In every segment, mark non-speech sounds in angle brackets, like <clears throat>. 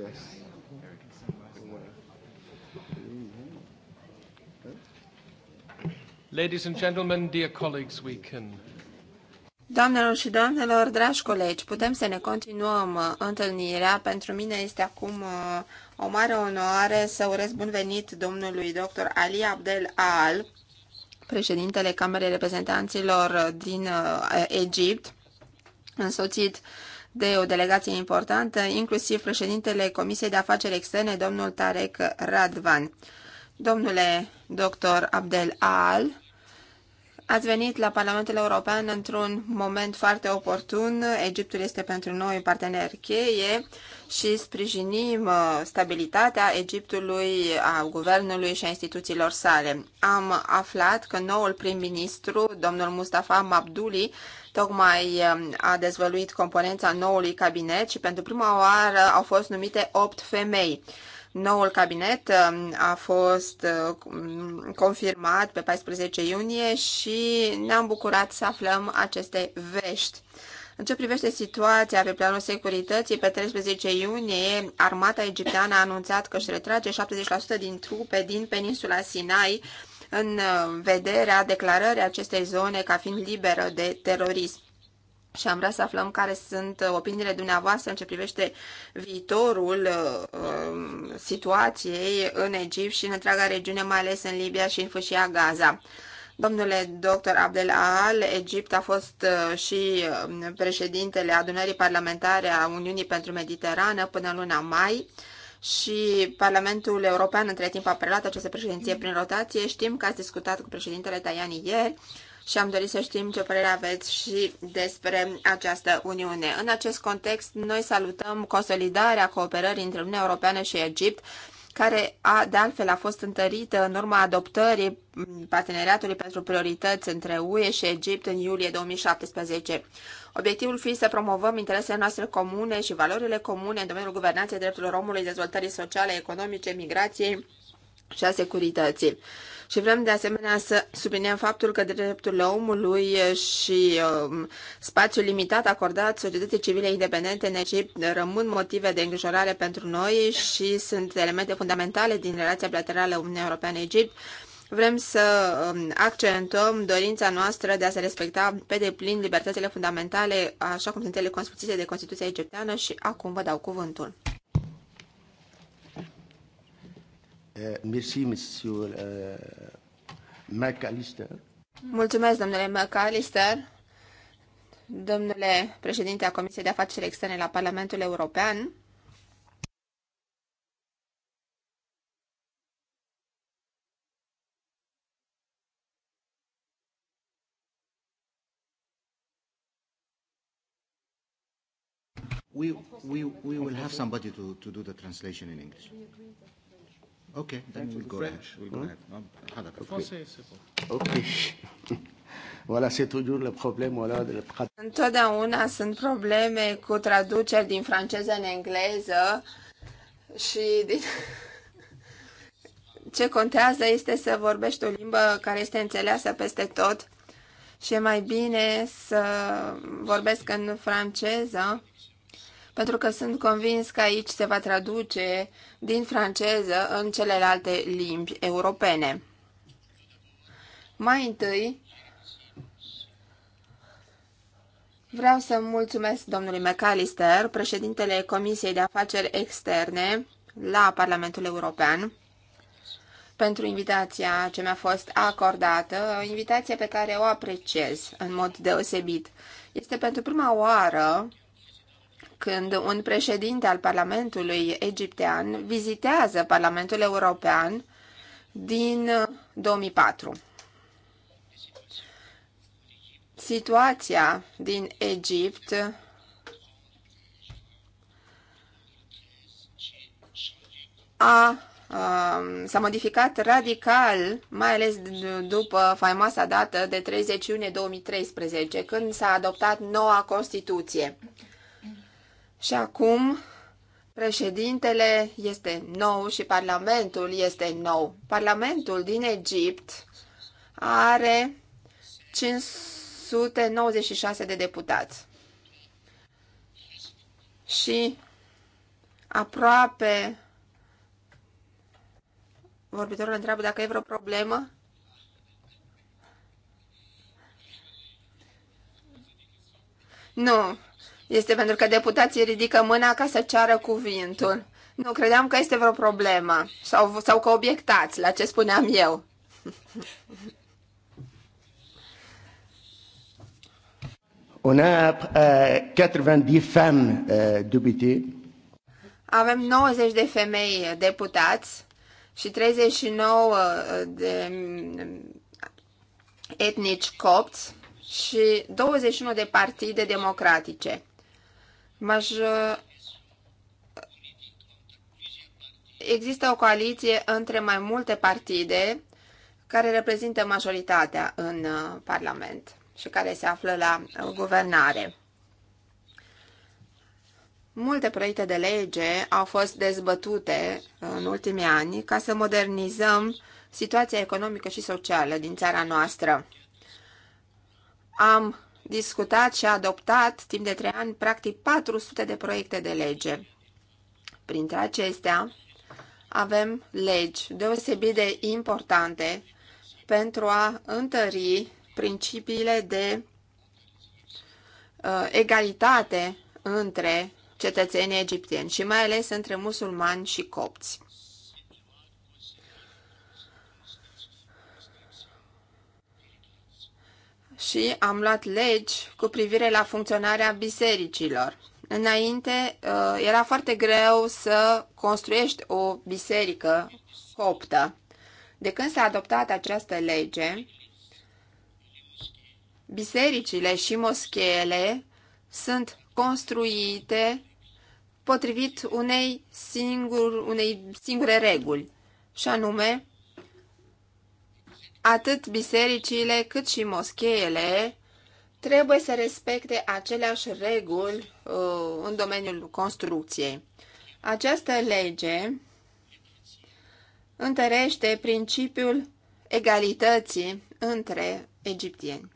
Yes. Ladies and gentlemen, dear colleagues, we can Doamnelor și domnilor, dragi colegi, putem să ne continuăm uh, întâlnirea. Pentru mine este acum uh, o mare onoare să urez bun venit domnului dr. Ali Abdel Al, președintele Camerei Reprezentanților din uh, Egipt, însoțit de o delegație importantă, inclusiv președintele Comisiei de Afaceri Externe, domnul Tarek Radvan. Domnule doctor Abdel Al, Ați venit la Parlamentul European într-un moment foarte oportun. Egiptul este pentru noi partener cheie și sprijinim uh, stabilitatea Egiptului, a guvernului și a instituțiilor sale. Am aflat că noul prim-ministru, domnul Mustafa Mabduli, tocmai um, a dezvăluit componența noului cabinet și pentru prima oară au fost numite opt femei. Noul cabinet um, a fost uh, confirmat pe 14 iunie și ne-am bucurat să aflăm aceste vești. În ce privește situația pe planul securității, pe 13 iunie, armata egipteană a anunțat că își retrage 70% din trupe din peninsula Sinai în uh, vederea declarării acestei zone ca fiind liberă de terorism și am vrea să aflăm care sunt uh, opiniile dumneavoastră în ce privește viitorul uh, um, situației în Egipt și în întreaga regiune, mai ales în Libia și în fâșia Gaza. Domnule doctor Abdel Al, Egipt a fost uh, și um, președintele adunării parlamentare a Uniunii pentru Mediterană până luna mai și Parlamentul European între timp a preluat această președinție prin rotație. Știm că ați discutat cu președintele Tajani ieri și am dorit să știm ce părere aveți și despre această Uniune. În acest context, noi salutăm consolidarea cooperării între Uniunea Europeană și Egipt, care a, de altfel a fost întărită în urma adoptării parteneriatului pentru priorități între UE și Egipt în iulie 2017. Obiectivul fiind să promovăm interesele noastre comune și valorile comune în domeniul guvernanței drepturilor omului, dezvoltării sociale, economice, migrației și a securității. Și vrem de asemenea să subliniem faptul că drepturile omului și um, spațiul limitat acordat societății civile independente în Egipt rămân motive de îngrijorare pentru noi și sunt elemente fundamentale din relația bilaterală Uniunea Europeană-Egipt. Vrem să um, accentuăm dorința noastră de a se respecta pe deplin libertățile fundamentale, așa cum sunt ele consfințite de Constituția egipteană și acum vă dau cuvântul. Eh, merci, monsieur euh, McAllister. Mulțumesc, domnule McAllister. Domnule președinte a Comisiei de Afaceri Externe la Parlamentul European, We, we, we will have somebody to, to do the translation in English. Okay, then we'll go ahead. We'll go hmm? ahead. Okay. <laughs> Voilà, c'est toujours le problème, voilà, de la... Întotdeauna sunt probleme cu traduceri din franceză în engleză și din... <laughs> ce contează este să vorbești o limbă care este înțeleasă peste tot și e mai bine să vorbesc în franceză pentru că sunt convins că aici se va traduce din franceză în celelalte limbi europene. Mai întâi, vreau să mulțumesc domnului McAllister, președintele Comisiei de Afaceri Externe la Parlamentul European, pentru invitația ce mi-a fost acordată, o invitație pe care o apreciez în mod deosebit. Este pentru prima oară când un președinte al Parlamentului egiptean vizitează Parlamentul European din 2004. Uh, Situația din Egipt a, um, s-a modificat radical, mai ales după faimoasa dată de 30 iunie 2013, când s-a adoptat noua Constituție. Și acum președintele este nou și Parlamentul este nou. Parlamentul din Egipt are 596 de deputați și aproape vorbitorul întreabă dacă e vreo problemă. Nu, este pentru că deputații ridică mâna ca să ceară cuvintul. Nu credeam că este vreo problemă sau, sau că obiectați la ce spuneam eu. <laughs> On a uh, 90 femmes uh, Avem 90 de femei deputați și 39 uh, de mm, etnici copți și 21 de partide democratice. Major... Uh, există o coaliție între mai multe partide care reprezintă majoritatea în uh, Parlament și care se află la uh, guvernare. Multe proiecte de lege au fost dezbătute în ultimii ani ca să modernizăm situația economică și socială din țara noastră. Am discutat și adoptat timp de trei ani practic 400 de proiecte de lege. Printre acestea avem legi deosebit de importante pentru a întări principiile de uh, egalitate între cetățenii egipteni și mai ales între musulmani și copți. și am luat legi cu privire la funcționarea bisericilor. Înainte uh, era foarte greu să construiești o biserică coptă. De când s-a adoptat această lege, bisericile și moscheele sunt construite potrivit unei, singur, unei singure reguli, și anume atât bisericile cât și moscheele trebuie să respecte aceleași reguli uh, în domeniul construcției. Această lege întărește principiul egalității între egiptieni.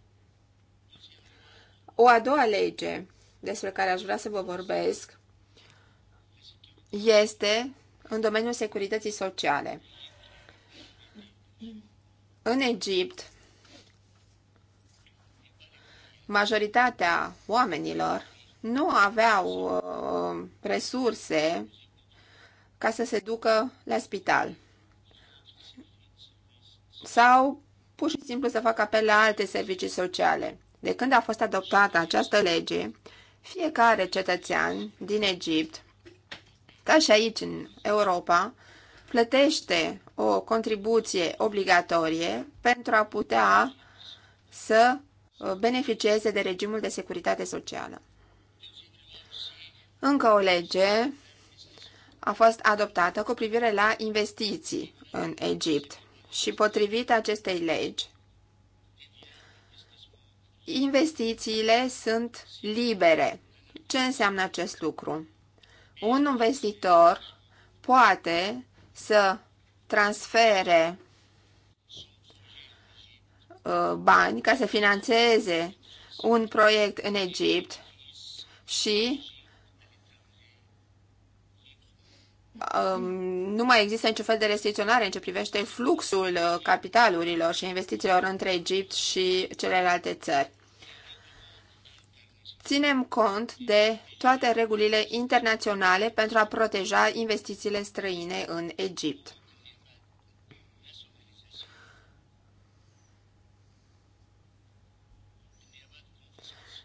O a doua lege despre care aș vrea să vă vorbesc este în domeniul securității sociale. În Egipt, majoritatea oamenilor nu aveau uh, resurse ca să se ducă la spital. Sau pur și simplu să facă apel la alte servicii sociale. De când a fost adoptată această lege, fiecare cetățean din Egipt, ca și aici în Europa, plătește o contribuție obligatorie pentru a putea să uh, beneficieze de regimul de securitate socială. Încă o lege a fost adoptată cu privire la investiții în Egipt și potrivit acestei legi, investițiile sunt libere. Ce înseamnă acest lucru? Un investitor poate să transfere uh, bani ca să financeze un proiect în Egipt și um, nu mai există niciun fel de restricționare în ce privește fluxul uh, capitalurilor și investițiilor între Egipt și celelalte țări ținem cont de toate regulile internaționale pentru a proteja investițiile străine în Egipt.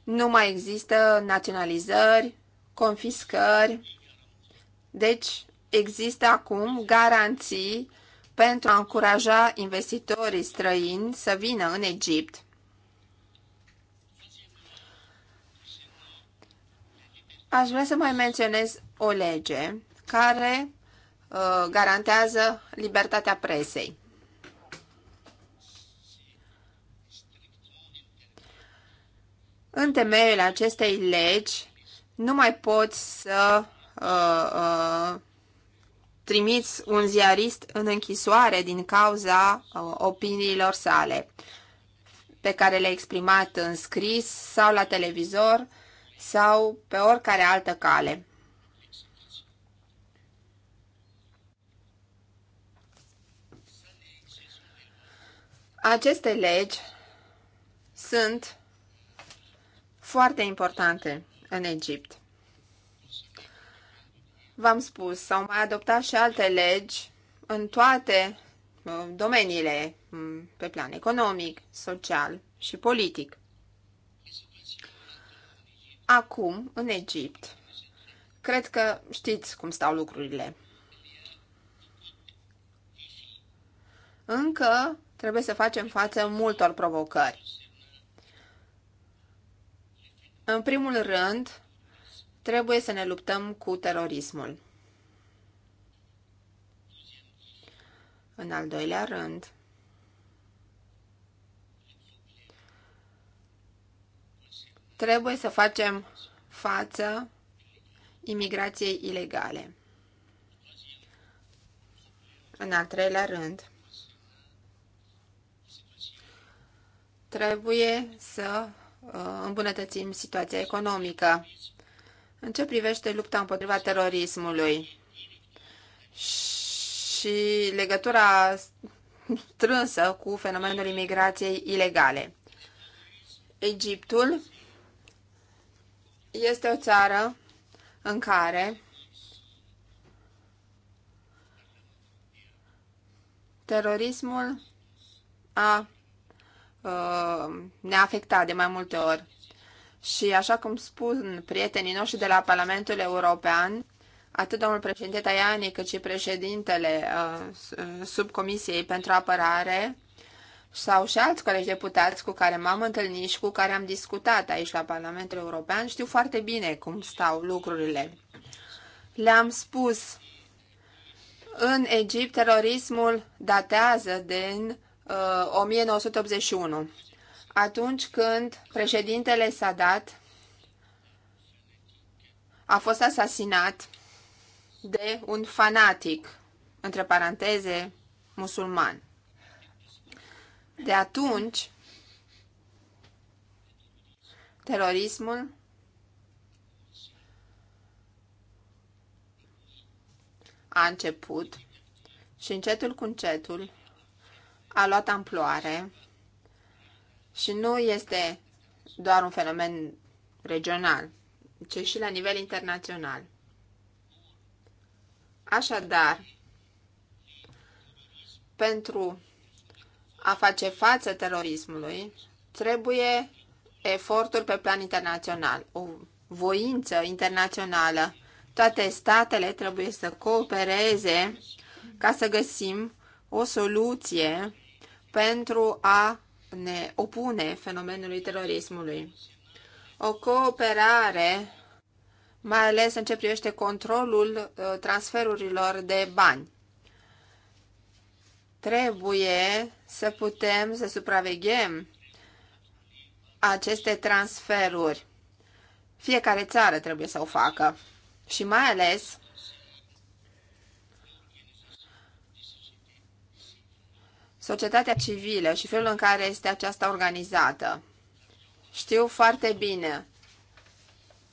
Nu mai există naționalizări, confiscări, deci există acum garanții pentru a încuraja investitorii străini să vină în Egipt Aș vrea să mai menționez o lege care uh, garantează libertatea presei. În temeiul acestei legi nu mai poți să uh, uh, trimiți un ziarist în închisoare din cauza uh, opiniilor sale pe care le-a exprimat în scris sau la televizor sau pe oricare altă cale. Aceste legi sunt foarte importante în Egipt. V-am spus, s-au mai adoptat și alte legi în toate uh, domeniile, mm, pe plan economic, social și politic. Acum, în Egipt, cred că știți cum stau lucrurile. Încă trebuie să facem față multor provocări. În primul rând, trebuie să ne luptăm cu terorismul. În al doilea rând, Trebuie să facem față imigrației ilegale. În al treilea rând, trebuie să uh, îmbunătățim situația economică. În ce privește lupta împotriva terorismului și legătura strânsă cu fenomenul imigrației ilegale. Egiptul este o țară în care terorismul a, ă, ne-a afectat de mai multe ori. Și așa cum spun prietenii noștri de la Parlamentul European, atât domnul președinte Tajani cât și președintele ă, ă, subcomisiei pentru apărare sau și alți colegi deputați cu care m-am întâlnit și cu care am discutat aici la Parlamentul European știu foarte bine cum stau lucrurile. Le-am spus, în Egipt terorismul datează din uh, 1981, atunci când președintele Sadat a fost asasinat de un fanatic, între paranteze, musulman. De atunci, terorismul a început și încetul cu încetul a luat amploare și nu este doar un fenomen regional, ci și la nivel internațional. Așadar, pentru a face față terorismului, trebuie eforturi pe plan internațional, o voință internațională. Toate statele trebuie să coopereze ca să găsim o soluție pentru a ne opune fenomenului terorismului. O cooperare, mai ales în ce privește controlul ă, transferurilor de bani Trebuie să putem să supraveghem aceste transferuri. Fiecare țară trebuie să o facă. Și mai ales societatea civilă și felul în care este aceasta organizată. Știu foarte bine,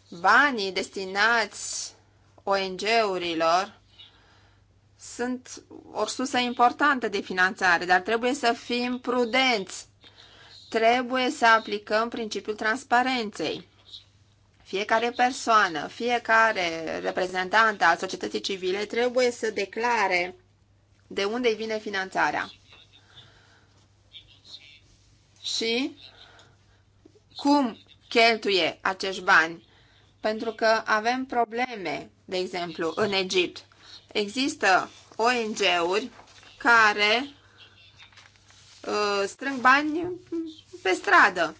banii destinați ONG-urilor sunt o sursă importantă de finanțare, dar trebuie să fim prudenți. Trebuie să aplicăm principiul transparenței. Fiecare persoană, fiecare reprezentant al societății civile trebuie să declare de unde vine finanțarea și cum cheltuie acești bani. Pentru că avem probleme, de exemplu, în Egipt Există ONG-uri care uh, strâng bani pe stradă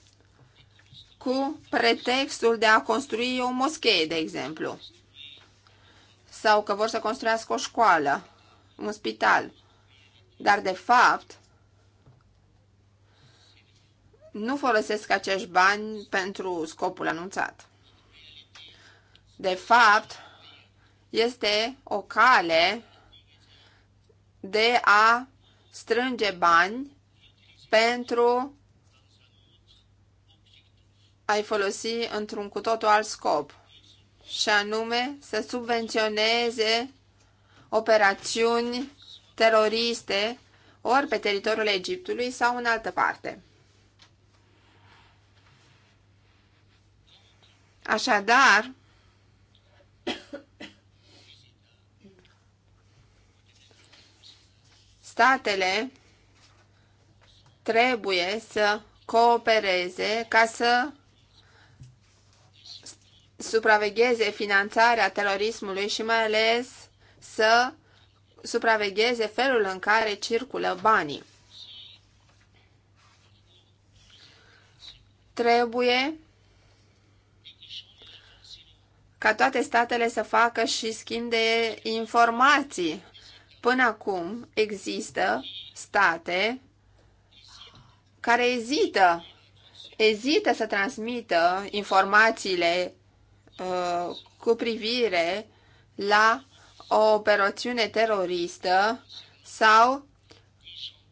cu pretextul de a construi o moschee, de exemplu, sau că vor să construiască o școală, un spital. Dar, de fapt, nu folosesc acești bani pentru scopul anunțat. De fapt, este o cale de a strânge bani pentru a-i folosi într-un cu totul alt scop, și anume să subvenționeze operațiuni teroriste ori pe teritoriul Egiptului sau în altă parte. Așadar, statele trebuie să coopereze ca să supravegheze finanțarea terorismului și mai ales să supravegheze felul în care circulă banii. Trebuie ca toate statele să facă și schimb de informații Până acum există state care ezită, ezită să transmită informațiile uh, cu privire la o operațiune teroristă sau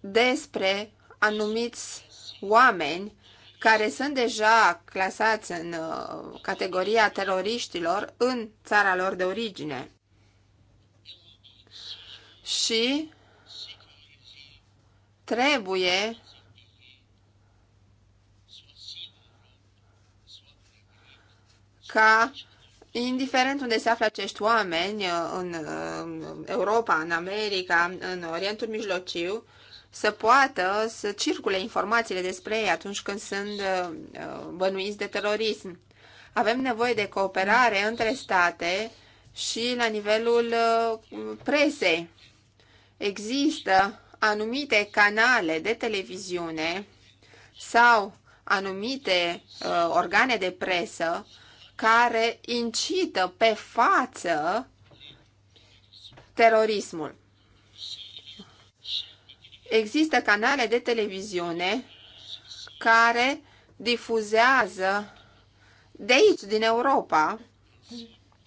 despre anumiți oameni care sunt deja clasați în uh, categoria teroriștilor în țara lor de origine și trebuie ca, indiferent unde se află acești oameni, uh, în uh, Europa, în America, în Orientul Mijlociu, să poată să circule informațiile despre ei atunci când sunt uh, bănuiți de terorism. Avem nevoie de cooperare între state și la nivelul presei există anumite canale de televiziune sau anumite uh, organe de presă care incită pe față terorismul. Există canale de televiziune care difuzează de aici, din Europa,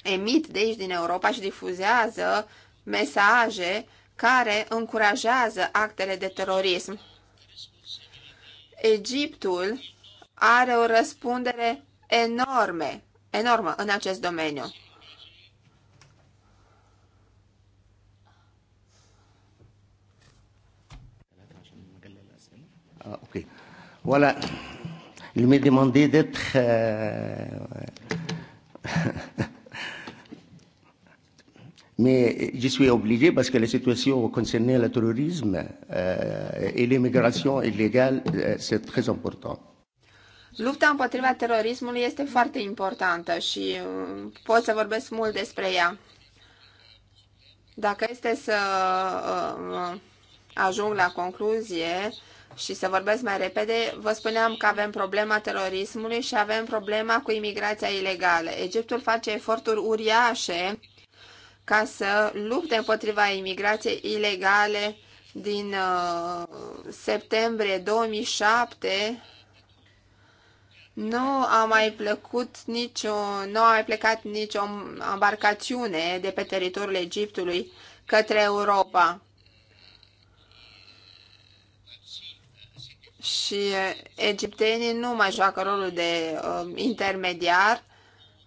emit de aici, din Europa și difuzează mesaje care încurajează actele de terorism. Egiptul are o răspundere enorme, enormă în acest domeniu. اوكي ولا المي ديموندي ديتخ Mais je suis obligé, parce que la situation concernant le terrorisme euh, et l'immigration illégale, euh, c'est très important. Lupta împotriva terorismului este foarte importantă și uh, pot să vorbesc mult despre ea. Dacă este să uh, ajung la concluzie și să vorbesc mai repede, vă spuneam că avem problema terorismului și avem problema cu imigrația ilegală. Egiptul face eforturi uriașe ca să lupte împotriva imigrației ilegale din uh, septembrie 2007 nu a mai plăcut nicio, nu a mai plecat nicio embarcațiune de pe teritoriul Egiptului către Europa. Și uh, egiptenii nu mai joacă rolul de uh, intermediar,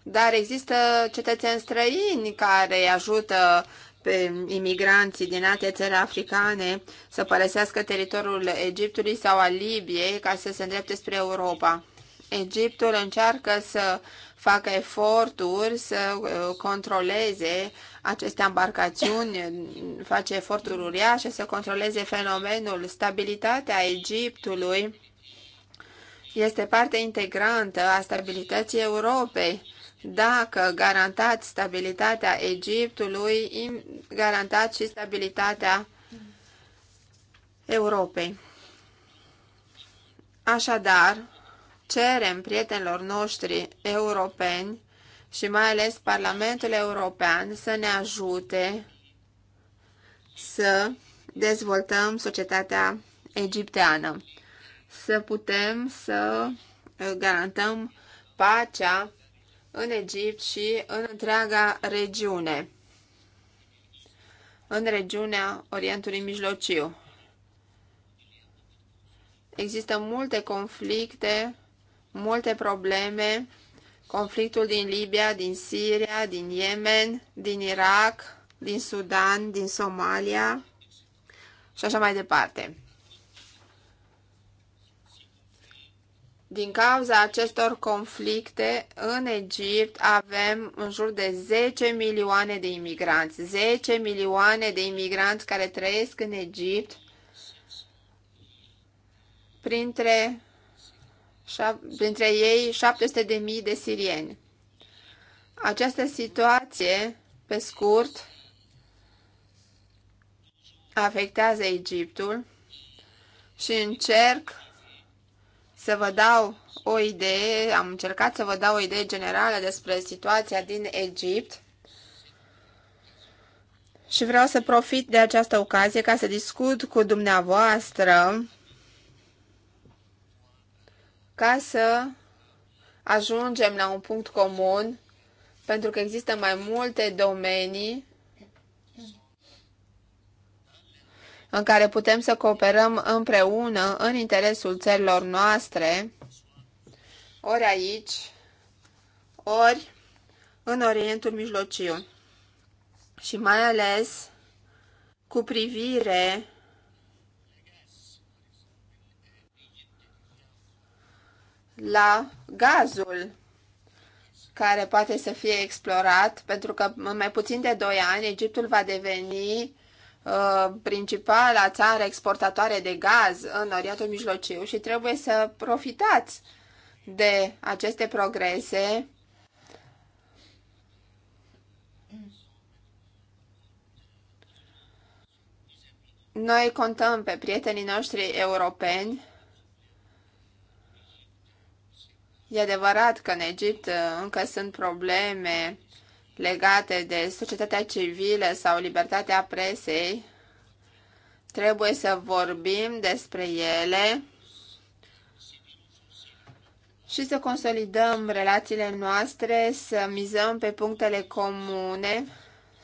dar există cetățeni străini care ajută pe imigranții din alte țări africane să părăsească teritoriul Egiptului sau al Libiei ca să se îndrepte spre Europa. Egiptul încearcă să facă eforturi să uh, controleze aceste embarcațiuni, face eforturi uriașe să controleze fenomenul. Stabilitatea Egiptului este parte integrantă a stabilității Europei dacă garantați stabilitatea Egiptului, garantați și stabilitatea Europei. Așadar, cerem prietenilor noștri europeni și mai ales Parlamentul European să ne ajute să dezvoltăm societatea egipteană, să putem să garantăm pacea în Egipt și în întreaga regiune, în regiunea Orientului Mijlociu. Există multe conflicte, multe probleme, conflictul din Libia, din Siria, din Yemen, din Irak, din Sudan, din Somalia și așa mai departe. Din cauza acestor conflicte, în Egipt avem în jur de 10 milioane de imigranți. 10 milioane de imigranți care trăiesc în Egipt, printre, printre ei 700 de mii de sirieni. Această situație, pe scurt, afectează Egiptul și încerc să vă dau o idee, am încercat să vă dau o idee generală despre situația din Egipt și vreau să profit de această ocazie ca să discut cu dumneavoastră ca să ajungem la un punct comun, pentru că există mai multe domenii în care putem să cooperăm împreună în interesul țărilor noastre, ori aici, ori în Orientul Mijlociu. Și mai ales cu privire la gazul care poate să fie explorat, pentru că în mai puțin de 2 ani Egiptul va deveni Uh, principala țară exportatoare de gaz în Orientul Mijlociu și trebuie să profitați de aceste progrese Noi contăm pe prietenii noștri europeni. E adevărat că în Egipt uh, încă sunt probleme legate de societatea civilă sau libertatea presei, trebuie să vorbim despre ele și să consolidăm relațiile noastre, să mizăm pe punctele comune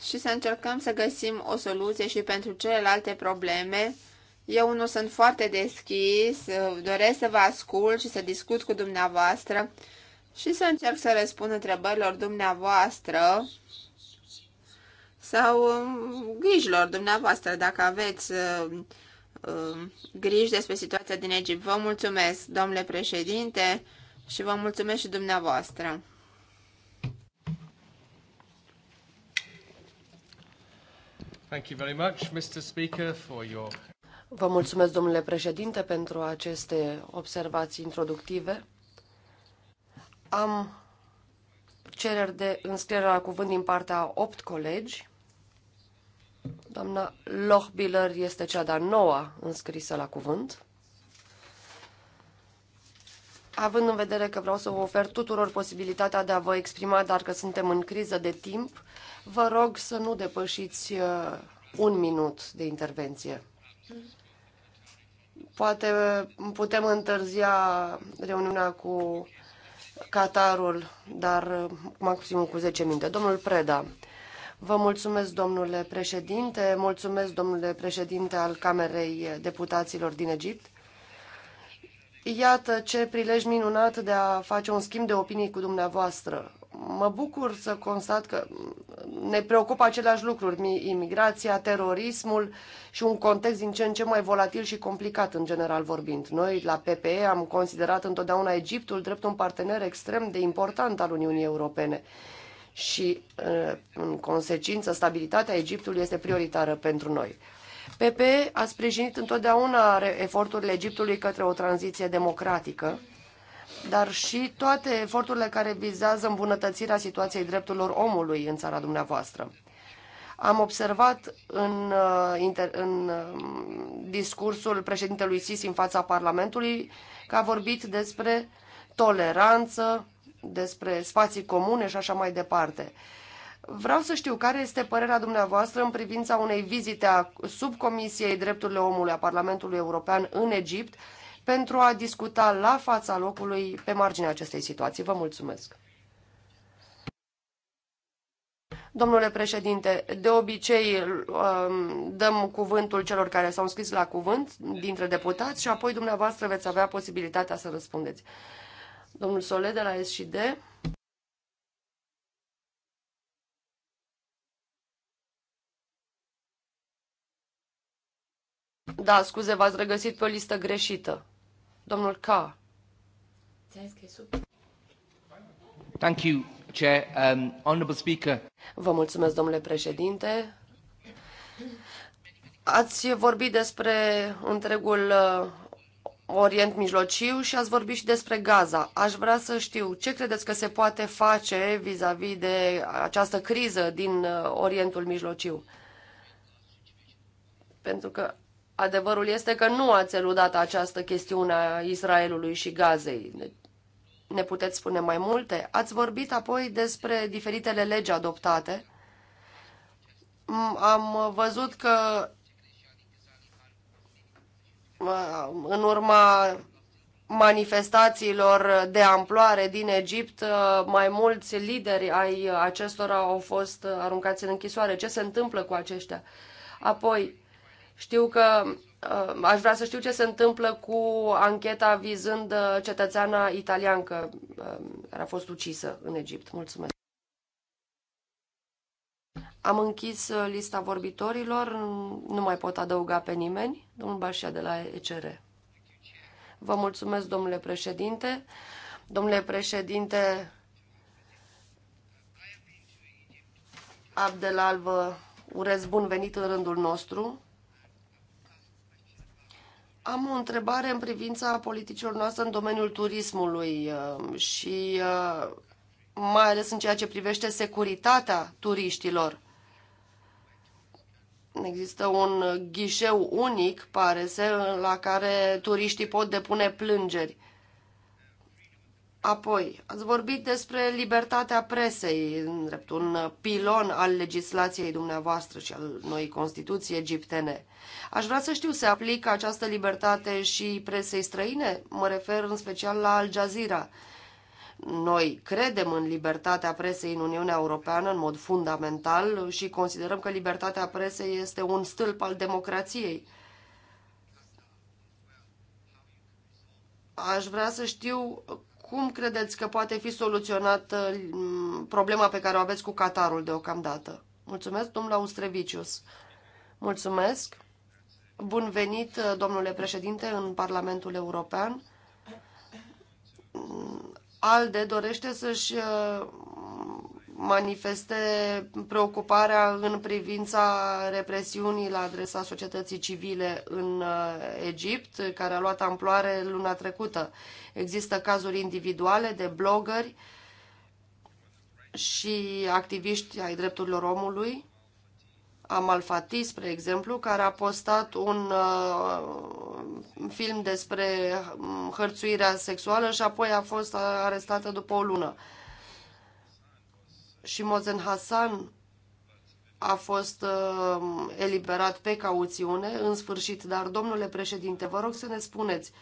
și să încercăm să găsim o soluție și pentru celelalte probleme. Eu nu sunt foarte deschis, doresc să vă ascult și să discut cu dumneavoastră și să încerc să răspund întrebărilor dumneavoastră sau um, grijilor dumneavoastră, dacă aveți um, um, griji despre situația din Egipt. Vă mulțumesc, domnule președinte, și vă mulțumesc și dumneavoastră. Thank you very much, Mr. Speaker, for your... Vă mulțumesc, domnule președinte, pentru aceste observații introductive. Am cereri de înscriere la cuvânt din partea 8 colegi. Doamna Lochbiller este cea de-a noua înscrisă la cuvânt. Având în vedere că vreau să vă ofer tuturor posibilitatea de a vă exprima, dar că suntem în criză de timp, vă rog să nu depășiți uh, un minut de intervenție. Poate uh, putem întârzia reuniunea cu Qatarul, dar uh, maxim cu 10 minute. Domnul Preda. Vă mulțumesc, domnule președinte, mulțumesc, domnule președinte al Camerei Deputaților din Egipt. Iată ce prilej minunat de a face un schimb de opinii cu dumneavoastră mă bucur să constat că ne preocupă aceleași lucruri, imigrația, terorismul și un context din ce în ce mai volatil și complicat în general vorbind. Noi la PPE am considerat întotdeauna Egiptul drept un partener extrem de important al Uniunii Europene și în consecință stabilitatea Egiptului este prioritară pentru noi. PPE a sprijinit întotdeauna eforturile Egiptului către o tranziție democratică dar și toate eforturile care vizează îmbunătățirea situației drepturilor omului în țara dumneavoastră. Am observat în, uh, în um, discursul președintelui Sisi în fața Parlamentului că a vorbit despre toleranță, despre spații comune și așa mai departe. Vreau să știu care este părerea dumneavoastră în privința unei vizite a subcomisiei Drepturile Omului a Parlamentului European în Egipt pentru a discuta la fața locului pe marginea acestei situații. Vă mulțumesc! Domnule președinte, de obicei um, dăm cuvântul celor care s-au scris la cuvânt dintre deputați și apoi dumneavoastră veți avea posibilitatea să răspundeți. Domnul Sole de la SD. Da, scuze, v-ați regăsit pe o listă greșită. Domnul K. Thank you, Chair. Um, honorable Speaker. Vă mulțumesc, domnule președinte. Ați vorbit despre întregul uh, Orient Mijlociu și ați vorbit și despre Gaza. Aș vrea să știu ce credeți că se poate face vis-a-vis -vis de această criză din uh, Orientul Mijlociu. Pentru că Adevărul este că nu ați eludat această chestiune a Israelului și Gazei. Ne puteți spune mai multe? Ați vorbit apoi despre diferitele legi adoptate. Am văzut că în urma manifestațiilor de amploare din Egipt, mai mulți lideri ai acestora au fost aruncați în închisoare. Ce se întâmplă cu aceștia? Apoi, știu că uh, aș vrea să știu ce se întâmplă cu ancheta vizând uh, cetățeana italiancă uh, care a fost ucisă în Egipt. Mulțumesc. Am închis uh, lista vorbitorilor, nu mai pot adăuga pe nimeni. Domnul Bașia de la ECR. Vă mulțumesc, domnule președinte. Domnule președinte Abdelal, vă urez bun venit în rândul nostru. Am o întrebare în privința politicilor noastre în domeniul turismului uh, și uh, mai ales în ceea ce privește securitatea turiștilor. Există un ghișeu unic, pare se, la care turiștii pot depune plângeri. Apoi, ați vorbit despre libertatea presei, în drept un pilon al legislației dumneavoastră și al noii Constituții egiptene. Aș vrea să știu, se aplică această libertate și presei străine? Mă refer în special la Al Jazeera. Noi credem în libertatea presei în Uniunea Europeană în mod fundamental și considerăm că libertatea presei este un stâlp al democrației. Aș vrea să știu cum credeți că poate fi soluționată uh, problema pe care o aveți cu Qatarul deocamdată? Mulțumesc, domnul Austrevicius. Mulțumesc. Bun venit, uh, domnule președinte, în Parlamentul European. Mm, ALDE dorește să-și uh, manifeste preocuparea în privința represiunii la adresa societății civile în uh, Egipt, care a luat amploare luna trecută. Există cazuri individuale de blogări și activiști ai drepturilor omului, Amal Fati, spre exemplu, care a postat un uh, film despre mm, hărțuirea sexuală și apoi a fost arestată după o lună. Uh, și Mozen Hassan a fost uh, eliberat pe cauțiune, în sfârșit. Dar, domnule președinte, vă rog să ne spuneți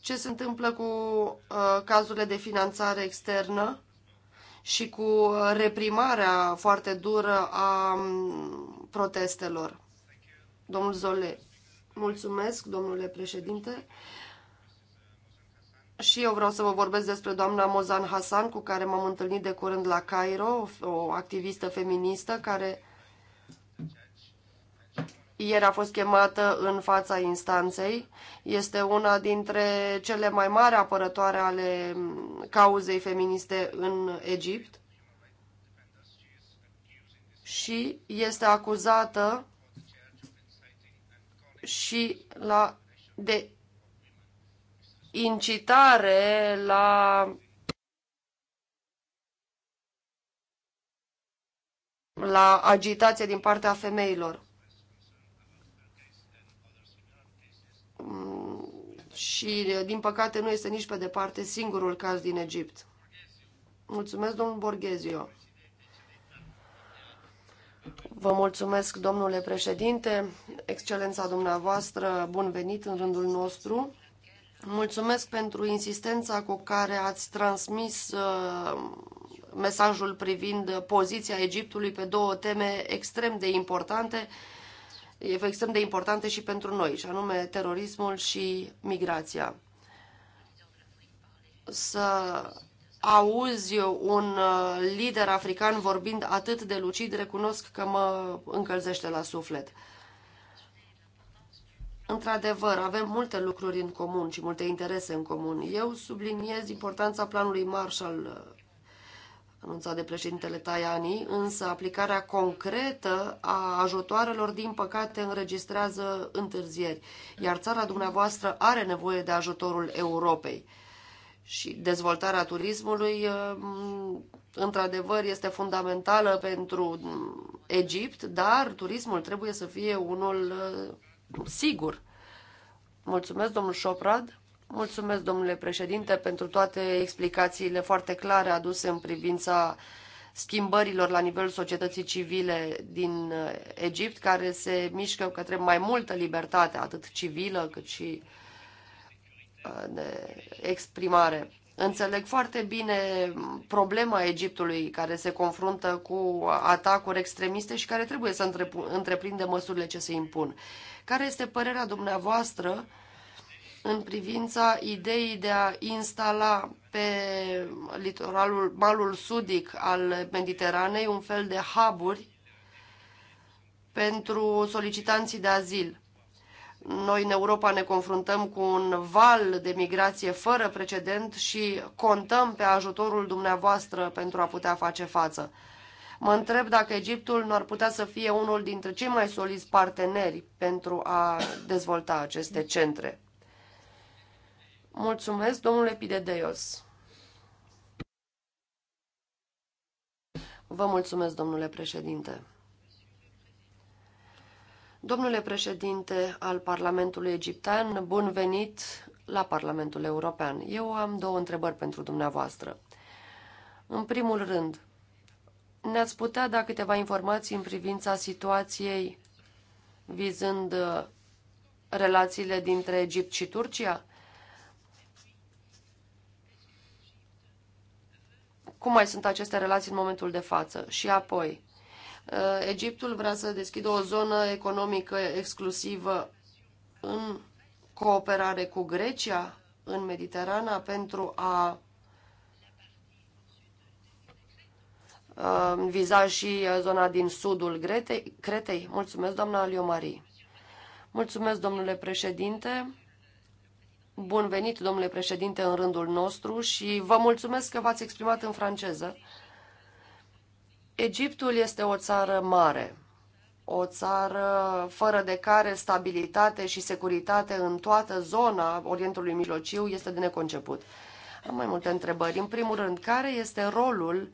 ce se întâmplă cu uh, cazurile de finanțare externă și cu uh, reprimarea foarte dură a um, protestelor. Domnul Zole, mulțumesc, domnule președinte. Uh, și eu vreau să vă vorbesc despre doamna Mozan Hassan, cu care m-am întâlnit de curând la Cairo, o activistă feministă care ieri a fost chemată în fața instanței. Este una dintre cele mai mari apărătoare ale cauzei feministe în Egipt și este acuzată și la, de incitare la la agitație din partea femeilor. Mm, și, din păcate, nu este nici pe departe singurul caz din Egipt. Mulțumesc, domnul Borghezio. Vă mulțumesc, domnule președinte, excelența dumneavoastră, bun venit în rândul nostru. Mulțumesc pentru insistența cu care ați transmis uh, mesajul privind poziția Egiptului pe două teme extrem de importante, extrem de importante și pentru noi, și anume terorismul și migrația. Să auzi un uh, lider african vorbind atât de lucid, recunosc că mă încălzește la suflet. Într-adevăr, avem multe lucruri în comun și multe interese în comun. Eu subliniez importanța planului Marshall uh, anunțat de președintele Tajani, însă aplicarea concretă a ajutoarelor, din păcate, înregistrează întârzieri, iar țara dumneavoastră are nevoie de ajutorul Europei. Și dezvoltarea turismului, uh, într-adevăr, este fundamentală pentru Egipt, dar turismul trebuie să fie unul uh, sigur. Mulțumesc, domnul Șoprad. Mulțumesc, domnule președinte, pentru toate explicațiile foarte clare aduse în privința schimbărilor la nivelul societății civile din uh, Egipt, care se mișcă către mai multă libertate, atât civilă cât și uh, de exprimare. Înțeleg foarte bine problema Egiptului care se confruntă cu atacuri extremiste și care trebuie să întreprinde măsurile ce se impun. Care este părerea dumneavoastră în privința ideii de a instala pe litoralul, malul sudic al Mediteranei un fel de hub pentru solicitanții de azil? Noi în Europa ne confruntăm cu un val de migrație fără precedent și contăm pe ajutorul dumneavoastră pentru a putea face față. Mă întreb dacă Egiptul nu ar putea să fie unul dintre cei mai soliți parteneri pentru a dezvolta aceste centre. Mulțumesc, domnule Pidedeios. Vă mulțumesc, domnule președinte. Domnule președinte al Parlamentului Egiptean, bun venit la Parlamentul European. Eu am două întrebări pentru dumneavoastră. În primul rând, ne-ați putea da câteva informații în privința situației vizând uh, relațiile dintre Egipt și Turcia? Cum mai sunt aceste relații în momentul de față? Și apoi, Uh, Egiptul vrea să deschidă o zonă economică exclusivă în cooperare cu Grecia în Mediterana pentru a uh, viza și uh, zona din sudul Cretei. Mulțumesc, doamna Aliomari. Mulțumesc, domnule președinte. Bun venit, domnule președinte, în rândul nostru și vă mulțumesc că v-ați exprimat în franceză. Egiptul este o țară mare, o țară fără de care stabilitate și securitate în toată zona Orientului Mijlociu este de neconceput. Am mai multe întrebări. În primul rând, care este rolul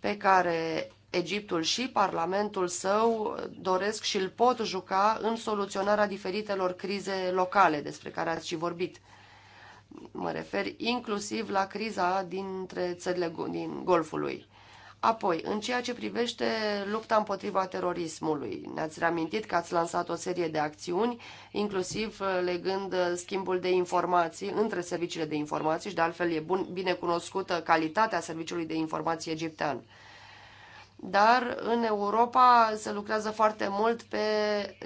pe care Egiptul și Parlamentul său doresc și îl pot juca în soluționarea diferitelor crize locale despre care ați și vorbit? Mă refer inclusiv la criza dintre țările din Golfului. Apoi, în ceea ce privește lupta împotriva terorismului, ne-ați reamintit că ați lansat o serie de acțiuni, inclusiv uh, legând uh, schimbul de informații între serviciile de informații și, de altfel, e bun, bine cunoscută calitatea serviciului de informații egiptean. Dar în Europa se lucrează foarte mult pe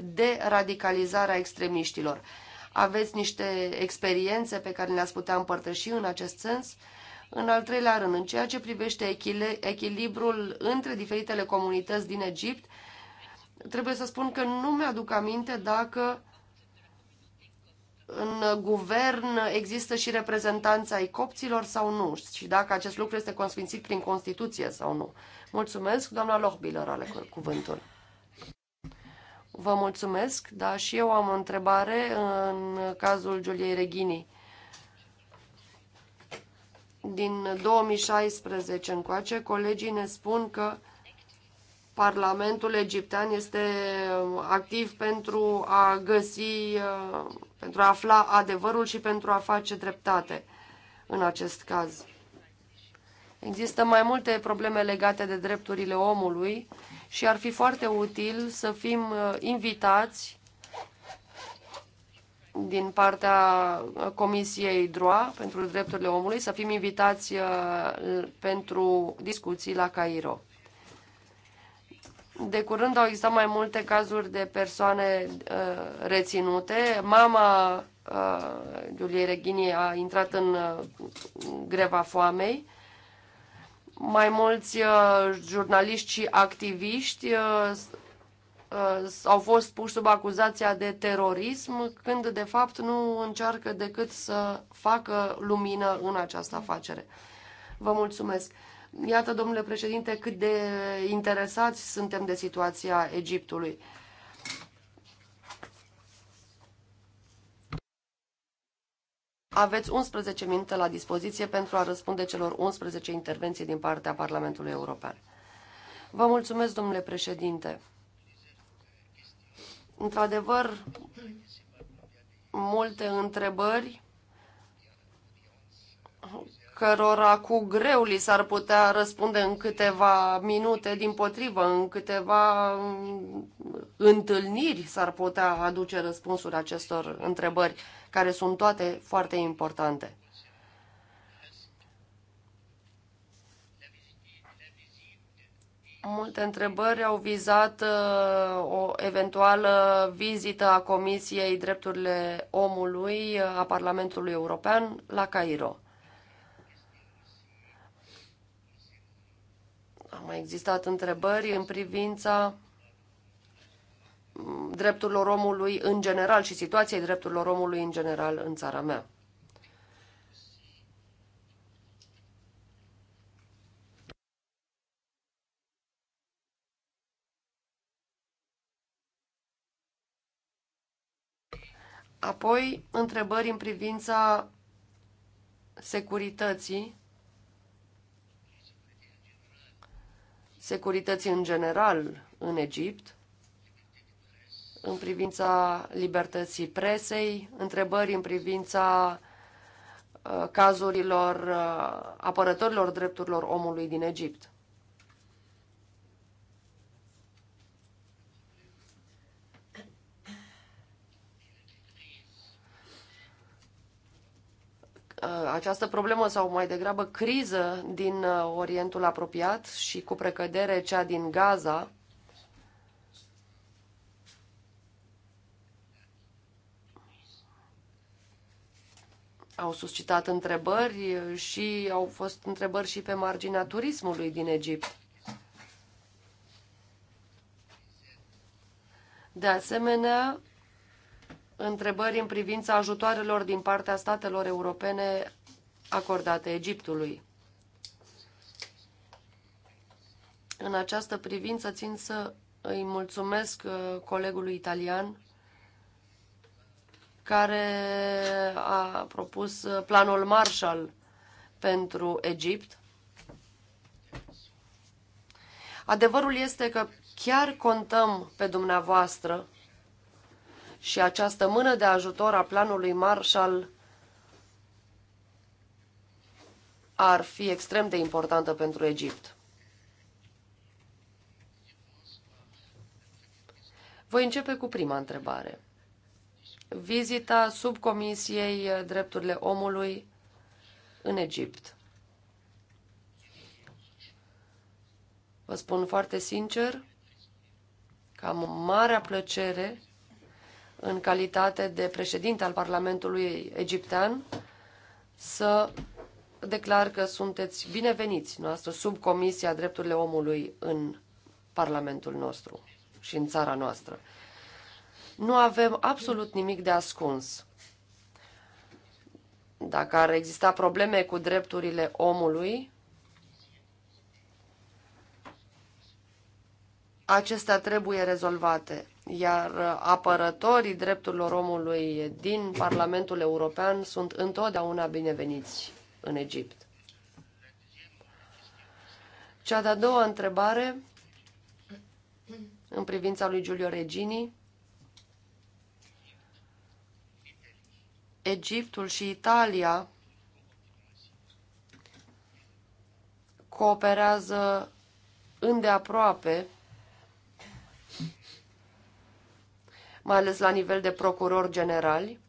deradicalizarea extremiștilor. Aveți niște experiențe pe care le-ați putea împărtăși în acest sens? În al treilea rând, în ceea ce privește echilibrul între diferitele comunități din Egipt, trebuie să spun că nu mi-aduc aminte dacă în guvern există și reprezentanța ai copților sau nu și dacă acest lucru este consfințit prin Constituție sau nu. Mulțumesc, doamna Lohbiller ale cuvântul. Vă mulțumesc, dar și eu am o întrebare în cazul Giuliei Reghinii din 2016 încoace, colegii ne spun că Parlamentul egiptean este um, activ pentru a găsi, uh, pentru a afla adevărul și pentru a face dreptate în acest caz. Există mai multe probleme legate de drepturile omului și ar fi foarte util să fim uh, invitați din partea Comisiei DROA pentru drepturile omului să fim invitați uh, pentru discuții la Cairo. De curând au existat mai multe cazuri de persoane uh, reținute. Mama uh, Iuliei Reghini a intrat în uh, greva foamei. Mai mulți jurnaliști și activiști Uh, au fost puși sub acuzația de terorism, când de fapt nu încearcă decât să facă lumină în această afacere. Vă mulțumesc. Iată, domnule președinte, cât de interesați suntem de situația Egiptului. Aveți 11 minute la dispoziție pentru a răspunde celor 11 intervenții din partea Parlamentului European. Vă mulțumesc, domnule președinte. Într-adevăr, multe întrebări cărora cu greu li s-ar putea răspunde în câteva minute, din potrivă, în câteva mm, întâlniri s-ar putea aduce răspunsuri acestor întrebări, care sunt toate foarte importante. Multe întrebări au vizat uh, o eventuală vizită a Comisiei Drepturile Omului uh, a Parlamentului European la Cairo. Au mai existat întrebări în privința mm, drepturilor omului în general și situației drepturilor omului în general în țara mea. Apoi, întrebări în privința securității, securității în general în Egipt, în privința libertății presei, întrebări în privința uh, cazurilor uh, apărătorilor drepturilor omului din Egipt. Uh, această problemă sau mai degrabă criză din uh, Orientul apropiat și cu precădere cea din Gaza, au suscitat întrebări și au fost întrebări și pe marginea turismului din Egipt. De asemenea, întrebări în privința ajutoarelor din partea statelor europene acordate Egiptului. În această privință țin să îi mulțumesc uh, colegului italian care a propus uh, planul Marshall pentru Egipt. Adevărul este că chiar contăm pe dumneavoastră și această mână de ajutor a planului Marshall ar fi extrem de importantă pentru Egipt. Voi începe cu prima întrebare. Vizita subcomisiei Drepturile Omului în Egipt. Vă spun foarte sincer că am marea plăcere în calitate de președinte al Parlamentului Egiptean, să declar că sunteți bineveniți noastră sub Comisia Drepturile Omului în Parlamentul nostru și în țara noastră. Nu avem absolut nimic de ascuns. Dacă ar exista probleme cu drepturile omului, acestea trebuie rezolvate iar apărătorii drepturilor omului din Parlamentul European sunt întotdeauna bineveniți în Egipt. Cea de-a doua întrebare în privința lui Giulio Regini. Egiptul și Italia cooperează îndeaproape mai ales la nivel de procurori generali.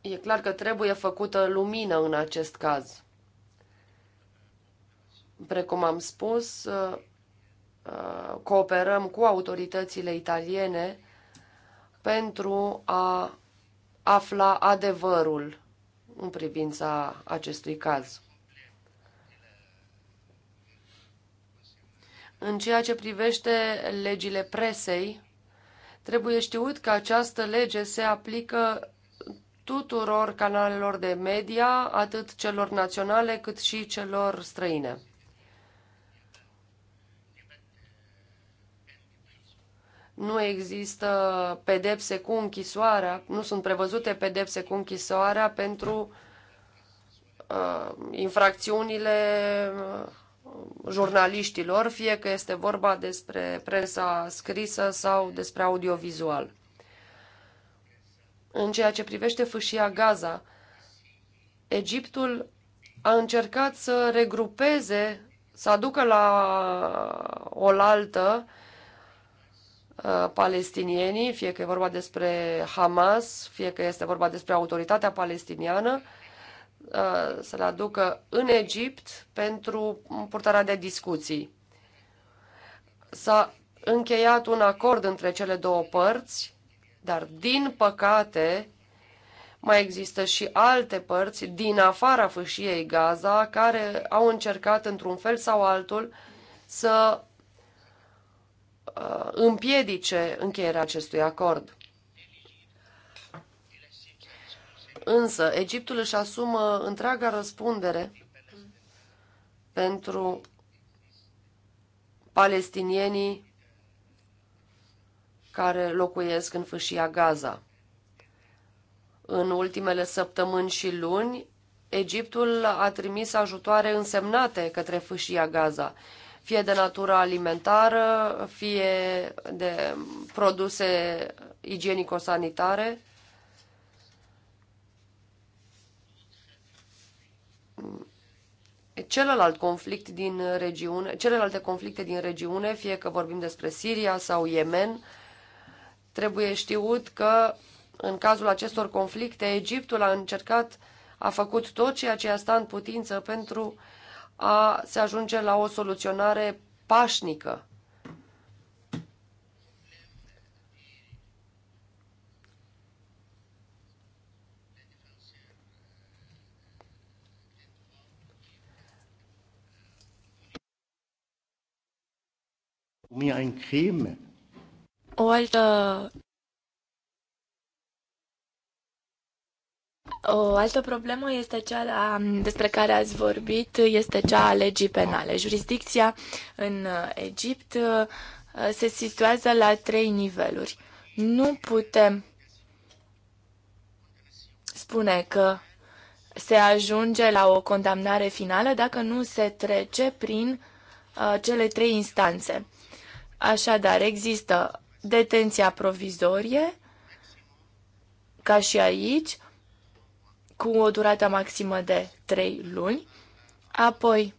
E clar că trebuie făcută lumină în acest caz. Precum am spus, uh, uh, cooperăm cu autoritățile italiene pentru a afla adevărul în privința acestui caz. În ceea ce privește legile presei, trebuie știut că această lege se aplică tuturor canalelor de media, atât celor naționale cât și celor străine. nu există pedepse cu închisoarea, nu sunt prevăzute pedepse cu închisoarea pentru uh, infracțiunile uh, jurnaliștilor, fie că este vorba despre presa scrisă sau despre audiovizual. În ceea ce privește fâșia Gaza, Egiptul a încercat să regrupeze, să aducă la oaltă uh, Uh, palestinienii, fie că e vorba despre Hamas, fie că este vorba despre autoritatea palestiniană, uh, să le aducă în Egipt pentru purtarea de discuții. S-a încheiat un acord între cele două părți, dar din păcate mai există și alte părți din afara fâșiei Gaza care au încercat într-un fel sau altul să Uh, împiedice încheierea acestui acord. Însă, Egiptul își asumă întreaga răspundere pentru palestinienii care locuiesc în fâșia Gaza. În ultimele săptămâni și luni, Egiptul a trimis ajutoare însemnate către fâșia Gaza fie de natură alimentară, fie de produse igienico-sanitare. Celălalt conflict din regiune, celelalte conflicte din regiune, fie că vorbim despre Siria sau Yemen, trebuie știut că în cazul acestor conflicte, Egiptul a încercat, a făcut tot ceea ce a stat în putință pentru uh, a se ajunge la o soluționare pașnică. O altă O altă problemă este cea la, despre care ați vorbit, este cea a legii penale. Jurisdicția în uh, Egipt uh, se situează la trei niveluri. Nu putem spune că se ajunge la o condamnare finală dacă nu se trece prin uh, cele trei instanțe. Așadar, există detenția provizorie, ca și aici, cu o durată maximă de 3 luni. Apoi,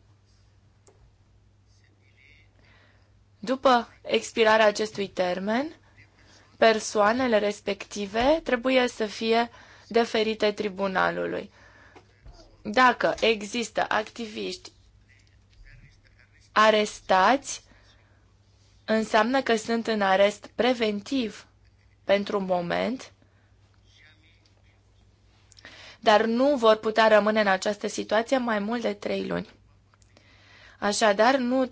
după expirarea acestui termen, persoanele respective trebuie să fie deferite tribunalului. Dacă există activiști arestați, înseamnă că sunt în arest preventiv pentru un moment dar nu vor putea rămâne în această situație mai mult de trei luni. Așadar, nu,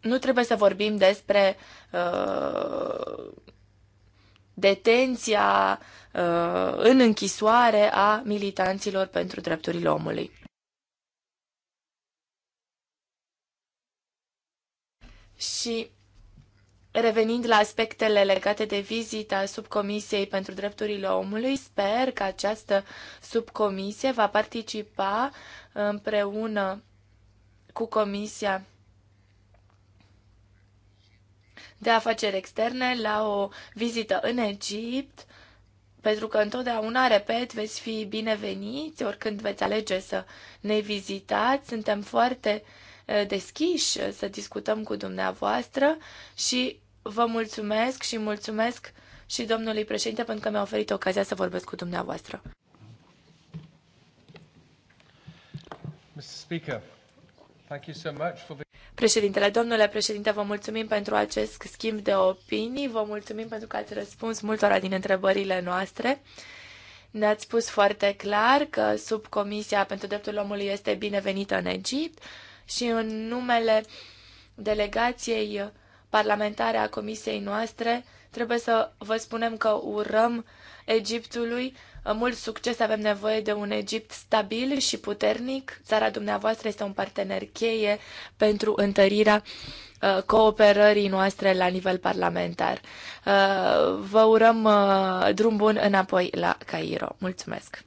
nu trebuie să vorbim despre uh, detenția uh, în închisoare a militanților pentru drepturile omului. Și Revenind la aspectele legate de vizita subcomisiei pentru drepturile omului, sper că această subcomisie va participa împreună cu Comisia de afaceri externe la o vizită în Egipt, pentru că întotdeauna, repet, veți fi bineveniți oricând veți alege să ne vizitați. Suntem foarte eh, deschiși să discutăm cu dumneavoastră și Vă mulțumesc și mulțumesc și domnului președinte pentru că mi-a oferit ocazia să vorbesc cu dumneavoastră. Președintele, domnule președinte, vă mulțumim pentru acest schimb de opinii, vă mulțumim pentru că ați răspuns multora din întrebările noastre. Ne-ați spus foarte clar că subcomisia pentru dreptul omului este binevenită în Egipt și în numele delegației parlamentare a comisiei noastre, trebuie să vă spunem că urăm Egiptului mult succes, avem nevoie de un Egipt stabil și puternic. Țara dumneavoastră este un partener cheie pentru întărirea uh, cooperării noastre la nivel parlamentar. Uh, vă urăm uh, drum bun înapoi la Cairo. Mulțumesc!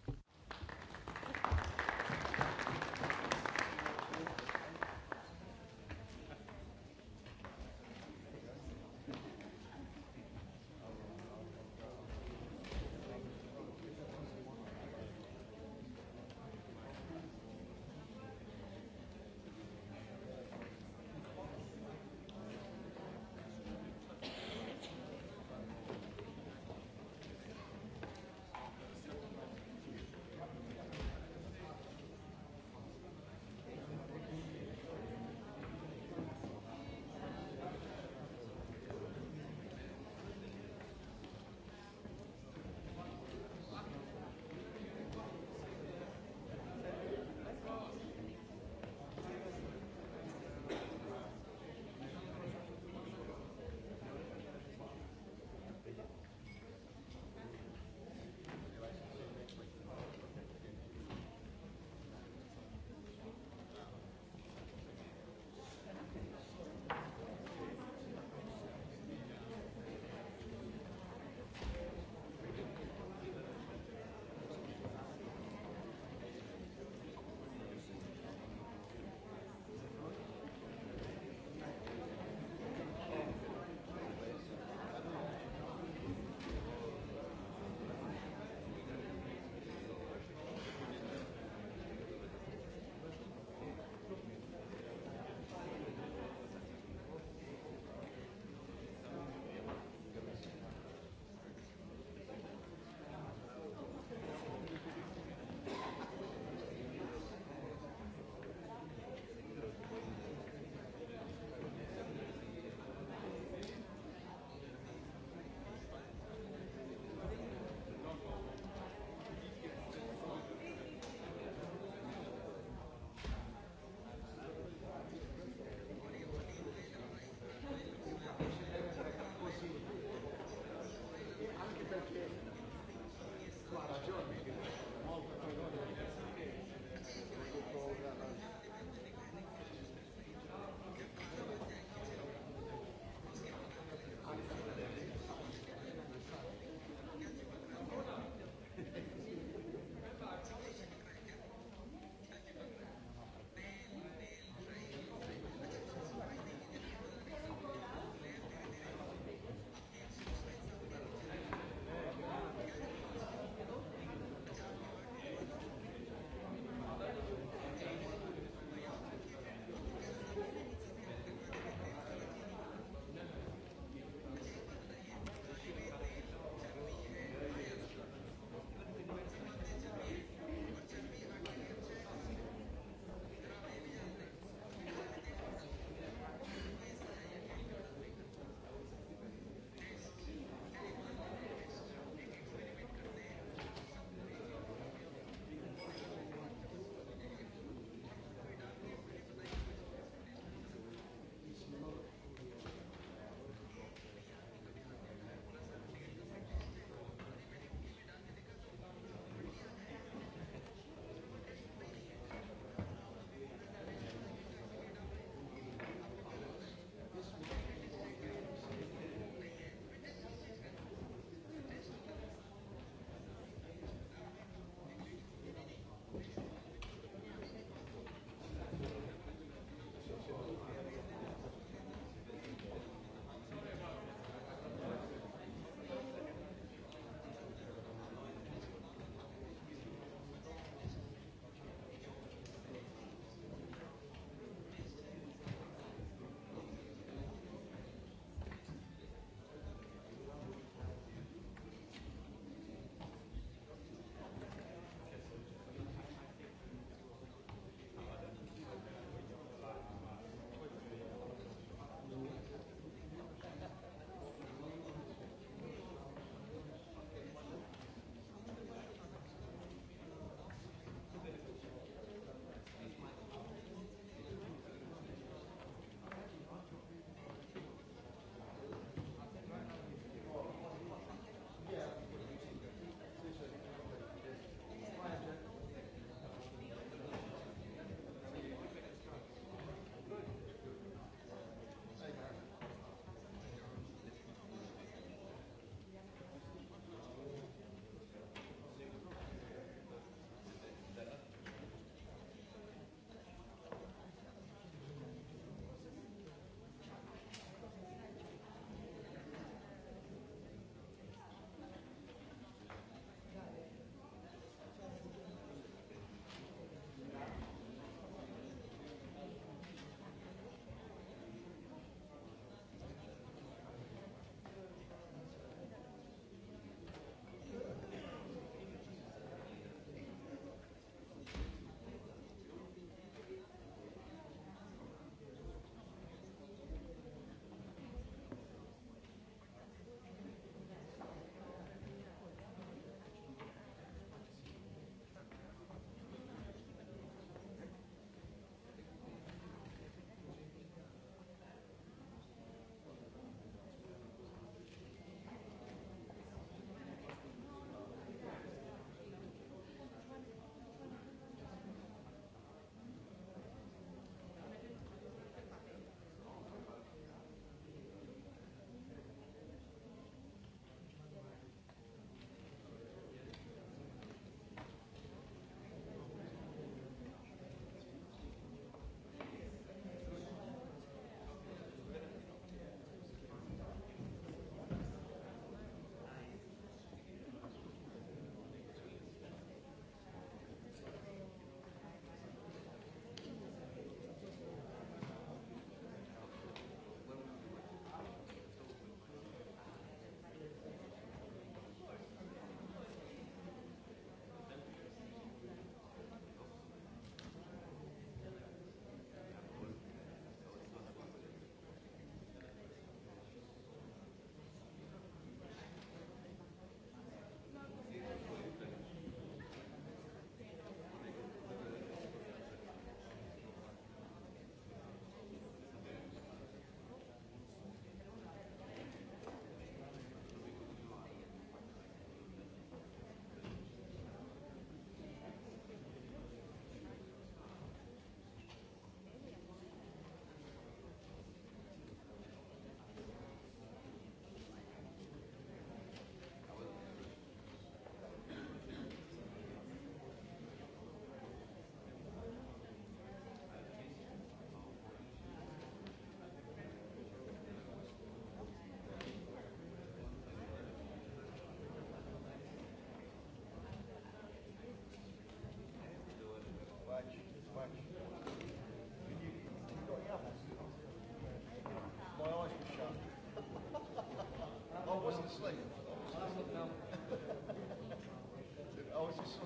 Auzi și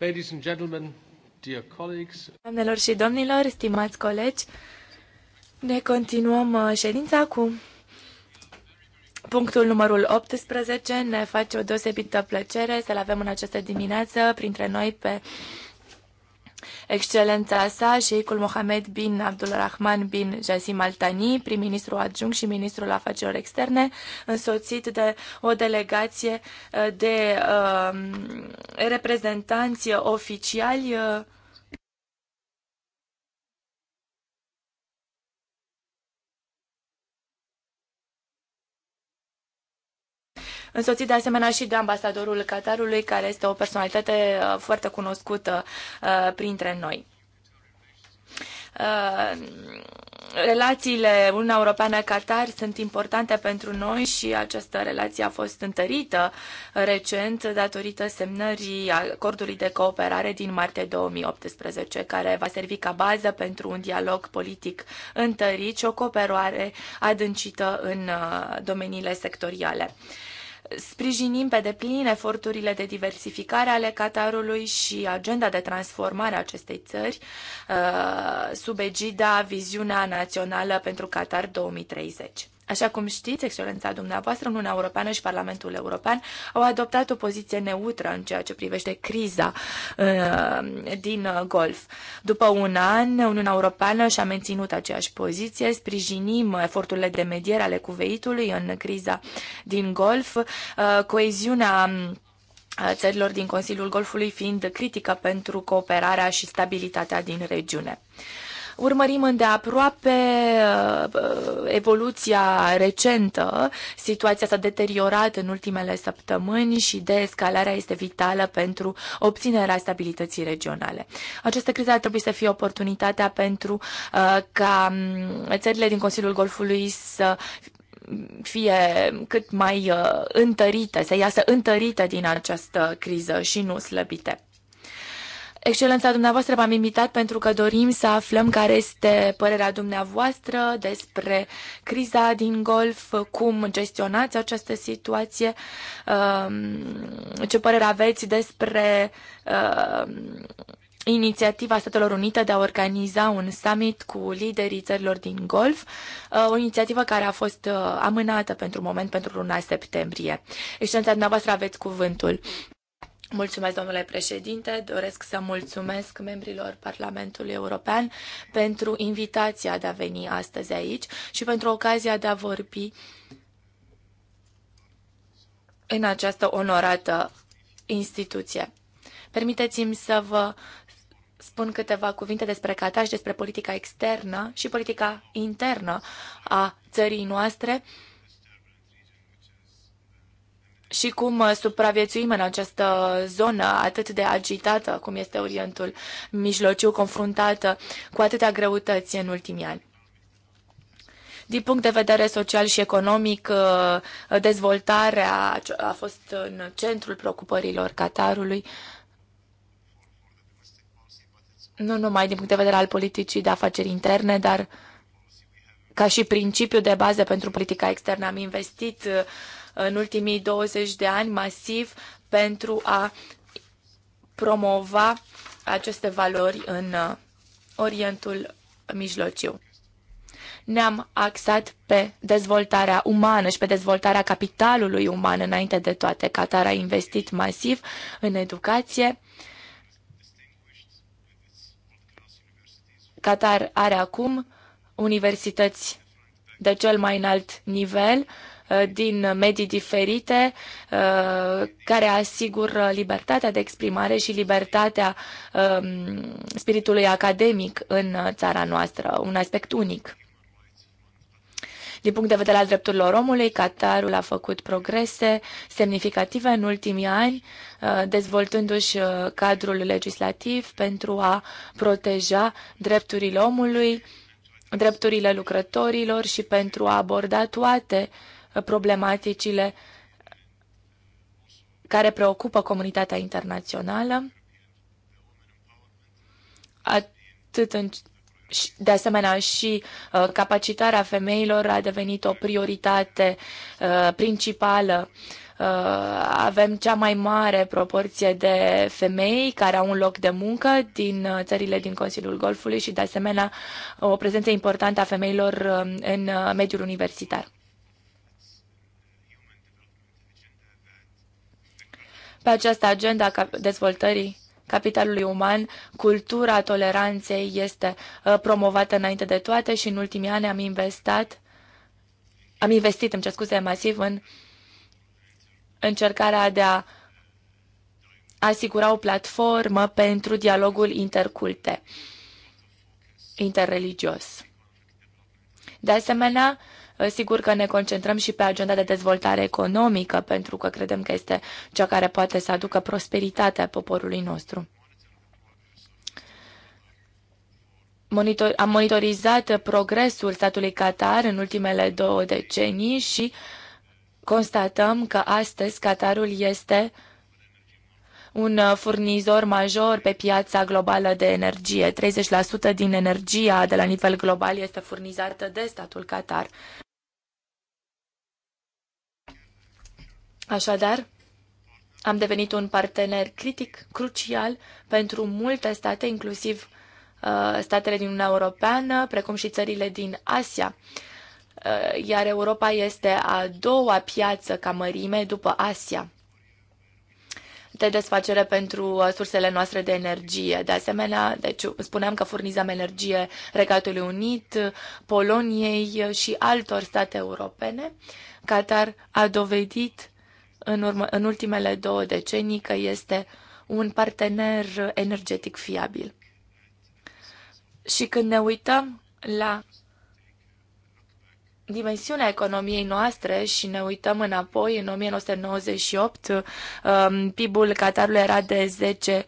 Ladies and gentlemen, dear colleagues. Doamnelor și domnilor, stimați colegi, ne continuăm uh, ședința cu punctul numărul 18. Ne face o deosebită plăcere să-l avem în această dimineață printre noi pe Excelența sa, Sheikul Mohamed bin Abdul Rahman bin Jasim Altani, prim-ministru adjunct și ministrul afacerilor externe, însoțit de o delegație de uh, reprezentanți oficiali uh, însoțit de asemenea și de ambasadorul Qatarului, care este o personalitate uh, foarte cunoscută uh, printre noi uh, relațiile Uniunea Europeană-Qatar sunt importante pentru noi și această relație a fost întărită recent datorită semnării acordului de cooperare din martie 2018, care va servi ca bază pentru un dialog politic întărit și o cooperare adâncită în domeniile sectoriale. Sprijinim pe deplin eforturile de diversificare ale Qatarului și agenda de transformare a acestei țări uh, sub egida Viziunea Națională pentru Qatar 2030. Așa cum știți, excelența dumneavoastră, Uniunea Europeană și Parlamentul European au adoptat o poziție neutră în ceea ce privește criza uh, din uh, Golf. După un an, Uniunea Europeană și-a menținut aceeași poziție, sprijinim eforturile de mediere ale cuveitului în criza din Golf, uh, coeziunea țărilor din Consiliul Golfului fiind critică pentru cooperarea și stabilitatea din regiune. Urmărim îndeaproape uh, evoluția recentă. Situația s-a deteriorat în ultimele săptămâni și deescalarea este vitală pentru obținerea stabilității regionale. Această criză ar trebui să fie oportunitatea pentru uh, ca mm, țările din Consiliul Golfului să fie cât mai uh, întărite, să iasă întărite din această criză și nu slăbite. Excelența dumneavoastră v-am invitat pentru că dorim să aflăm care este părerea dumneavoastră despre criza din golf, cum gestionați această situație, um, ce părere aveți despre um, inițiativa Statelor Unite de a organiza un summit cu liderii țărilor din Golf, uh, o inițiativă care a fost uh, amânată pentru moment pentru luna septembrie. Excelența dumneavoastră aveți cuvântul. Mulțumesc, domnule președinte. Doresc să mulțumesc membrilor Parlamentului European pentru invitația de a veni astăzi aici și pentru ocazia de a vorbi în această onorată instituție. Permiteți-mi să vă spun câteva cuvinte despre Qatar și despre politica externă și politica internă a țării noastre și cum uh, supraviețuim în această zonă atât de agitată cum este Orientul Mijlociu, confruntată cu atâtea greutăți în ultimii ani. Din punct de vedere social și economic, uh, dezvoltarea a fost în centrul preocupărilor Qatarului, nu numai din punct de vedere al politicii de afaceri interne, dar ca și principiu de bază pentru politica externă. Am investit uh, în ultimii 20 de ani masiv pentru a promova aceste valori în uh, Orientul Mijlociu. Ne-am axat pe dezvoltarea umană și pe dezvoltarea capitalului uman înainte de toate. Qatar a investit masiv în educație. Qatar are acum universități de cel mai înalt nivel Uh, din medii diferite uh, care asigură libertatea de exprimare și libertatea um, spiritului academic în țara noastră, un aspect unic. Din punct de vedere al drepturilor omului, Qatarul a făcut progrese semnificative în ultimii ani, uh, dezvoltându-și cadrul legislativ pentru a proteja drepturile omului, drepturile lucrătorilor și pentru a aborda toate problematicile care preocupă comunitatea internațională, atât în, de asemenea și uh, capacitarea femeilor a devenit o prioritate uh, principală uh, avem cea mai mare proporție de femei care au un loc de muncă din țările din Consiliul Golfului și, de asemenea, o prezență importantă a femeilor um, în mediul universitar. Pe această agenda dezvoltării capitalului uman, cultura toleranței este uh, promovată înainte de toate și în ultimii ani am investat, am investit, îmi cer scuze, masiv în încercarea de a asigura o platformă pentru dialogul interculte, interreligios. De asemenea, Ă, sigur că ne concentrăm și pe agenda de dezvoltare economică, pentru că credem că este cea care poate să aducă prosperitatea poporului nostru. Monitor, am monitorizat progresul statului Qatar în ultimele două decenii și constatăm că astăzi Qatarul este un uh, furnizor major pe piața globală de energie. 30% din energia de la nivel global este furnizată de statul Qatar. Așadar, am devenit un partener critic, crucial pentru multe state, inclusiv uh, statele din Uniunea Europeană, precum și țările din Asia. Uh, iar Europa este a doua piață ca mărime după Asia de desfacere pentru uh, sursele noastre de energie. De asemenea, deci spuneam că furnizăm energie Regatului Unit, Poloniei și altor state europene. Qatar a dovedit în, urmă, în ultimele două decenii că este un partener energetic fiabil. Și când ne uităm la dimensiunea economiei noastre și ne uităm înapoi, în 1998, um, PIB-ul Qatarului era de 10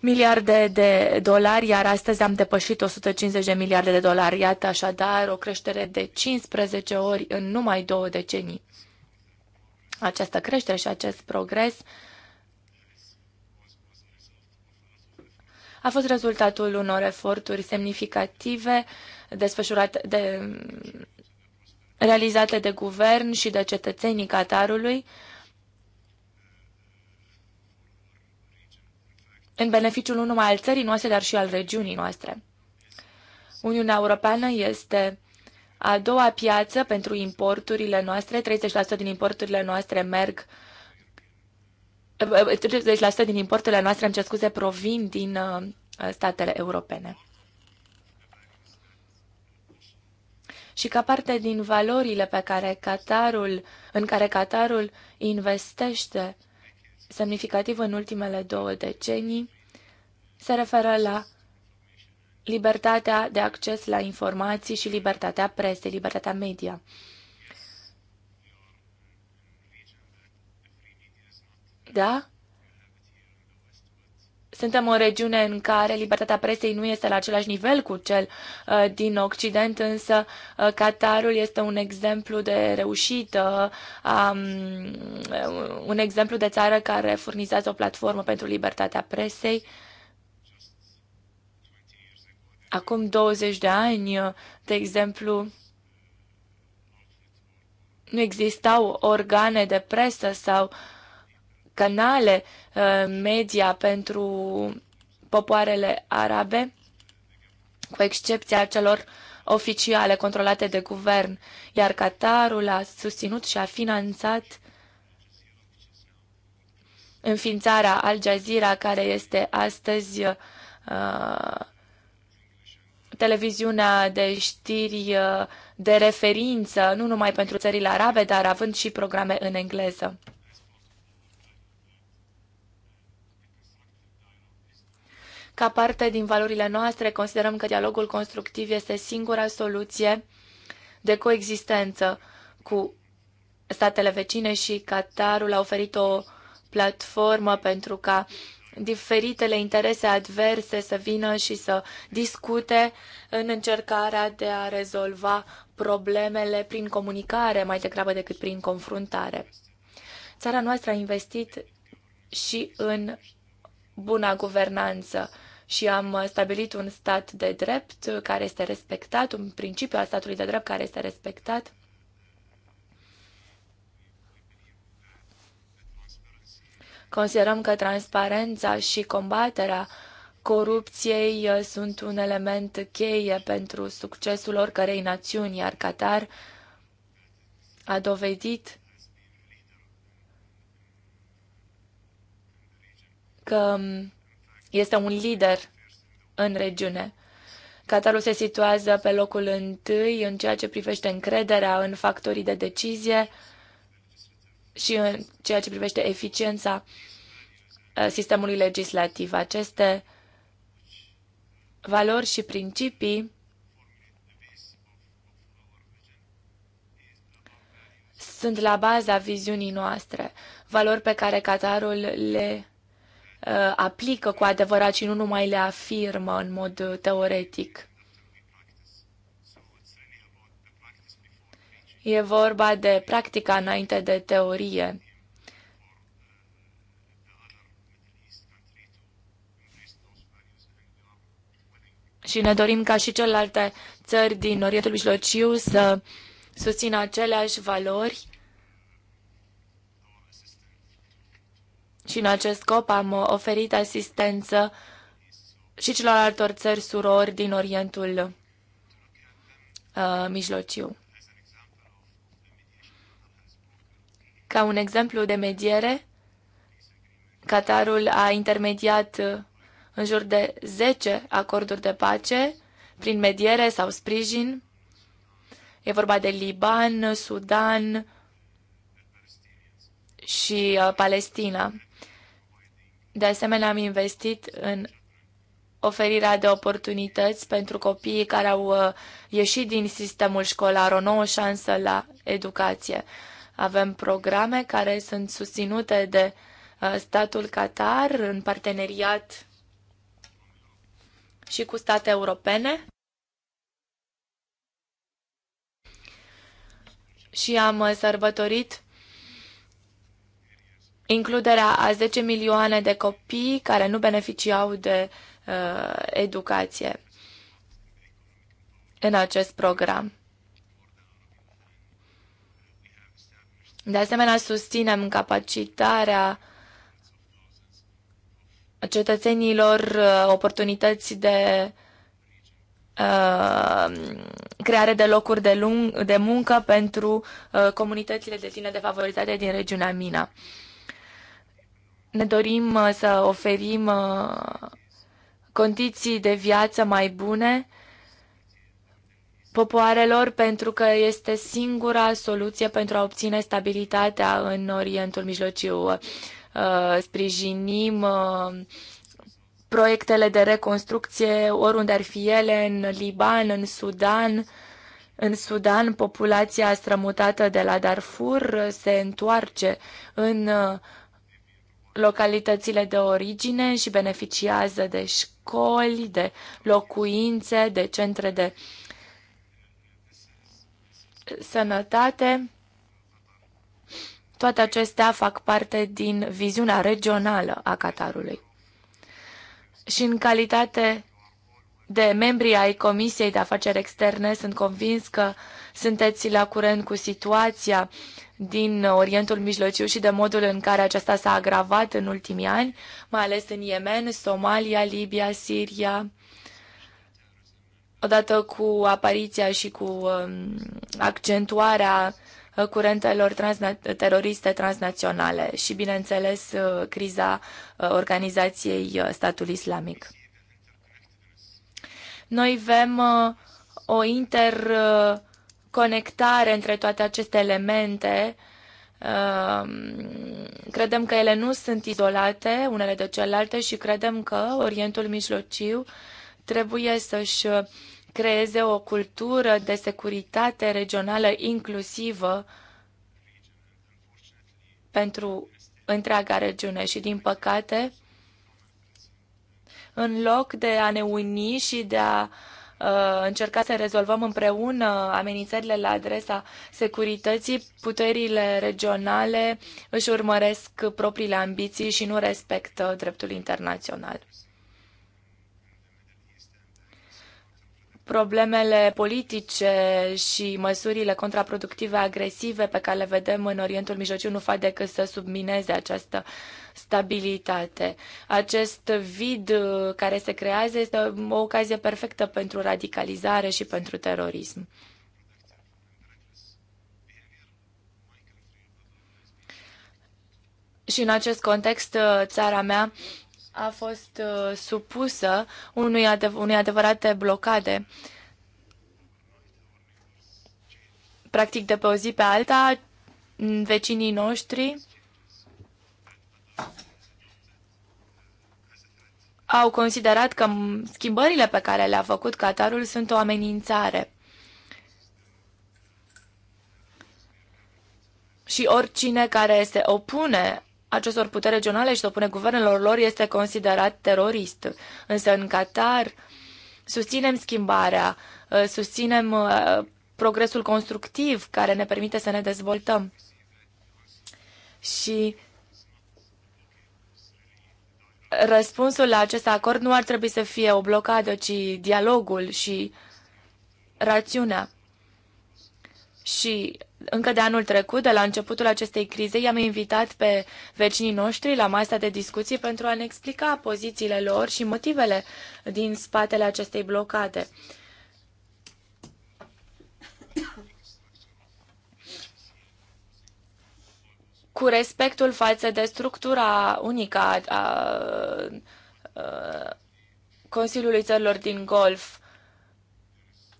miliarde de dolari, iar astăzi am depășit 150 de miliarde de dolari. Iată așadar o creștere de 15 ori în numai două decenii. Această creștere și acest progres a fost rezultatul unor eforturi semnificative desfășurate de, realizate de guvern și de cetățenii Qatarului în beneficiul nu numai al țării noastre, dar și al regiunii noastre. Uniunea Europeană este a doua piață pentru importurile noastre, 30% din importurile noastre merg 30% eh, din importurile noastre, îmi cer scuze, provin din eh, statele europene. Și ca parte din valorile pe care Qatarul, în care Qatarul investește semnificativ în ultimele două decenii, se referă la libertatea de acces la informații și libertatea presei, libertatea media. Da? Suntem o regiune în care libertatea presei nu este la același nivel cu cel uh, din Occident, însă uh, Qatarul este un exemplu de reușită, um, uh, un exemplu de țară care furnizează o platformă pentru libertatea presei. Uh, acum 20 de ani, de exemplu, nu existau organe de presă sau canale uh, media pentru popoarele arabe, cu excepția celor oficiale controlate de guvern, iar Qatarul a susținut și a finanțat înființarea Al Jazeera, care este astăzi uh, televiziunea de știri uh, de referință, nu numai pentru țările arabe, dar având și programe în engleză. Ca parte din valorile noastre, considerăm că dialogul constructiv este singura soluție de coexistență cu statele vecine și Qatarul a oferit o platformă pentru ca diferitele interese adverse să vină și să discute în încercarea de a rezolva problemele prin comunicare mai degrabă decât prin confruntare. Țara noastră a investit și în buna guvernanță și am stabilit un stat de drept care este respectat, un principiu al statului de drept care este respectat Considerăm că transparența și combaterea corupției uh, sunt un element cheie pentru succesul oricărei națiuni, iar Qatar a dovedit că um, este un lider în regiune. Qatarul se situează pe locul întâi în ceea ce privește încrederea în factorii de decizie, și în ceea ce privește eficiența uh, sistemului legislativ. Aceste valori și principii sunt la baza viziunii noastre, valori pe care Qatarul le uh, aplică cu adevărat și nu numai le afirmă în mod teoretic. E vorba de practica înainte de teorie. Și ne dorim ca și celelalte țări din Orientul Mijlociu să susțină aceleași valori. Și în acest scop am oferit asistență și celorlaltor țări surori din Orientul uh, Mijlociu. Ca un exemplu de mediere, Qatarul a intermediat uh, în jur de 10 acorduri de pace prin mediere sau sprijin. E vorba de Liban, Sudan și uh, Palestina. De asemenea, am investit în oferirea de oportunități pentru copiii care au uh, ieșit din sistemul școlar, o nouă șansă la educație. Avem programe care sunt susținute de uh, statul Qatar în parteneriat și cu state europene. Și am uh, sărbătorit includerea a 10 milioane de copii care nu beneficiau de uh, educație în acest program. De asemenea, susținem capacitarea cetățenilor uh, oportunități de uh, creare de locuri de, lung, de muncă pentru uh, comunitățile de sine defavorizate din regiunea Mina. Ne dorim uh, să oferim uh, condiții de viață mai bune popoarelor pentru că este singura soluție pentru a obține stabilitatea în Orientul Mijlociu. Uh, sprijinim uh, proiectele de reconstrucție oriunde ar fi ele, în Liban, în Sudan. În Sudan, populația strămutată de la Darfur se întoarce în uh, localitățile de origine și beneficiază de școli, de locuințe, de centre de uh, sănătate, toate acestea fac parte din viziunea regională a Qatarului. Și în calitate de membri ai Comisiei de Afaceri Externe, sunt convins că sunteți la curent cu situația din Orientul Mijlociu și de modul în care aceasta s-a agravat în ultimii ani, mai ales în Yemen, Somalia, Libia, Siria odată cu apariția și cu um, accentuarea uh, curentelor transna- teroriste transnaționale și, bineînțeles, uh, criza uh, organizației statului islamic. Noi avem o interconectare între toate aceste elemente. Um, credem că ele nu sunt izolate unele de celelalte și credem că Orientul Mijlociu trebuie să-și uh, creeze o cultură de securitate regională inclusivă pentru întreaga regiune și, din păcate, în loc de a ne uni și de a uh, încerca să rezolvăm împreună amenințările la adresa securității, puterile regionale își urmăresc propriile ambiții și nu respectă dreptul internațional. problemele politice și măsurile contraproductive agresive pe care le vedem în Orientul Mijlociu nu fac decât să submineze această stabilitate. Acest vid uh, care se creează este o ocazie perfectă pentru radicalizare și pentru terorism. Și în acest context, uh, țara mea a fost uh, supusă unui, adev- unei adevărate blocade. Practic, de pe o zi pe alta, vecinii noștri au considerat că schimbările pe care le-a făcut Qatarul sunt o amenințare. Și oricine care se opune acestor puteri regionale și opune guvernelor lor este considerat terorist. Însă în Qatar susținem schimbarea, ă, susținem ă, progresul constructiv care ne permite să ne dezvoltăm. Și răspunsul la acest acord nu ar trebui să fie o blocadă, ci dialogul și rațiunea. Și încă de anul trecut, de la începutul acestei crize, i-am invitat pe vecinii noștri la masa de discuții pentru a ne explica pozițiile lor și motivele din spatele acestei blocade. Cu respectul față de structura unică a, a, a Consiliului Țărilor din Golf.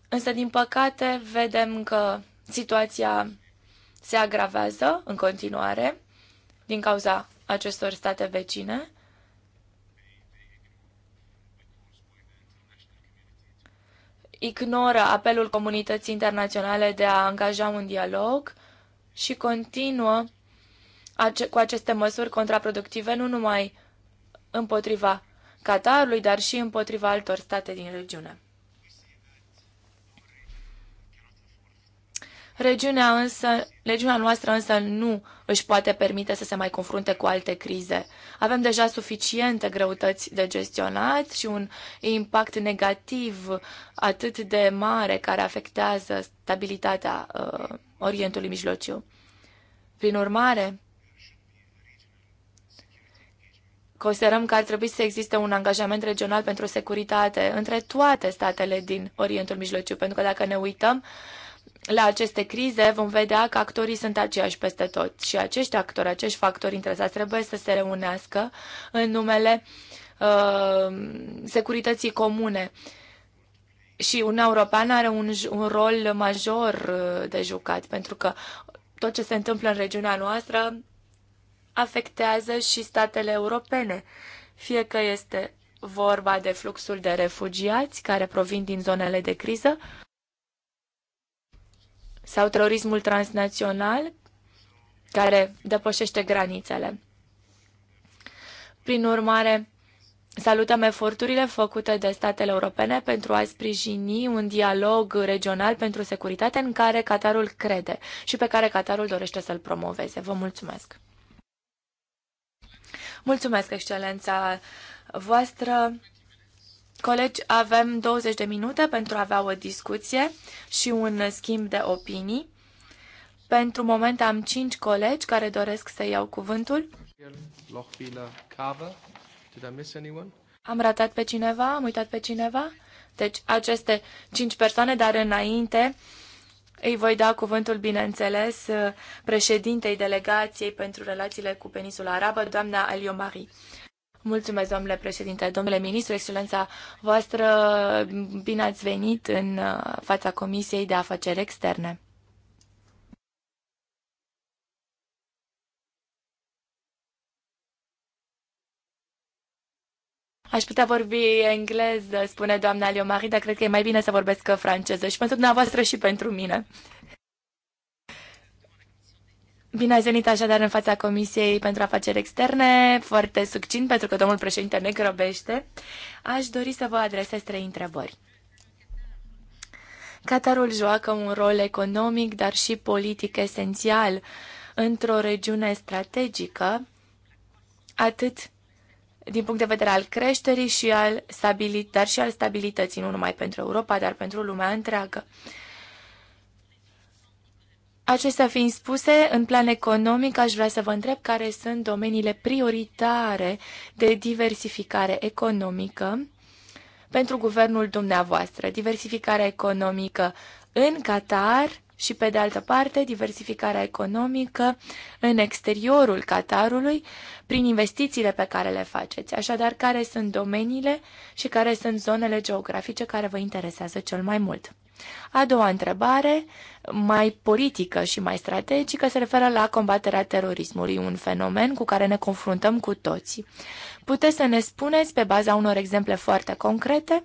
Însă, din păcate, vedem că situația se agravează în continuare din cauza acestor state vecine. Ignoră apelul comunității internaționale de a angaja un dialog și continuă cu aceste măsuri contraproductive nu numai împotriva Qatarului, dar și împotriva altor state din regiune. Regiunea, însă, regiunea noastră însă nu își poate permite să se mai confrunte cu alte crize. Avem deja suficiente greutăți de gestionat și un impact negativ atât de mare care afectează stabilitatea uh, Orientului Mijlociu. Prin urmare, considerăm că ar trebui să existe un angajament regional pentru securitate între toate statele din Orientul Mijlociu, pentru că dacă ne uităm, uh, la aceste crize vom vedea că actorii sunt aceiași peste tot și acești actori, acești factori interesați trebuie să se reunească în numele uh, securității comune. Și Uniunea Europeană are un, un rol major uh, de jucat, pentru că tot ce se întâmplă în regiunea noastră afectează și statele europene, fie că este vorba de fluxul de refugiați care provin din zonele de criză, sau terorismul transnațional care depășește granițele. Prin urmare, salutăm eforturile făcute de statele europene pentru a sprijini un dialog regional pentru securitate în care Qatarul crede și pe care Qatarul dorește să-l promoveze. Vă mulțumesc! Mulțumesc, Excelența voastră! Colegi, avem 20 de minute pentru a avea o discuție și un schimb de opinii. Pentru moment am 5 colegi care doresc să iau cuvântul. Am ratat pe cineva? Am uitat pe cineva? Deci aceste 5 persoane, dar înainte îi voi da cuvântul, bineînțeles, președintei delegației pentru relațiile cu peninsula arabă, doamna Elio Marie. Mulțumesc, domnule președinte, domnule ministru, excelența voastră, bine ați venit în uh, fața Comisiei de Afaceri Externe. Aș putea vorbi engleză, spune doamna Leomarie, dar cred că e mai bine să vorbesc franceză și pentru dumneavoastră și pentru mine. Bine ați venit așadar în fața Comisiei pentru Afaceri Externe, foarte succint pentru că domnul președinte ne grăbește. Aș dori să vă adresez trei întrebări. Qatarul joacă un rol economic, dar și politic esențial într-o regiune strategică, atât din punct de vedere al creșterii, și al stabilit- dar și al stabilității, nu numai pentru Europa, dar pentru lumea întreagă. Acestea fiind spuse, în plan economic aș vrea să vă întreb care sunt domeniile prioritare de diversificare economică pentru guvernul dumneavoastră. Diversificarea economică în Qatar și, pe de altă parte, diversificarea economică în exteriorul Qatarului prin investițiile pe care le faceți. Așadar, care sunt domeniile și care sunt zonele geografice care vă interesează cel mai mult? A doua întrebare, mai politică și mai strategică, se referă la combaterea terorismului, un fenomen cu care ne confruntăm cu toții. Puteți să ne spuneți, pe baza unor exemple foarte concrete,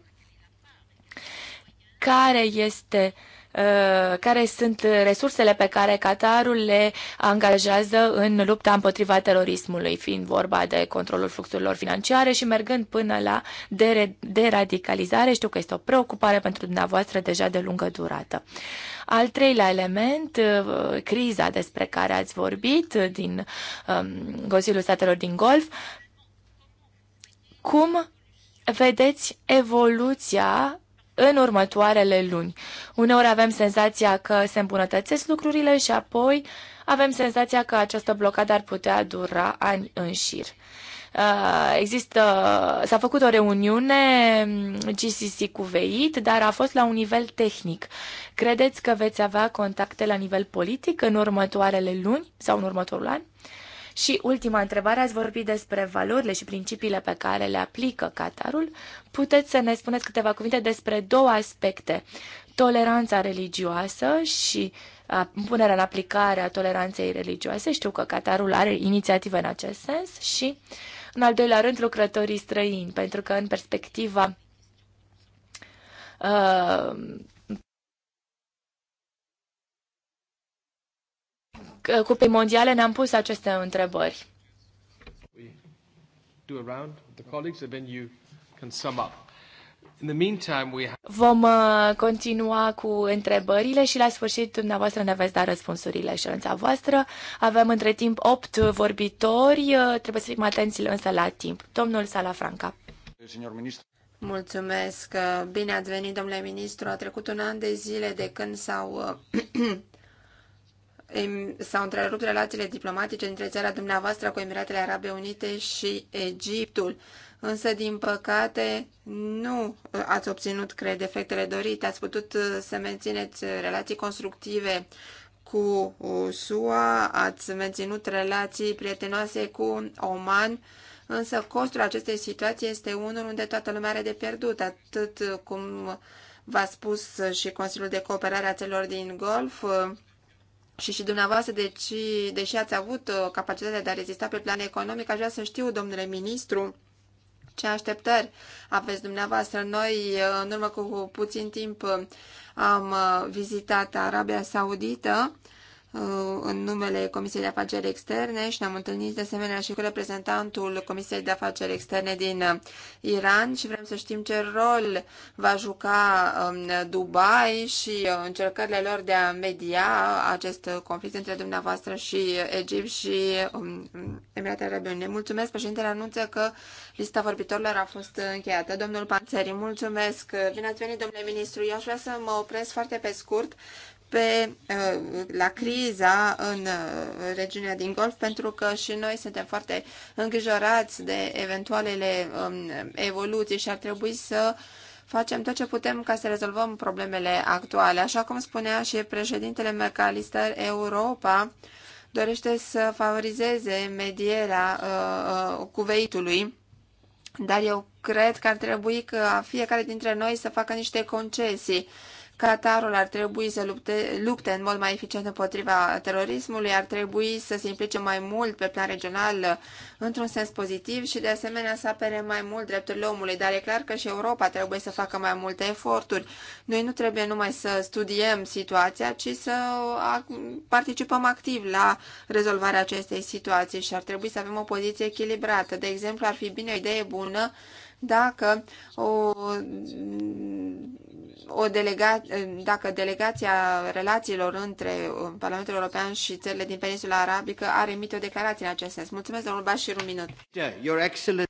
care este uh, Uh, care sunt resursele pe care Qatarul le angajează în lupta împotriva terorismului, fiind vorba de controlul fluxurilor financiare și mergând până la deradicalizare. Știu că este o preocupare pentru dumneavoastră deja de lungă durată. Al treilea element, uh, criza despre care ați vorbit din um, Consiliul Statelor din Golf, cum vedeți evoluția în următoarele luni. Uneori avem senzația că se îmbunătățesc lucrurile și apoi avem senzația că această blocadă ar putea dura ani în șir. Uh, există, s-a făcut o reuniune mm, GCC Veit, dar a fost la un nivel tehnic. Credeți că veți avea contacte la nivel politic în următoarele luni sau în următorul an? Uh, și ultima întrebare, ați vorbit despre valorile și principiile pe care le aplică Qatarul. Puteți să ne spuneți câteva cuvinte despre două aspecte, toleranța religioasă și punerea în aplicare a toleranței religioase. Știu că Qatarul are inițiativă în acest sens și, în al doilea rând, lucrătorii străini, pentru că în perspectiva uh, Cupei Mondiale ne-am pus aceste întrebări. Vom uh, continua cu întrebările și la sfârșit dumneavoastră ne veți da răspunsurile ședința voastră. Avem între timp opt vorbitori, uh, trebuie să fim atenți însă la timp. Domnul Salafranca. Mulțumesc, bine ați venit, domnule ministru. A trecut un an de zile de când s-au uh, <clears throat> s-au întrerupt relațiile diplomatice dintre țara dumneavoastră cu Emiratele Arabe Unite și Egiptul, însă, din păcate, nu uh, ați obținut, cred, efectele dorite. Ați putut uh, să mențineți relații constructive cu uh, SUA, ați menținut relații prietenoase cu Oman, însă costul acestei situații este unul unde toată lumea are de pierdut, atât cum v-a spus și Consiliul de Cooperare a Țelor din Golf, și și dumneavoastră, deci, deși ați avut uh, capacitatea de a rezista pe plan economic, aș vrea să știu, domnule ministru, ce așteptări aveți dumneavoastră? Noi, uh, în urmă cu puțin timp, uh, am vizitat Arabia Saudită Uh, în numele Comisiei de Afaceri Externe și ne-am întâlnit de asemenea și cu reprezentantul Comisiei de Afaceri Externe din uh, Iran și vrem să știm ce rol va juca um, Dubai și uh, încercările lor de a media acest conflict între dumneavoastră și Egipt și um, Emiratele Arabe Unite. Mulțumesc, președintele anunță că lista vorbitorilor a fost încheiată. Domnul Panțeri, mulțumesc. Bine ați venit, domnule ministru. Eu aș vrea să mă opresc foarte pe scurt pe, uh, la criza în uh, regiunea din Golf, pentru că și noi suntem foarte îngrijorați de eventualele um, evoluții și ar trebui să facem tot ce putem ca să rezolvăm problemele actuale. Așa cum spunea și președintele McAllister, Europa dorește să favorizeze medierea uh, cuveitului, dar eu cred că ar trebui ca fiecare dintre noi să facă niște concesii Qatarul ar trebui să lupte, lupte în mod mai eficient împotriva terorismului, ar trebui să se implice mai mult pe plan regional într-un sens pozitiv și de asemenea să apere mai mult drepturile omului, dar e clar că și Europa trebuie să facă mai multe eforturi. Noi nu trebuie numai să studiem situația, ci să participăm activ la rezolvarea acestei situații și ar trebui să avem o poziție echilibrată. De exemplu, ar fi bine o idee bună dacă o, o delega, dacă delegația relațiilor între Parlamentul European și țările din peninsula arabică are emite o declarație în acest sens. Mulțumesc, domnul Bashir, un minut.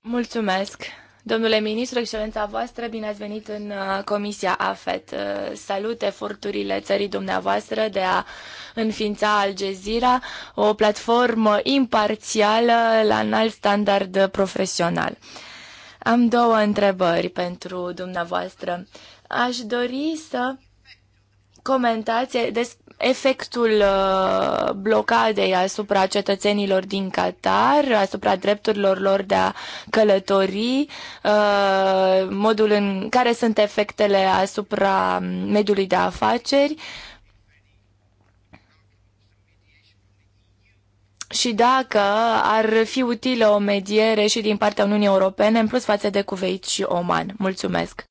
Mulțumesc. Domnule ministru, excelența voastră, bine ați venit în uh, Comisia AFET. Uh, salut eforturile țării dumneavoastră de a înființa Al Jazeera, o platformă imparțială la înalt standard profesional. Am două întrebări pentru dumneavoastră. Aș dori să comentați efectul uh, blocadei asupra cetățenilor din Qatar, asupra drepturilor lor de a călători, uh, modul în care sunt efectele asupra mediului de afaceri și dacă ar fi utilă o mediere și din partea Uniunii Europene, în plus față de Cuveit și Oman. Mulțumesc.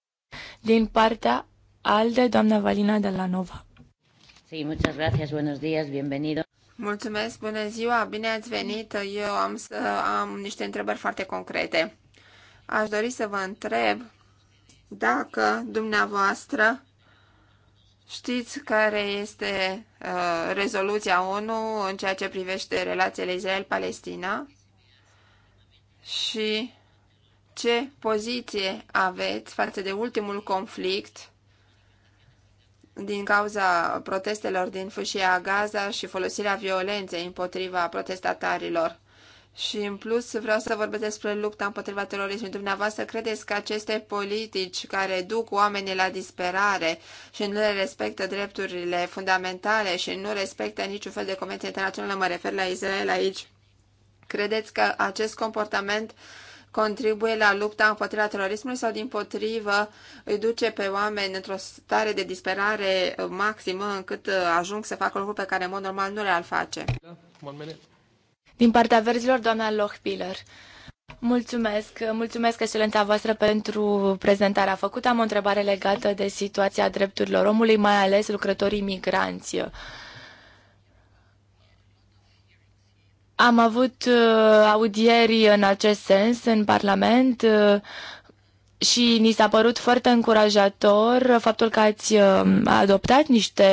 Din partea ALDE, doamna Valina de la Nova. Sí, muchas gracias, buenos días, bienvenido. Mulțumesc, bună ziua, bine ați venit. Eu am să am niște întrebări foarte concrete. Aș dori să vă întreb dacă dumneavoastră știți care este Uh, rezoluția 1 în ceea ce privește relațiile Israel-Palestina și ce poziție aveți față de ultimul conflict din cauza protestelor din fâșia Gaza și folosirea violenței împotriva protestatarilor. Și în plus vreau să vorbesc despre lupta împotriva terorismului. Dumneavoastră credeți că aceste politici care duc oamenii la disperare și nu le respectă drepturile fundamentale și nu respectă niciun fel de convenție internațională, mă refer la Israel aici, credeți că acest comportament contribuie la lupta împotriva terorismului sau din potrivă îi duce pe oameni într-o stare de disperare maximă încât uh, ajung să facă lucruri pe care în mod normal nu le-ar face? Da, din partea verzilor, doamna Lochpiller. Mulțumesc, mulțumesc excelența voastră pentru prezentarea făcută. Am o întrebare legată de situația drepturilor omului, mai ales lucrătorii migranți. Am avut uh, audieri în acest sens în Parlament. Uh, și ni s-a părut foarte încurajator faptul că ați uh, adoptat niște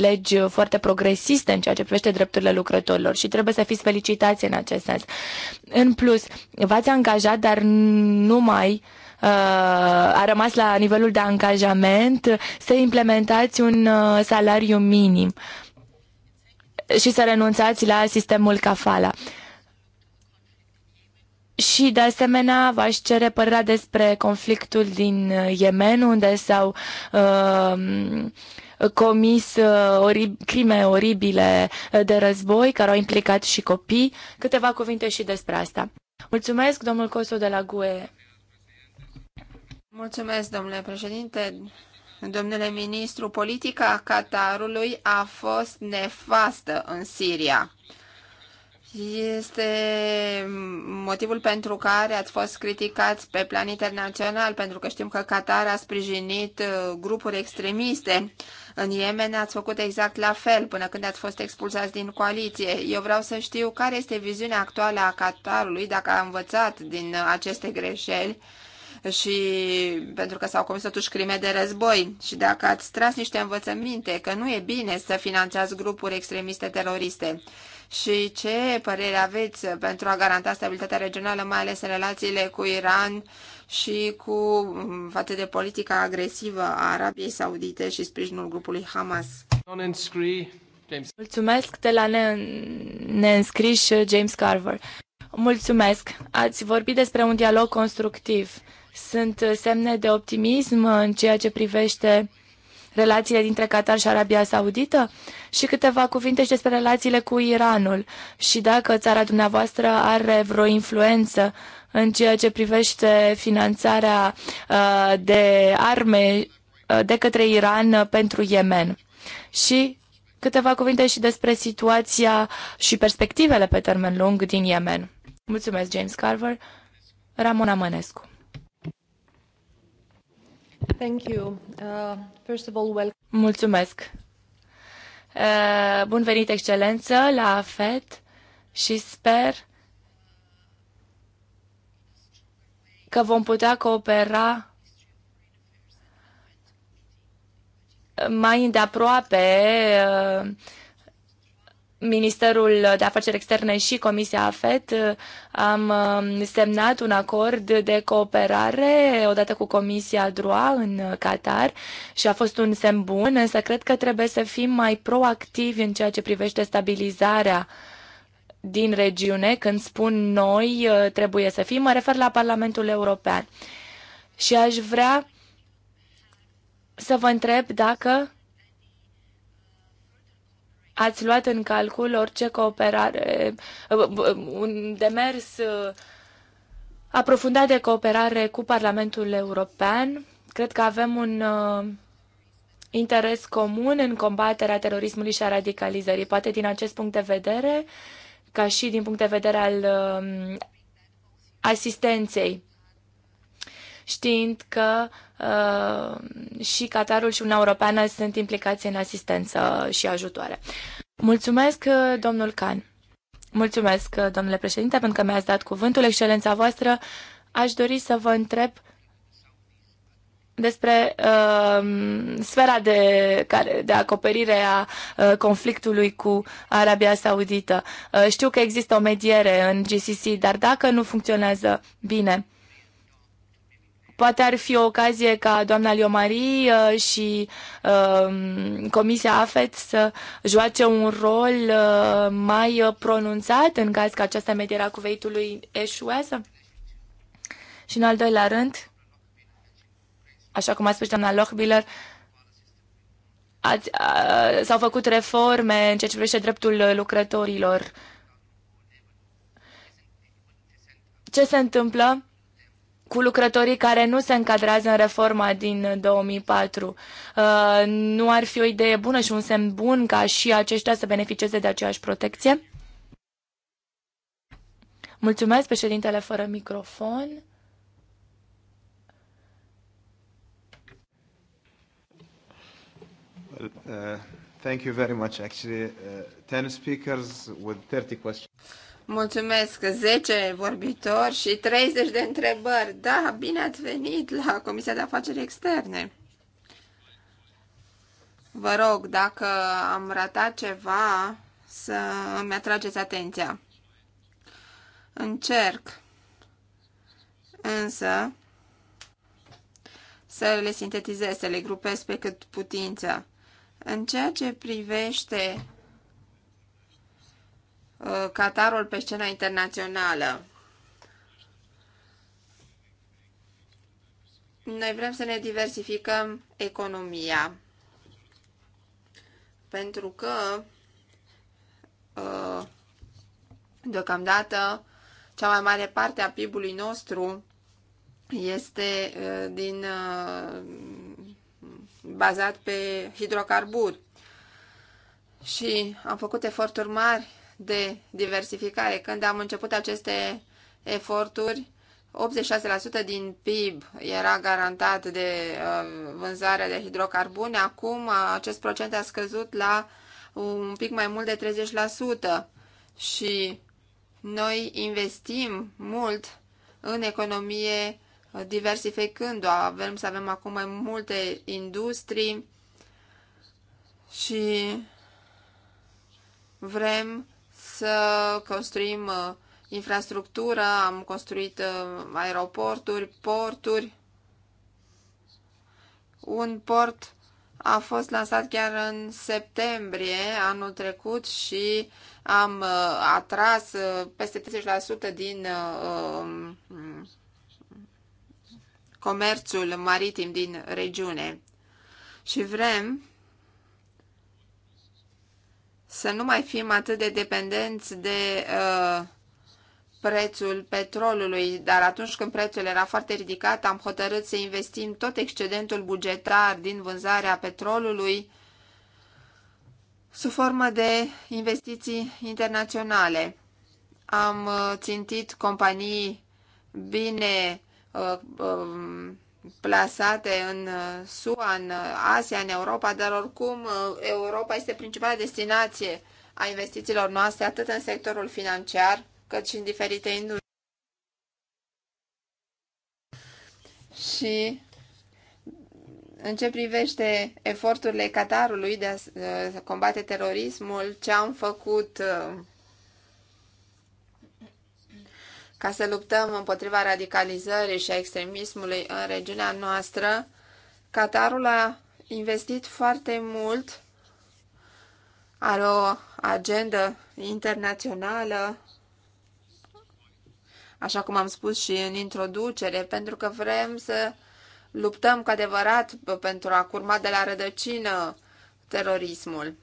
legi foarte progresiste în ceea ce privește drepturile lucrătorilor și trebuie să fiți felicitați în acest sens. În plus, v-ați angajat, dar numai uh, a rămas la nivelul de angajament să implementați un uh, salariu minim și să renunțați la sistemul cafala. Și, de asemenea, v-aș cere părerea despre conflictul din uh, Yemen, unde s-au uh, comis uh, crime oribile uh, de război, care au implicat și copii. Câteva cuvinte și despre asta. Mulțumesc, domnul Coso de la GUE. Mulțumesc, domnule președinte. Domnule ministru, politica Qatarului a fost nefastă în Siria. Este motivul pentru care ați fost criticați pe plan internațional, pentru că știm că Qatar a sprijinit uh, grupuri extremiste. În Yemen ați făcut exact la fel până când ați fost expulsați din coaliție. Eu vreau să știu care este viziunea actuală a Qatarului, dacă a învățat din uh, aceste greșeli și pentru că s-au comis totuși crime de război și dacă ați tras niște învățăminte că nu e bine să finanțați grupuri extremiste teroriste și ce părere aveți pentru a garanta stabilitatea regională, mai ales în relațiile cu Iran și cu mm, față de politica agresivă a Arabiei Saudite și sprijinul grupului Hamas? Mulțumesc de la ne- James Carver. Mulțumesc. Ați vorbit despre un dialog constructiv. Sunt semne de optimism în ceea ce privește relațiile dintre Qatar și Arabia Saudită și câteva cuvinte și despre relațiile cu Iranul și dacă țara dumneavoastră are vreo influență în ceea ce privește finanțarea uh, de arme uh, de către Iran uh, pentru Yemen. Și câteva cuvinte și despre situația și perspectivele pe termen lung din Yemen. Mulțumesc, James Carver. Ramona Mănescu. Uh, Mulțumesc. Uh, bun venit, excelență, la FET și sper că vom putea coopera mai îndeaproape uh, Ministerul de Afaceri Externe și Comisia AFET uh, am um, semnat un acord de cooperare odată cu Comisia DROA în Qatar și a fost un semn bun, însă cred că trebuie să fim mai proactivi în ceea ce privește stabilizarea din regiune. Când spun noi, uh, trebuie să fim, mă refer la Parlamentul European. Și aș vrea să vă întreb dacă ați luat în calcul orice cooperare, uh, uh, uh, un demers aprofundat de cooperare cu Parlamentul European. Cred că avem un interes comun în combaterea terorismului și a radicalizării. Poate din acest punct de vedere, ca și din punct de vedere al um, asistenței știind că uh, și Qatarul și Uniunea Europeană sunt implicați în asistență și ajutoare. Mulțumesc, uh, domnul Can. Mulțumesc, uh, domnule președinte, pentru că mi-ați dat cuvântul. Excelența voastră, aș dori să vă întreb despre uh, sfera de, care, de acoperire a uh, conflictului cu Arabia Saudită. Uh, știu că există o mediere în GCC, dar dacă nu funcționează bine, Poate ar fi o ocazie ca doamna Liomari uh, și uh, Comisia AFET să joace un rol uh, mai pronunțat în caz că această mediere a cuveitului eșuează. Și în al doilea rând, așa cum a spus doamna Lochbiller, s-au făcut reforme în ceea ce privește dreptul lucrătorilor. Ce se întâmplă cu lucrătorii care nu se încadrează în reforma din 2004. Uh, nu ar fi o idee bună și un semn bun ca și aceștia să beneficieze de aceeași protecție? Mulțumesc, președintele fără microfon. Well, uh, thank you very much. Actually, uh, 10 speakers with 30 questions. Mulțumesc, 10 vorbitori și 30 de întrebări. Da, bine ați venit la Comisia de Afaceri Externe. Vă rog, dacă am ratat ceva, să îmi atrageți atenția. Încerc însă să le sintetizez, să le grupez pe cât putință. În ceea ce privește Uh, Qatarul pe scena internațională. Noi vrem să ne diversificăm economia pentru că uh, deocamdată cea mai mare parte a PIB-ului nostru este uh, din bazat pe hidrocarburi. Și am făcut eforturi mari de diversificare. Când am început aceste eforturi, 86% din PIB era garantat de uh, vânzarea de hidrocarbune. Acum uh, acest procent a scăzut la un pic mai mult de 30% și noi investim mult în economie uh, diversificând-o. Avem să avem acum mai multe industrii și vrem să construim uh, infrastructură, am construit uh, aeroporturi, porturi. Un port a fost lansat chiar în septembrie anul trecut și am uh, atras peste 30% din um, comerțul maritim din regiune. Și vrem să nu mai fim atât de dependenți de uh, prețul petrolului, dar atunci când prețul era foarte ridicat, am hotărât să investim tot excedentul bugetar din vânzarea petrolului sub formă de investiții internaționale. Am uh, țintit companii bine uh, um, plasate în uh, SUA, în uh, Asia, în Europa, dar oricum uh, Europa este principala destinație a investițiilor noastre, atât în sectorul financiar, cât și în diferite industrie. Și în ce privește eforturile Qatarului de a combate terorismul, ce am făcut ca să luptăm împotriva radicalizării și a extremismului în regiunea noastră, Qatarul a investit foarte mult, are o agendă internațională, așa cum am spus și în introducere, pentru că vrem să luptăm cu adevărat pentru a curma de la rădăcină terorismul.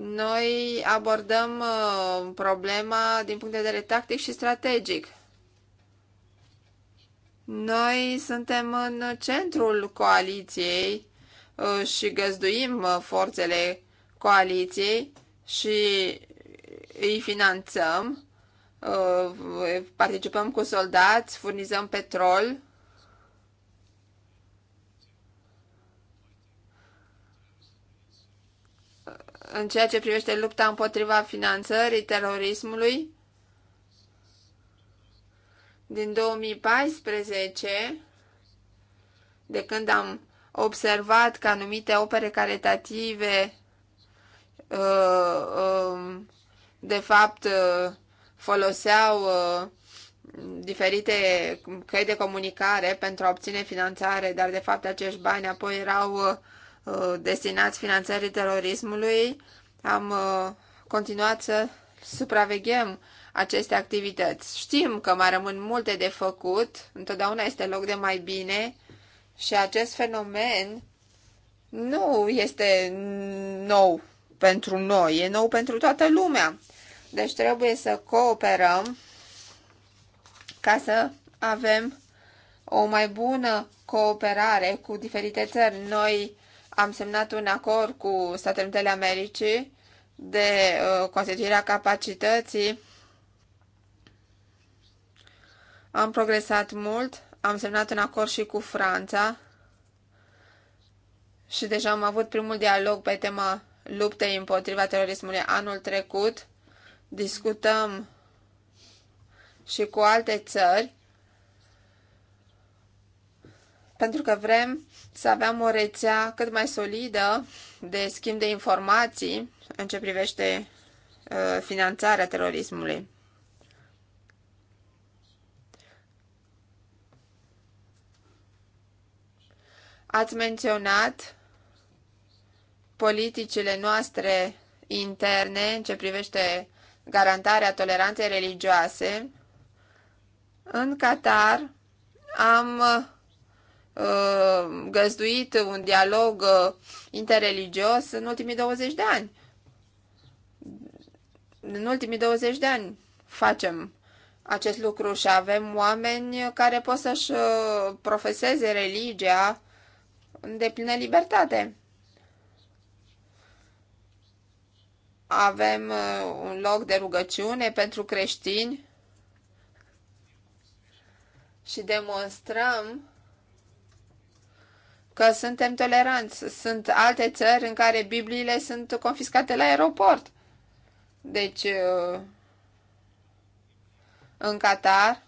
Noi abordăm uh, problema din punct de vedere tactic și strategic. Noi suntem în centrul coaliției uh, și găzduim uh, forțele coaliției și îi finanțăm, participăm cu soldați, furnizăm petrol în ceea ce privește lupta împotriva finanțării terorismului din 2014, de când am observat că anumite opere caritative uh, um, de fapt uh, foloseau uh, diferite căi de comunicare pentru a obține finanțare, dar de fapt acești bani apoi erau Uh, destinați finanțării terorismului, am uh, continuat să supraveghem aceste activități. Știm că mai rămân multe de făcut, întotdeauna este loc de mai bine și acest fenomen nu este nou pentru noi, e nou pentru toată lumea. Deci trebuie să cooperăm ca să avem o mai bună cooperare cu diferite țări. Noi am semnat un acord cu Statele Unite ale Americii de uh, constituirea capacității. Am progresat mult, am semnat un acord și cu Franța și deja am avut primul dialog pe tema luptei împotriva terorismului anul trecut. Discutăm și cu alte țări pentru că vrem să avem o rețea cât mai solidă de schimb de informații în ce privește uh, finanțarea terorismului. Ați menționat politicile noastre interne în ce privește garantarea toleranței religioase. În Qatar am uh, Uh, găzduit un dialog uh, interreligios în ultimii 20 de ani. În ultimii 20 de ani facem acest lucru și avem oameni care pot să-și uh, profeseze religia în deplină libertate. Avem un loc de rugăciune pentru creștini și demonstrăm că suntem toleranți. Sunt alte țări în care Bibliile sunt confiscate la aeroport. Deci, uh, în Qatar,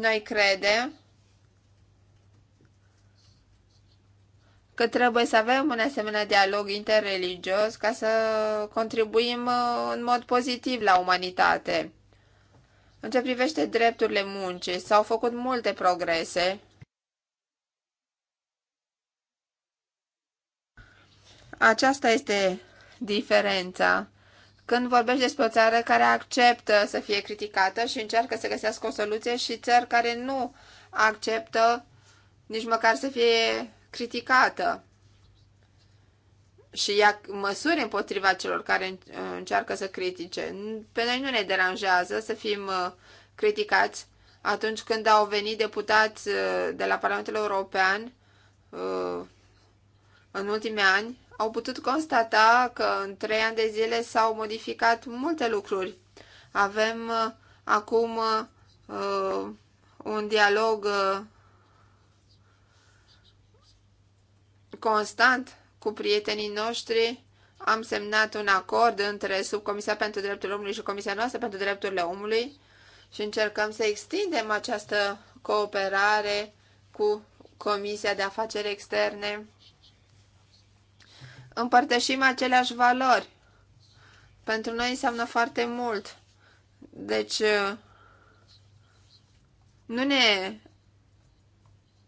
noi credem că trebuie să avem un asemenea dialog interreligios ca să contribuim uh, în mod pozitiv la umanitate. În ce privește drepturile muncii, s-au făcut multe progrese Aceasta este diferența. Când vorbești despre o țară care acceptă să fie criticată și încearcă să găsească o soluție și țări care nu acceptă nici măcar să fie criticată și ia măsuri împotriva celor care încearcă să critique. Pe noi nu ne deranjează să fim uh, criticați atunci când au venit deputați uh, de la Parlamentul European uh, în ultimii ani au putut constata că în trei ani de zile s-au modificat multe lucruri. Avem uh, acum uh, un dialog uh, constant cu prietenii noștri. Am semnat un acord între Subcomisia pentru Drepturile Omului și Comisia noastră pentru Drepturile Omului și încercăm să extindem această cooperare cu Comisia de Afaceri Externe împărtășim aceleași valori. Pentru noi înseamnă foarte mult. Deci, nu ne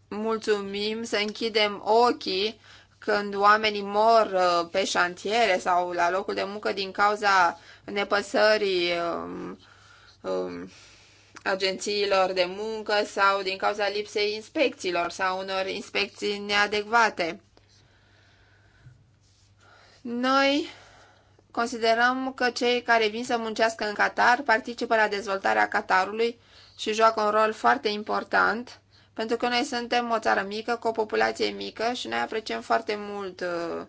mulțumim să închidem ochii când oamenii mor uh, pe șantiere sau la locul de muncă din cauza nepăsării um, um, agențiilor de muncă sau din cauza lipsei inspecțiilor sau unor inspecții neadecvate. Noi considerăm că cei care vin să muncească în Qatar participă la dezvoltarea Qatarului și joacă un rol foarte important, pentru că noi suntem o țară mică, cu o populație mică și noi apreciem foarte mult uh,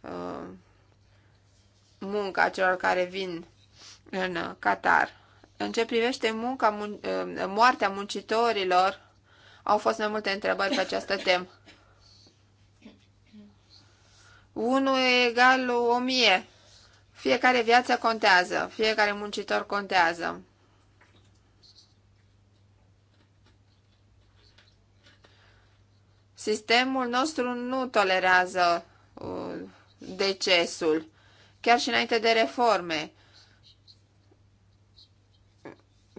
uh, munca celor care vin în Qatar. În ce privește munca, mun- uh, moartea muncitorilor, au fost mai multe întrebări pe această temă. 1 e egal 1000. Fiecare viață contează, fiecare muncitor contează. Sistemul nostru nu tolerează uh, decesul, chiar și înainte de reforme.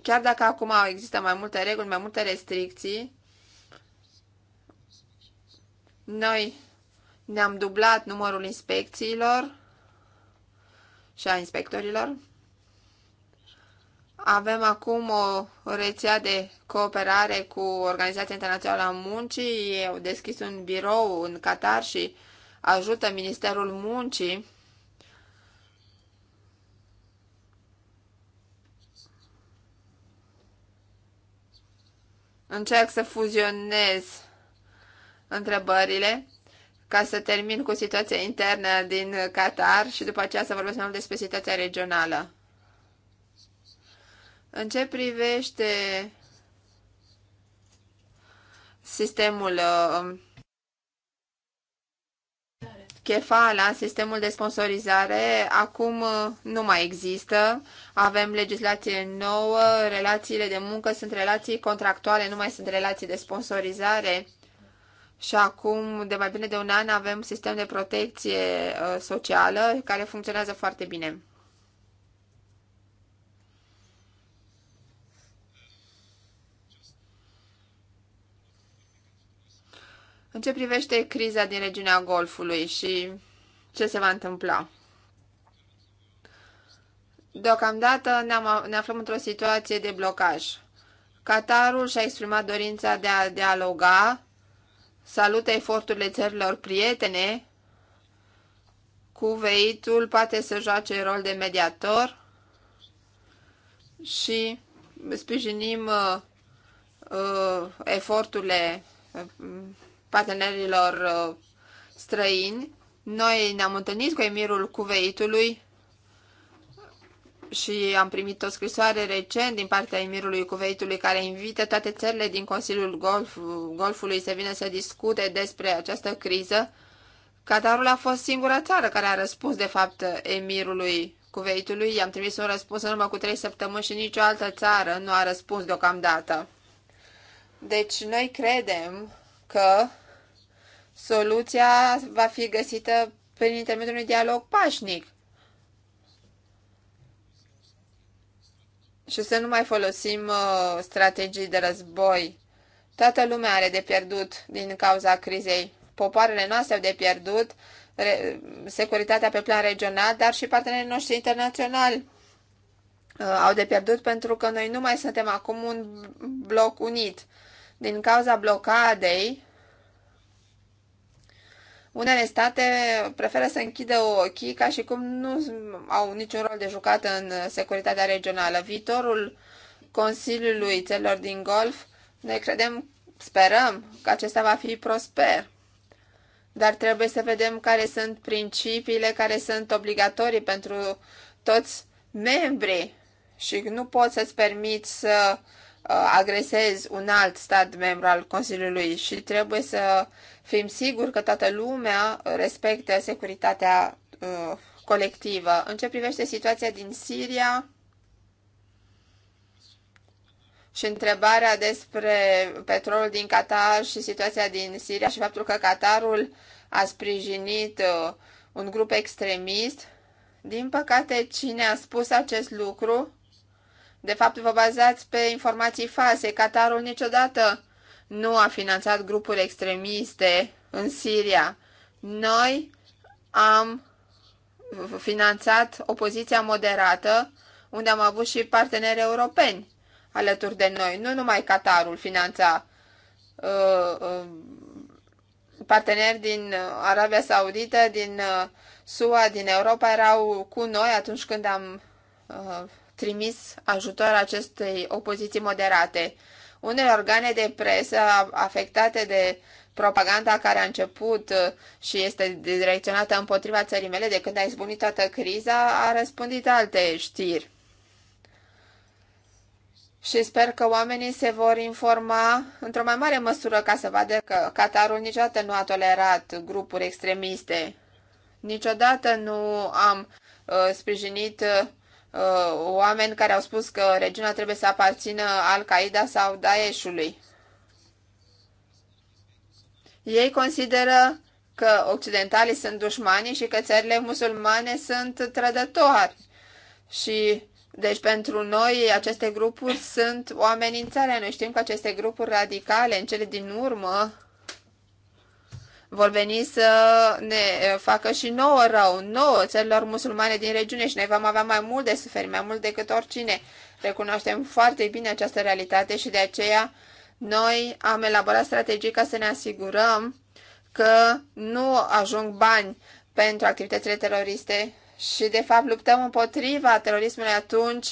Chiar dacă acum există mai multe reguli, mai multe restricții, noi ne-am dublat numărul inspecțiilor și a inspectorilor. Avem acum o rețea de cooperare cu Organizația Internațională a Muncii. Au deschis un birou în Qatar și ajută Ministerul Muncii. Încerc să fuzionez întrebările ca să termin cu situația internă din Qatar și după aceea să vorbesc mai mult despre situația regională. În ce privește sistemul Chefala, uh, sistemul de sponsorizare, acum uh, nu mai există. Avem legislație nouă, relațiile de muncă sunt relații contractuale, nu mai sunt relații de sponsorizare și acum, de mai bine de un an, avem sistem de protecție uh, socială care funcționează foarte bine. În ce privește criza din regiunea Golfului și ce se va întâmpla? Deocamdată ne-am, ne aflăm într-o situație de blocaj. Qatarul și-a exprimat dorința de a dialoga, salută eforturile țărilor prietene. Cuveitul poate să joace rol de mediator și sprijinim uh, uh, eforturile uh, partenerilor uh, străini. Noi ne-am întâlnit cu emirul Cuveitului și am primit o scrisoare recent din partea emirului Cuveitului care invită toate țările din Consiliul Golf, Golfului să vină să discute despre această criză. Qatarul a fost singura țară care a răspuns, de fapt, emirului Cuveitului. I-am trimis un răspuns în urmă cu trei săptămâni și nicio altă țară nu a răspuns deocamdată. Deci noi credem că soluția va fi găsită prin intermediul unui dialog pașnic și să nu mai folosim uh, strategii de război. Toată lumea are de pierdut din cauza crizei. Popoarele noastre au de pierdut, re, securitatea pe plan regional, dar și partenerii noștri internaționali uh, au de pierdut pentru că noi nu mai suntem acum un bloc unit. Din cauza blocadei, unele state preferă să închidă ochii ca și cum nu au niciun rol de jucat în securitatea regională. Viitorul Consiliului Țelor din Golf, ne credem, sperăm că acesta va fi prosper. Dar trebuie să vedem care sunt principiile care sunt obligatorii pentru toți membrii și nu poți să-ți permiți să Uh, agresezi un alt stat membru al Consiliului și trebuie să fim siguri că toată lumea respectă securitatea uh, colectivă. În ce privește situația din Siria și întrebarea despre petrolul din Qatar și situația din Siria și faptul că Qatarul a sprijinit uh, un grup extremist, din păcate cine a spus acest lucru de fapt, vă bazați pe informații false. Qatarul niciodată nu a finanțat grupuri extremiste în Siria. Noi am finanțat opoziția moderată, unde am avut și parteneri europeni alături de noi. Nu numai Qatarul finanța uh, uh, parteneri din Arabia Saudită, din uh, SUA, din Europa, erau cu noi atunci când am uh, trimis ajutor acestei opoziții moderate. Unele organe de presă afectate de propaganda care a început uh, și este direcționată împotriva țării mele de când a izbunit toată criza, a răspândit alte știri. Și sper că oamenii se vor informa într-o mai mare măsură ca să vadă că Qatarul niciodată nu a tolerat grupuri extremiste. Niciodată nu am uh, sprijinit uh, Uh, oameni care au spus că regiunea trebuie să aparțină Al-Qaeda sau Daeshului. Ei consideră că occidentalii sunt dușmani și că țările musulmane sunt trădători. Și deci pentru noi aceste grupuri sunt o amenințare. Noi știm că aceste grupuri radicale în cele din urmă vor veni să ne facă și nouă rău, nouă țărilor musulmane din regiune și noi vom avea mai mult de suferi, mai mult decât oricine. Recunoaștem foarte bine această realitate și de aceea noi am elaborat strategii ca să ne asigurăm că nu ajung bani pentru activitățile teroriste și de fapt luptăm împotriva terorismului atunci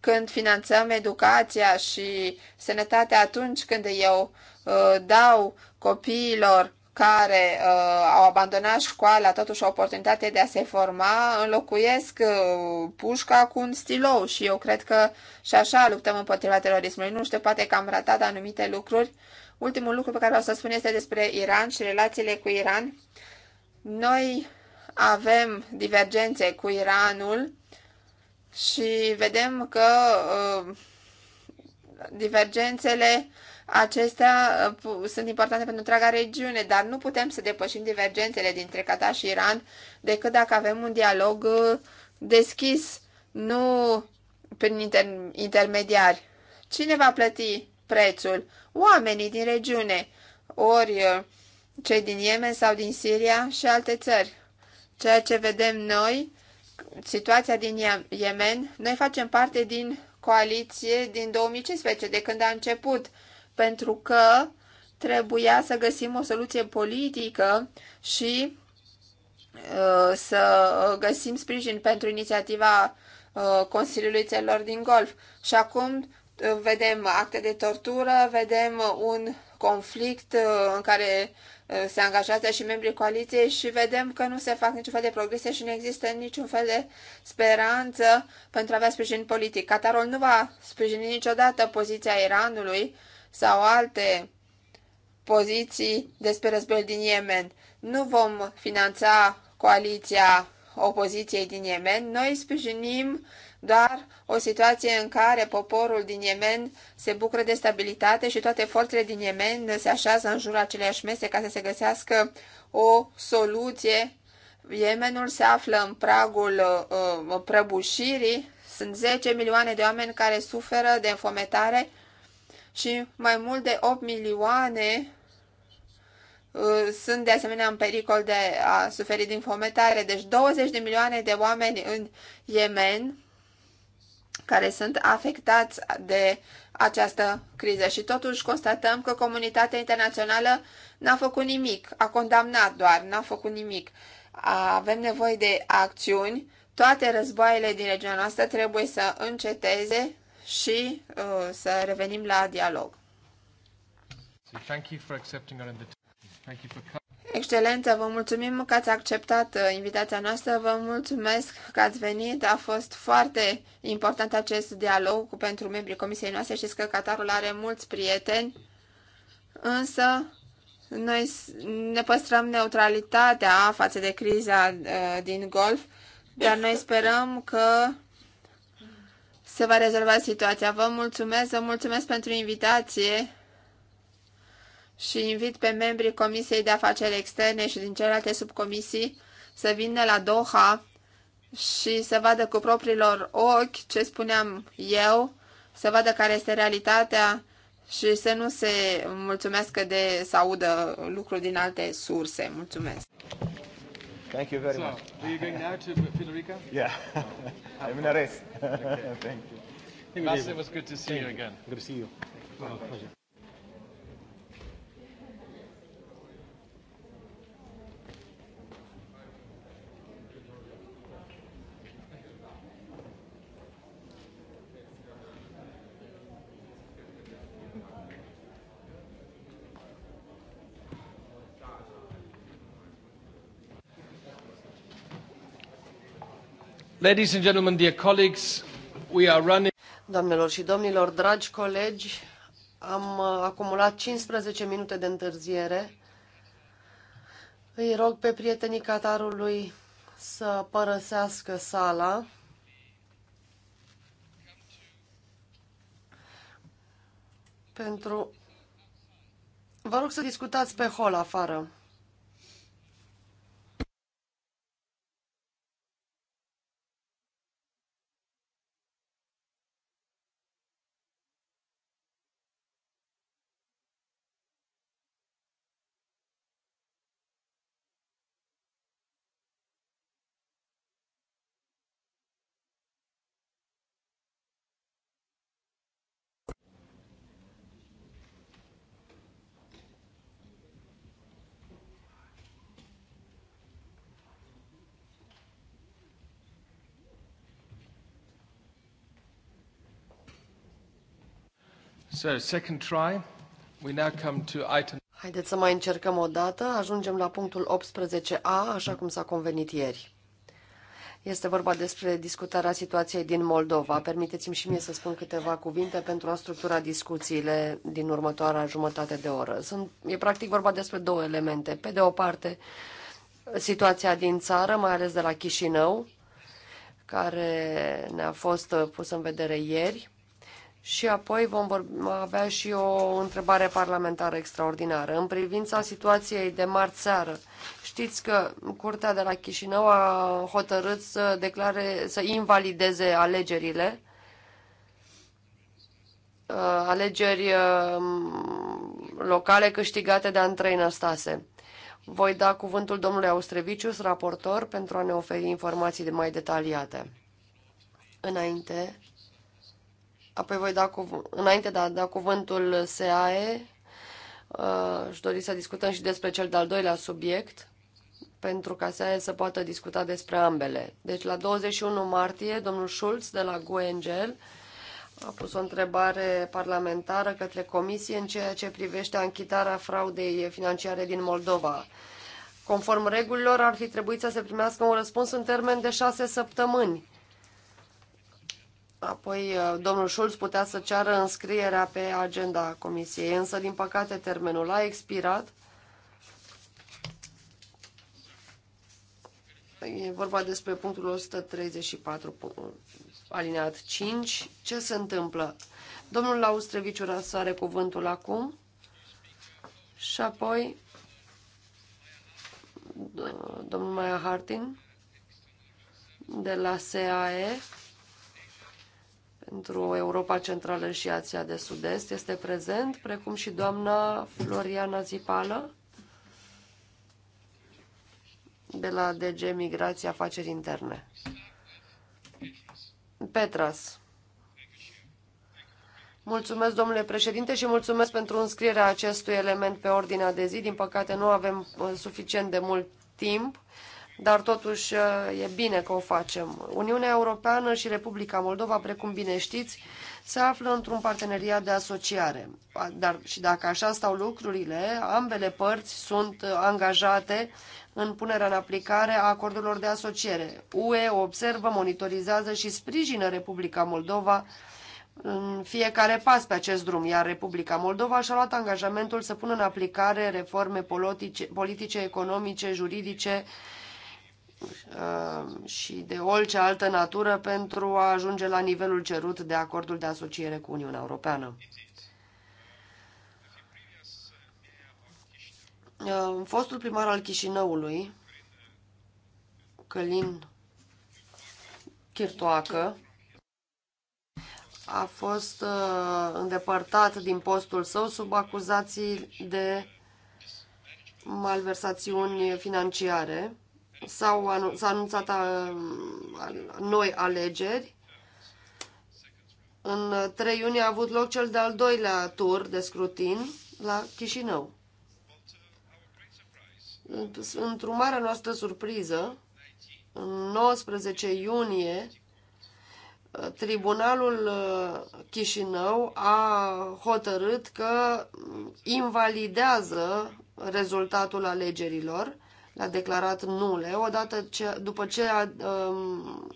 când finanțăm educația și sănătatea atunci când eu uh, dau copiilor care uh, au abandonat școala, totuși au oportunitate de a se forma, înlocuiesc uh, pușca cu un stilou și eu cred că și așa luptăm împotriva terorismului. Nu știu, poate că am ratat anumite lucruri. Ultimul lucru pe care vreau să spun este despre Iran și relațiile cu Iran. Noi avem divergențe cu Iranul și vedem că uh, divergențele uh, Acestea uh, sunt importante pentru întreaga regiune, dar nu putem să depășim divergențele dintre Qatar și Iran decât dacă avem un dialog uh, deschis, nu prin inter- intermediari. Cine va plăti prețul? Oamenii din regiune, ori uh, cei din Yemen sau din Siria și alte țări. Ceea ce vedem noi, situația din Yemen, noi facem parte din coaliție din 2015, de când a început pentru că trebuia să găsim o soluție politică și uh, să găsim sprijin pentru inițiativa uh, Consiliului Țelor din Golf. Și acum uh, vedem acte de tortură, vedem un conflict în care se angajează și membrii coaliției și vedem că nu se fac niciun fel de progrese și nu există niciun fel de speranță pentru a avea sprijin politic. Qatarul nu va sprijini niciodată poziția Iranului sau alte poziții despre războiul din Yemen. Nu vom finanța coaliția opoziției din Yemen, noi sprijinim doar o situație în care poporul din Yemen se bucură de stabilitate și toate forțele din Yemen se așează în jurul aceleiași mese ca să se găsească o soluție. Yemenul se află în pragul uh, prăbușirii. Sunt 10 milioane de oameni care suferă de înfometare și mai mult de 8 milioane uh, sunt de asemenea în pericol de a suferi din fometare. Deci 20 de milioane de oameni în Yemen care sunt afectați de această criză și totuși constatăm că comunitatea internațională n-a făcut nimic, a condamnat doar, n-a făcut nimic. Avem nevoie de acțiuni, toate războaiele din regiunea noastră trebuie să înceteze și uh, să revenim la dialog. Excelență, vă mulțumim că ați acceptat uh, invitația noastră, vă mulțumesc că ați venit, a fost foarte important acest dialog pentru membrii comisiei noastre, știți că Qatarul are mulți prieteni, însă noi ne păstrăm neutralitatea față de criza uh, din Golf, dar noi sperăm că se va rezolva situația. Vă mulțumesc, vă mulțumesc pentru invitație și invit pe membrii Comisiei de Afaceri Externe și din celelalte subcomisii să vină la Doha și să vadă cu propriilor ochi ce spuneam eu, să vadă care este realitatea și să nu se mulțumească de să audă lucruri din alte surse. Mulțumesc! Thank you very so, much. Are you going now to Federica? Yeah. Ah. I'm in a Okay. <laughs> Thank you. Lasse, it was good to see Thank you again. Good to see you. Well, pleasure. Ladies and gentlemen, dear colleagues, we are running... Doamnelor și domnilor, dragi colegi, am uh, acumulat 15 minute de întârziere. Îi rog pe prietenii Qatarului să părăsească sala. Pentru... Vă rog să discutați pe hol afară. So, second try. We now come to item... Haideți să mai încercăm o dată. Ajungem la punctul 18a, așa cum s-a convenit ieri. Este vorba despre discutarea situației din Moldova. Permiteți-mi și mie să spun câteva cuvinte pentru a structura discuțiile din următoarea jumătate de oră. Sunt, e practic vorba despre două elemente. Pe de o parte, situația din țară, mai ales de la Chișinău, care ne-a fost pusă în vedere ieri, și apoi vom avea și o întrebare parlamentară extraordinară. În privința situației de marți seară, știți că Curtea de la Chișinău a hotărât să declare, să invalideze alegerile, uh, alegeri um, locale câștigate de Andrei Năstase. Voi da cuvântul domnului Austrevicius, raportor, pentru a ne oferi informații de mai detaliate. Înainte Apoi voi da cuvânt, înainte de a da cuvântul SAE, uh, aș dori să discutăm și despre cel de-al doilea subiect, pentru ca SAE să poată discuta despre ambele. Deci la 21 martie, domnul Schulz de la Guengel a pus o întrebare parlamentară către comisie în ceea ce privește anchitarea fraudei financiare din Moldova. Conform regulilor, ar fi trebuit să se primească un răspuns în termen de șase săptămâni. Apoi, uh, domnul Schulz putea să ceară înscrierea pe agenda comisiei, însă, din păcate, termenul a expirat. E vorba despre punctul 134, alineat 5. Ce se întâmplă? Domnul Laustreviciu are cuvântul acum și apoi domnul Maia Hartin de la SAE pentru Europa Centrală și Asia de Sud-Est este prezent, precum și doamna Floriana Zipală de la DG Migrație Afaceri Interne. Petras. Mulțumesc, domnule președinte, și mulțumesc pentru înscrierea acestui element pe ordinea de zi. Din păcate, nu avem uh, suficient de mult timp dar totuși uh, e bine că o facem. Uniunea Europeană și Republica Moldova, precum bine știți, se află într-un parteneriat de asociare. Dar și dacă așa stau lucrurile, ambele părți sunt uh, angajate în punerea în aplicare a acordurilor de asociere. UE observă, monitorizează și sprijină Republica Moldova în fiecare pas pe acest drum, iar Republica Moldova și-a luat angajamentul să pună în aplicare reforme politice, politice economice, juridice, Ehm, și de orice altă natură pentru a ajunge la nivelul cerut de acordul de asociere cu Uniunea Europeană. Ehm, fostul primar al Chișinăului, Călin Chirtoacă, a fost ehm, îndepărtat din postul său sub acuzații de malversațiuni financiare S-au anunț, anunțat uh, a, noi alegeri. În 3 uh, iunie a avut loc cel de-al doilea tur de scrutin la Chișinău. Într-o mare noastră surpriză, în 19 iunie, uh, Tribunalul Chișinău a hotărât că invalidează rezultatul alegerilor le-a declarat nule, odată ce, după ce a um,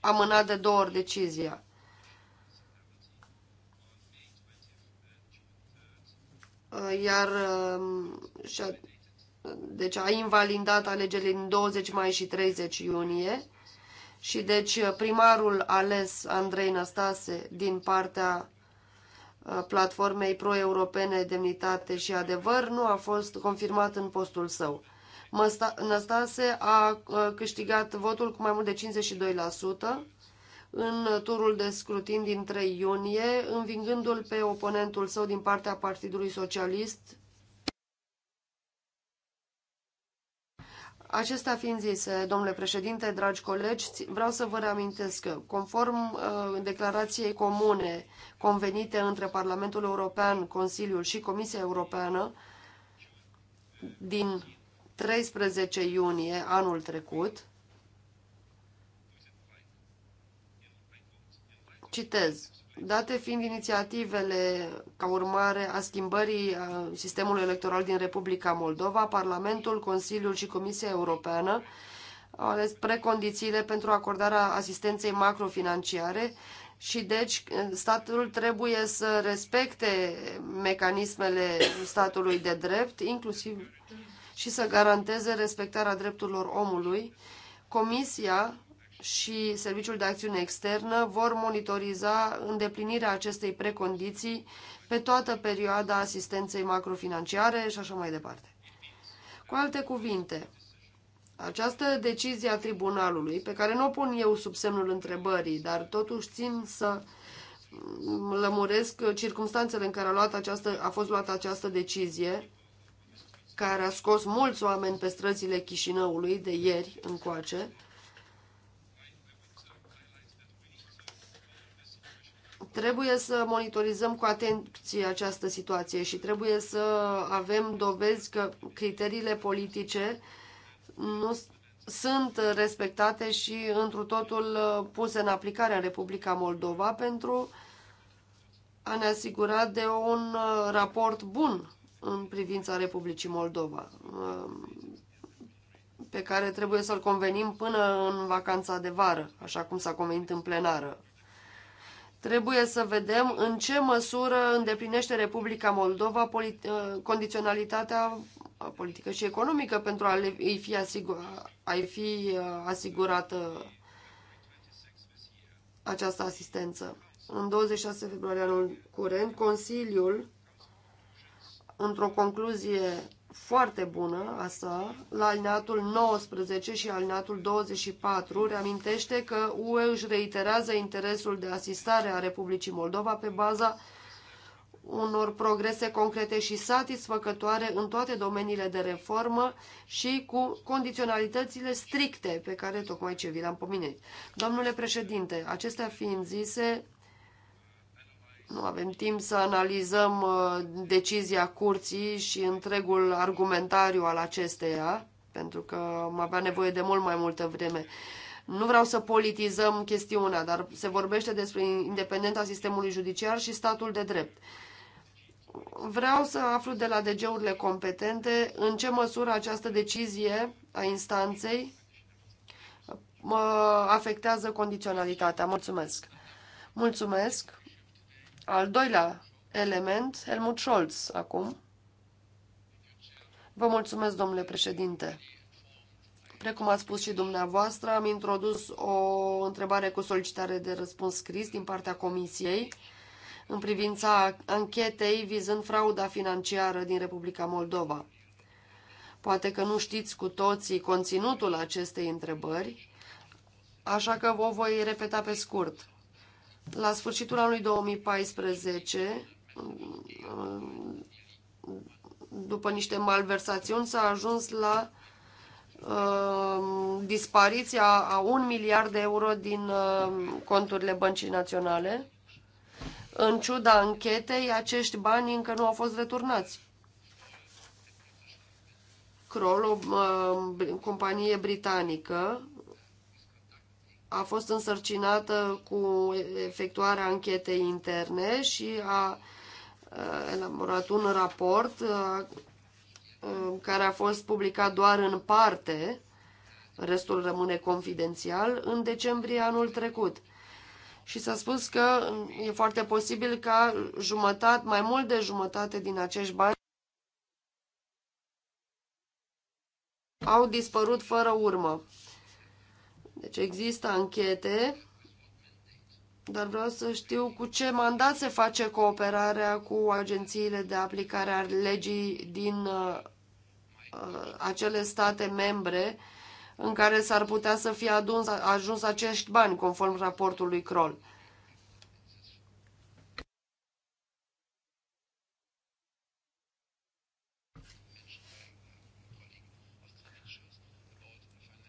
amânat de două ori decizia. Uh, iar um, și-a, deci a invalidat alegerile din 20 mai și 30 iunie și deci primarul ales Andrei Năstase din partea uh, platformei pro-europene Demnitate și Adevăr nu a fost confirmat în postul său. Năstase a câștigat votul cu mai mult de 52% în turul de scrutin din 3 iunie, învingându-l pe oponentul său din partea Partidului Socialist. Acestea fiind zise, domnule președinte, dragi colegi, vreau să vă reamintesc că, conform uh, declarației comune convenite între Parlamentul European, Consiliul și Comisia Europeană din 13 iunie anul trecut, citez, date fiind inițiativele ca urmare a schimbării sistemului electoral din Republica Moldova, Parlamentul, Consiliul și Comisia Europeană au ales precondițiile pentru acordarea asistenței macrofinanciare și deci statul trebuie să respecte mecanismele statului de drept, inclusiv și să garanteze respectarea drepturilor omului, Comisia și Serviciul de Acțiune Externă vor monitoriza îndeplinirea acestei precondiții pe toată perioada asistenței macrofinanciare și așa mai departe. Cu alte cuvinte, această decizie a tribunalului, pe care nu o pun eu sub semnul întrebării, dar totuși țin să lămuresc circumstanțele în care a, luat această, a fost luată această decizie, care a scos mulți oameni pe străzile Chișinăului de ieri încoace, trebuie să monitorizăm cu atenție această situație și trebuie să avem dovezi că criteriile politice nu sunt respectate și întru totul uh, puse în aplicare în Republica Moldova pentru a ne asigura de un uh, raport bun în privința Republicii Moldova, um, pe care trebuie să-l convenim până în vacanța de vară, așa cum s-a convenit în plenară. Trebuie să vedem în ce măsură îndeplinește Republica Moldova uh, condiționalitatea politică și economică pentru a îi fi, asigur- a fi uh, asigurată această asistență. În 26 februarie anul curent, Consiliul într-o concluzie foarte bună a sa, la alineatul 19 și alineatul 24, reamintește că UE își reiterează interesul de asistare a Republicii Moldova pe baza unor progrese concrete și satisfăcătoare în toate domeniile de reformă și cu condiționalitățile stricte pe care tocmai ce vi le-am pomenit. Domnule președinte, acestea fiind zise, nu avem timp să analizăm uh, decizia curții și întregul argumentariu al acesteia, pentru că am avea nevoie de mult mai multă vreme. Nu vreau să politizăm chestiunea, dar se vorbește despre independența sistemului judiciar și statul de drept. Vreau să aflu de la DG-urile competente în ce măsură această decizie a instanței mă uh, afectează condiționalitatea. Mulțumesc! Mulțumesc! Al doilea element, Helmut Scholz acum. Vă mulțumesc, domnule președinte. Precum a spus și dumneavoastră, am introdus o întrebare cu solicitare de răspuns scris din partea Comisiei în privința anchetei vizând frauda financiară din Republica Moldova. Poate că nu știți cu toții conținutul acestei întrebări, așa că vă voi repeta pe scurt. La sfârșitul anului 2014, după niște malversațiuni, s-a ajuns la uh, dispariția a un miliard de euro din uh, conturile băncii naționale. În ciuda închetei, acești bani încă nu au fost returnați. Kroll, o uh, companie britanică, a fost însărcinată cu efectuarea anchetei interne și a elaborat un raport care a fost publicat doar în parte, restul rămâne confidențial, în decembrie anul trecut. Și s-a spus că e foarte posibil ca jumătate, mai mult de jumătate din acești bani au dispărut fără urmă. Deci există anchete, dar vreau să știu cu ce mandat se face cooperarea cu agențiile de aplicare a legii din uh, uh acele state membre în care s-ar putea să fie adunț, ajuns acești bani, conform raportului Kroll.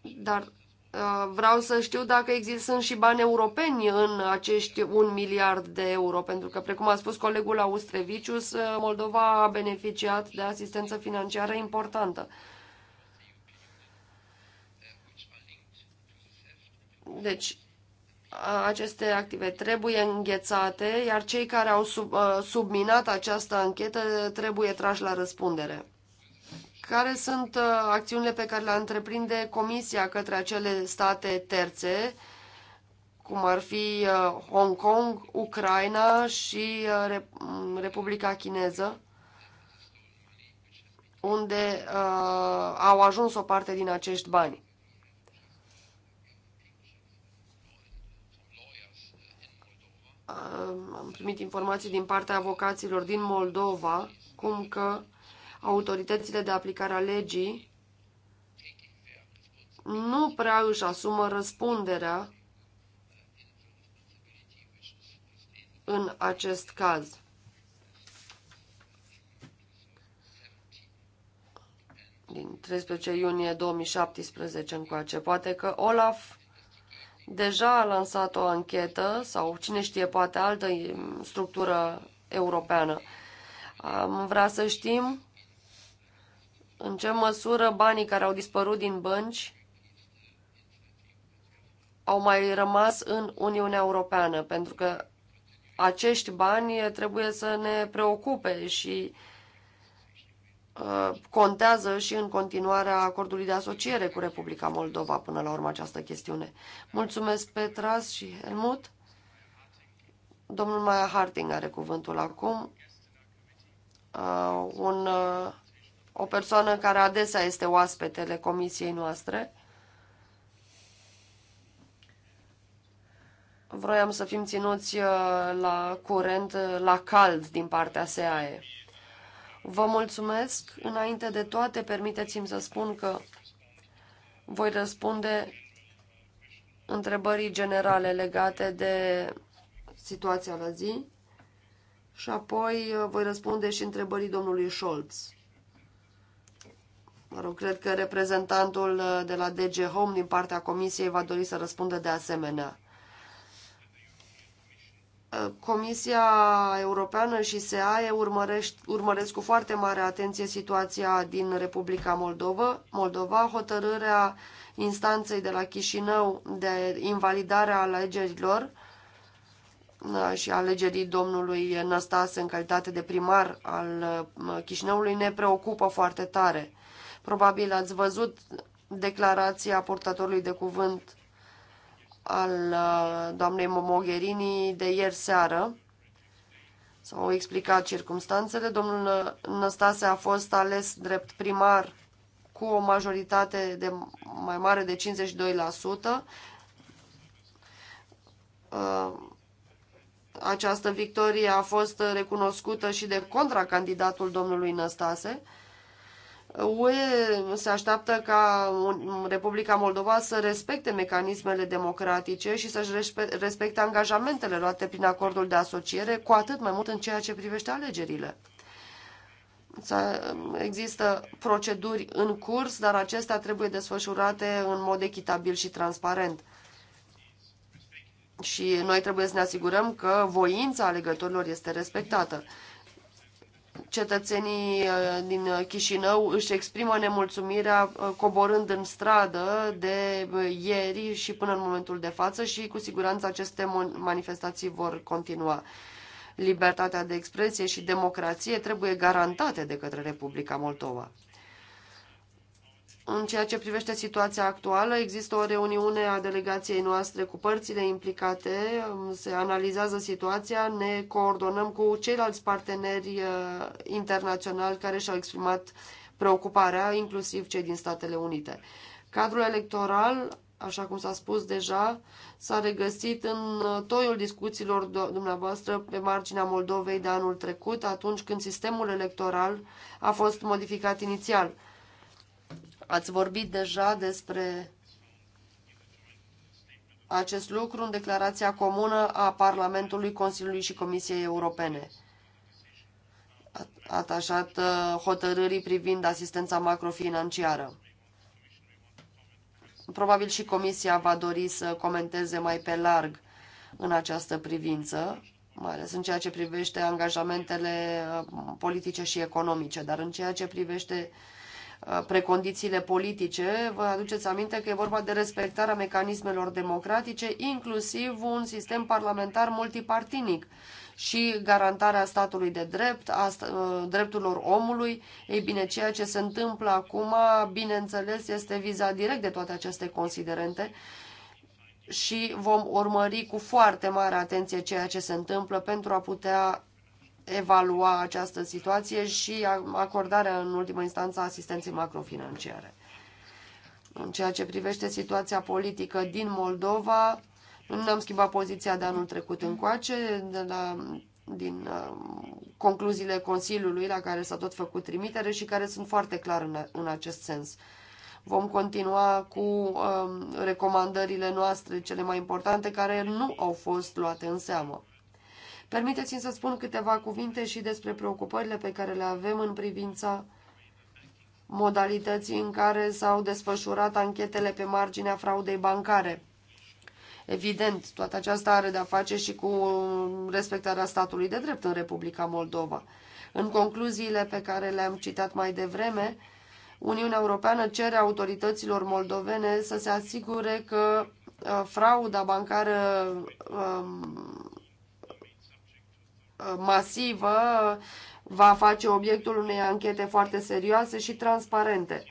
Dar Uh, vreau să știu dacă există și bani europeni în acești un miliard de euro, pentru că, precum a spus colegul Austrevicius, uh, Moldova a beneficiat de asistență financiară importantă. Deci, aceste active trebuie înghețate, iar cei care au sub, uh, subminat această anchetă trebuie trași la răspundere. Care sunt uh, acțiunile pe care le întreprinde Comisia către acele state terțe, cum ar fi uh, Hong Kong, Ucraina și uh, mm, Republica Chineză, unde au ajuns o parte din acești bani? am primit informații din partea avocaților din Moldova, cum că autoritățile de aplicare a legii nu prea își asumă răspunderea în acest caz. Din 13 iunie 2017 încoace. Poate că Olaf deja a lansat o anchetă sau cine știe poate altă structură europeană. Am vrea să știm în ce măsură banii care au dispărut din bănci au mai rămas în Uniunea Europeană, pentru că acești bani trebuie să ne preocupe și uh, contează și în continuarea acordului de asociere cu Republica Moldova până la urmă această chestiune. Mulțumesc Petras și Helmut. Domnul Maia Harting are cuvântul acum. Uh, un uh, o persoană care adesea este oaspetele comisiei noastre. Vroiam să fim ținuți uh, la curent, uh, la cald din partea SEAE. Vă mulțumesc. Înainte de toate, permiteți-mi să spun că voi răspunde întrebării generale legate de situația la zi și apoi uh, voi răspunde și întrebării domnului Scholz. Mă rog, cred că reprezentantul uh, de la DG Home din partea Comisiei va dori să răspundă de asemenea. Uh, Comisia Europeană și SEAE urmăresc cu foarte mare atenție situația din Republica Moldova. Moldova, hotărârea instanței de la Chișinău de invalidarea alegerilor uh, și alegerii domnului Năstase în calitate de primar al Chișinăului ne preocupă foarte tare. Probabil ați văzut declarația portatorului de cuvânt al uh, doamnei Mogherini de ieri seară. S-au explicat circumstanțele. Domnul Năstase a fost ales drept primar cu o majoritate de mai mare de 52%. Uh, această victorie a fost recunoscută și de contracandidatul domnului Năstase. UE se așteaptă ca Republica Moldova să respecte mecanismele democratice și să-și respecte angajamentele luate prin acordul de asociere, cu atât mai mult în ceea ce privește alegerile. Există proceduri în curs, dar acestea trebuie desfășurate în mod echitabil și transparent. Și noi trebuie să ne asigurăm că voința alegătorilor este respectată cetățenii uh, din Chișinău își exprimă nemulțumirea uh, coborând în stradă de uh, ieri și până în momentul de față și cu siguranță aceste manifestații vor continua. Libertatea de expresie și democrație trebuie garantate de către Republica Moldova. În ceea ce privește situația actuală, există o reuniune a delegației noastre cu părțile implicate, um, se analizează situația, ne coordonăm cu ceilalți parteneri uh, internaționali care și-au exprimat preocuparea, inclusiv cei din Statele Unite. Cadrul electoral, așa cum s-a spus deja, s-a regăsit în uh, toiul discuțiilor dumneavoastră pe marginea Moldovei de anul trecut, atunci când sistemul electoral a fost modificat inițial. Ați vorbit deja despre acest lucru în declarația comună a Parlamentului, Consiliului și Comisiei Europene, atașat uh, hotărârii privind asistența macrofinanciară. Probabil și Comisia va dori să comenteze mai pe larg în această privință, mai ales în ceea ce privește angajamentele uh, politice și economice, dar în ceea ce privește uh, Uh, precondițiile politice. Vă aduceți aminte că e vorba de respectarea mecanismelor democratice, inclusiv un sistem parlamentar multipartinic și garantarea statului de drept, a uh, drepturilor omului. Ei bine, ceea ce se întâmplă acum, bineînțeles, este vizat direct de toate aceste considerente și vom urmări cu foarte mare atenție ceea ce se întâmplă pentru a putea evalua această situație și acordarea în ultimă instanță a asistenței macrofinanciare. În ceea ce privește situația politică din Moldova, nu am schimbat poziția de anul trecut încoace, de la, din uh, concluziile Consiliului la care s-a tot făcut trimitere și care sunt foarte clar în, în acest sens. Vom continua cu uh, recomandările noastre cele mai importante care nu au fost luate în seamă. Permiteți-mi să spun câteva cuvinte și despre preocupările pe care le avem în privința modalității în care s-au desfășurat anchetele pe marginea fraudei bancare. Evident, toată aceasta are de-a face și cu respectarea statului de drept în Republica Moldova. În concluziile pe care le-am citat mai devreme, Uniunea Europeană cere autorităților moldovene să se asigure că uh, frauda bancară um, masivă va face obiectul unei anchete foarte serioase și transparente.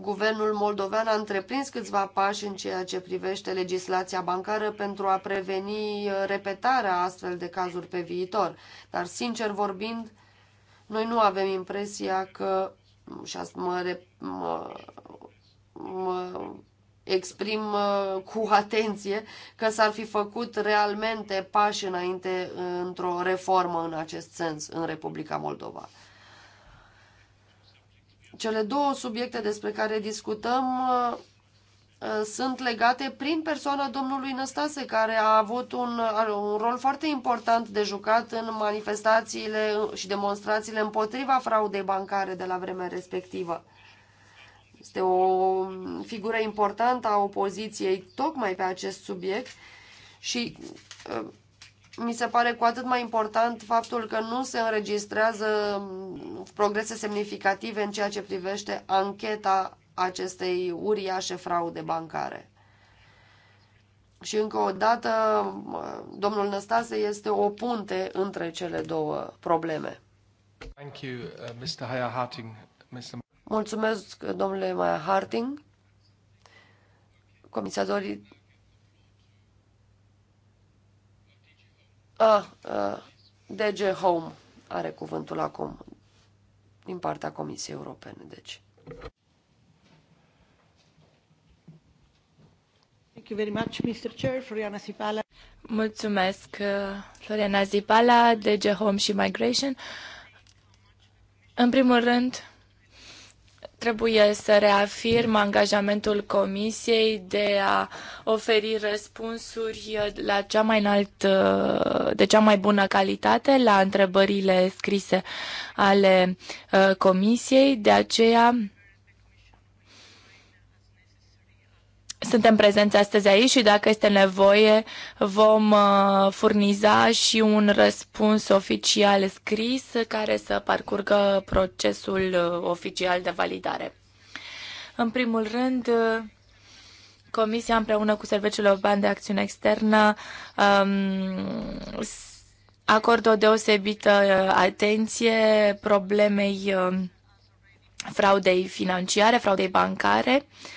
Guvernul moldovean a întreprins câțiva pași în ceea ce privește legislația bancară pentru a preveni uh, repetarea astfel de cazuri pe viitor. Dar, sincer vorbind, noi nu avem impresia că, și asta mă, mă, mă exprim uh, cu atenție că s-ar fi făcut realmente pași înainte într-o reformă în acest sens în Republica Moldova. Cele două subiecte despre care discutăm uh, uh, sunt legate prin persoana domnului Năstase, care a avut un, un rol foarte important de jucat în manifestațiile și demonstrațiile împotriva fraudei bancare de la vremea respectivă. Este o figură importantă a opoziției tocmai pe acest subiect și uh, mi se pare cu atât mai important faptul că nu se înregistrează mm, progrese semnificative în ceea ce privește ancheta acestei uriașe fraude bancare. Și încă o dată, mm, domnul Năstase este o punte între cele două probleme. Thank you, uh, Mr. Mulțumesc, domnule Maia Harting. Comisatorii... Ah, uh, ah, DG Home are cuvântul acum din partea Comisiei Europene, deci. Mulțumesc, Floriana Zipala, uh, DG Home și Migration. În primul rând, Trebuie să reafirm angajamentul Comisiei de a oferi răspunsuri la cea mai înalt, de cea mai bună calitate la întrebările scrise ale uh, Comisiei. De aceea, suntem prezenți astăzi aici și dacă este nevoie vom uh, furniza și un răspuns oficial scris care să parcurgă procesul uh, oficial de validare. În primul rând, uh, Comisia împreună cu Serviciul Urban de Acțiune Externă um, acordă o deosebită atenție problemei fraudei financiare, fraudei bancare. Uh,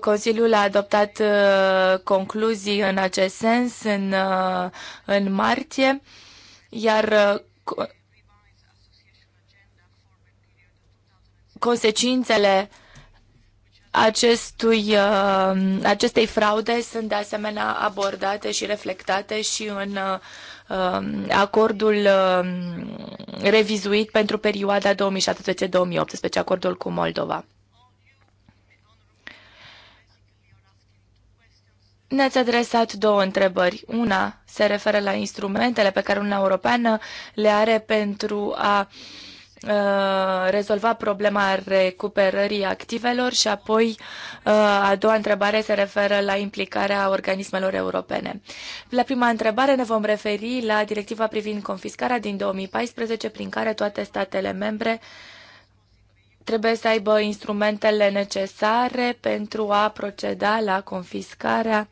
Consiliul a adoptat uh, concluzii în acest sens în, uh, în martie, iar uh, consecințele acestui, acestei fraude sunt de asemenea abordate și reflectate și în acordul revizuit pentru perioada 2017-2018, acordul cu Moldova. Ne-ați adresat două întrebări. Una se referă la instrumentele pe care Uniunea Europeană le are pentru a uh, rezolva problema recuperării activelor și apoi uh, a doua întrebare se referă la implicarea organismelor europene. La prima întrebare ne vom referi la directiva privind confiscarea din 2014 prin care toate statele membre uh, trebuie să aibă instrumentele necesare pentru a proceda la confiscarea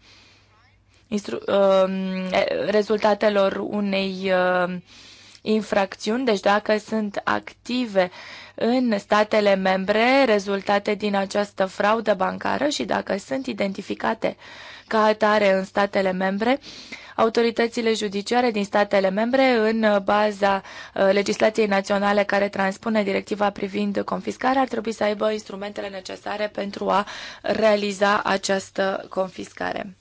um, rezultatelor unei um, infracțiuni, deci dacă sunt active în statele membre rezultate din această fraudă bancară și dacă sunt identificate ca atare în statele membre, uh, autoritățile judiciare din statele membre în uh, baza uh, legislației naționale care transpune directiva privind confiscarea ar trebui să aibă instrumentele necesare pentru a realiza această confiscare.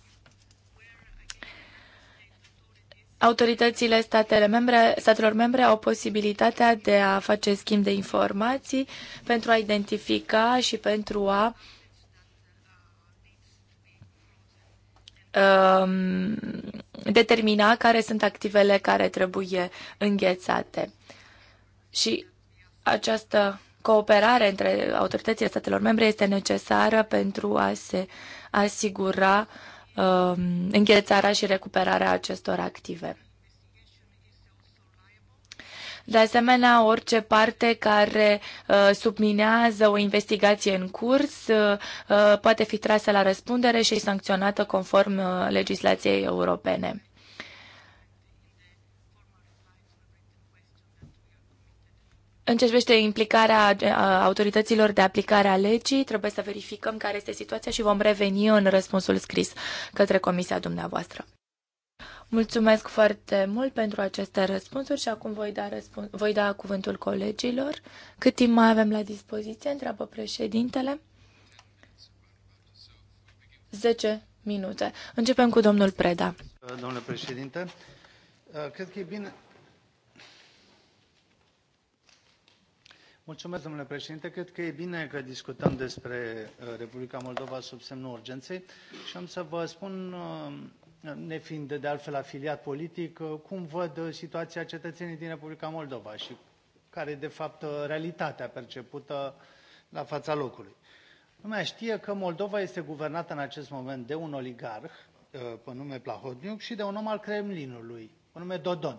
Autoritățile statele membre, statelor membre au posibilitatea de a face schimb de informații pentru a identifica și pentru a um, determina care sunt activele care trebuie înghețate. Și această cooperare între autoritățile statelor membre este necesară pentru a se asigura um, înghețarea și recuperarea acestor active. De asemenea, orice parte care uh, subminează o investigație în curs uh, uh, poate fi trasă la răspundere și sancționată conform legislației europene. În ce privește implicarea autorităților de aplicare a legii, trebuie să verificăm care este situația și vom reveni în răspunsul scris către comisia dumneavoastră. Mulțumesc foarte mult pentru aceste răspunsuri și acum voi da, răspun- voi da cuvântul colegilor. Cât timp mai avem la dispoziție? Întreabă președintele. 10 minute. Începem cu domnul Preda. Domnule președinte, cred că e bine. Mulțumesc, domnule președinte. Cred că e bine că discutăm despre uh, Republica Moldova sub semnul urgenței și am să vă spun uh, nefiind de altfel afiliat politic, uh, cum văd uh, situația cetățenii din Republica Moldova și care de fapt uh, realitatea percepută la fața locului. Lumea știe că Moldova este guvernată în acest moment de un oligarh pe nume Plahotniuc, și de un om al Kremlinului, pe nume Dodon.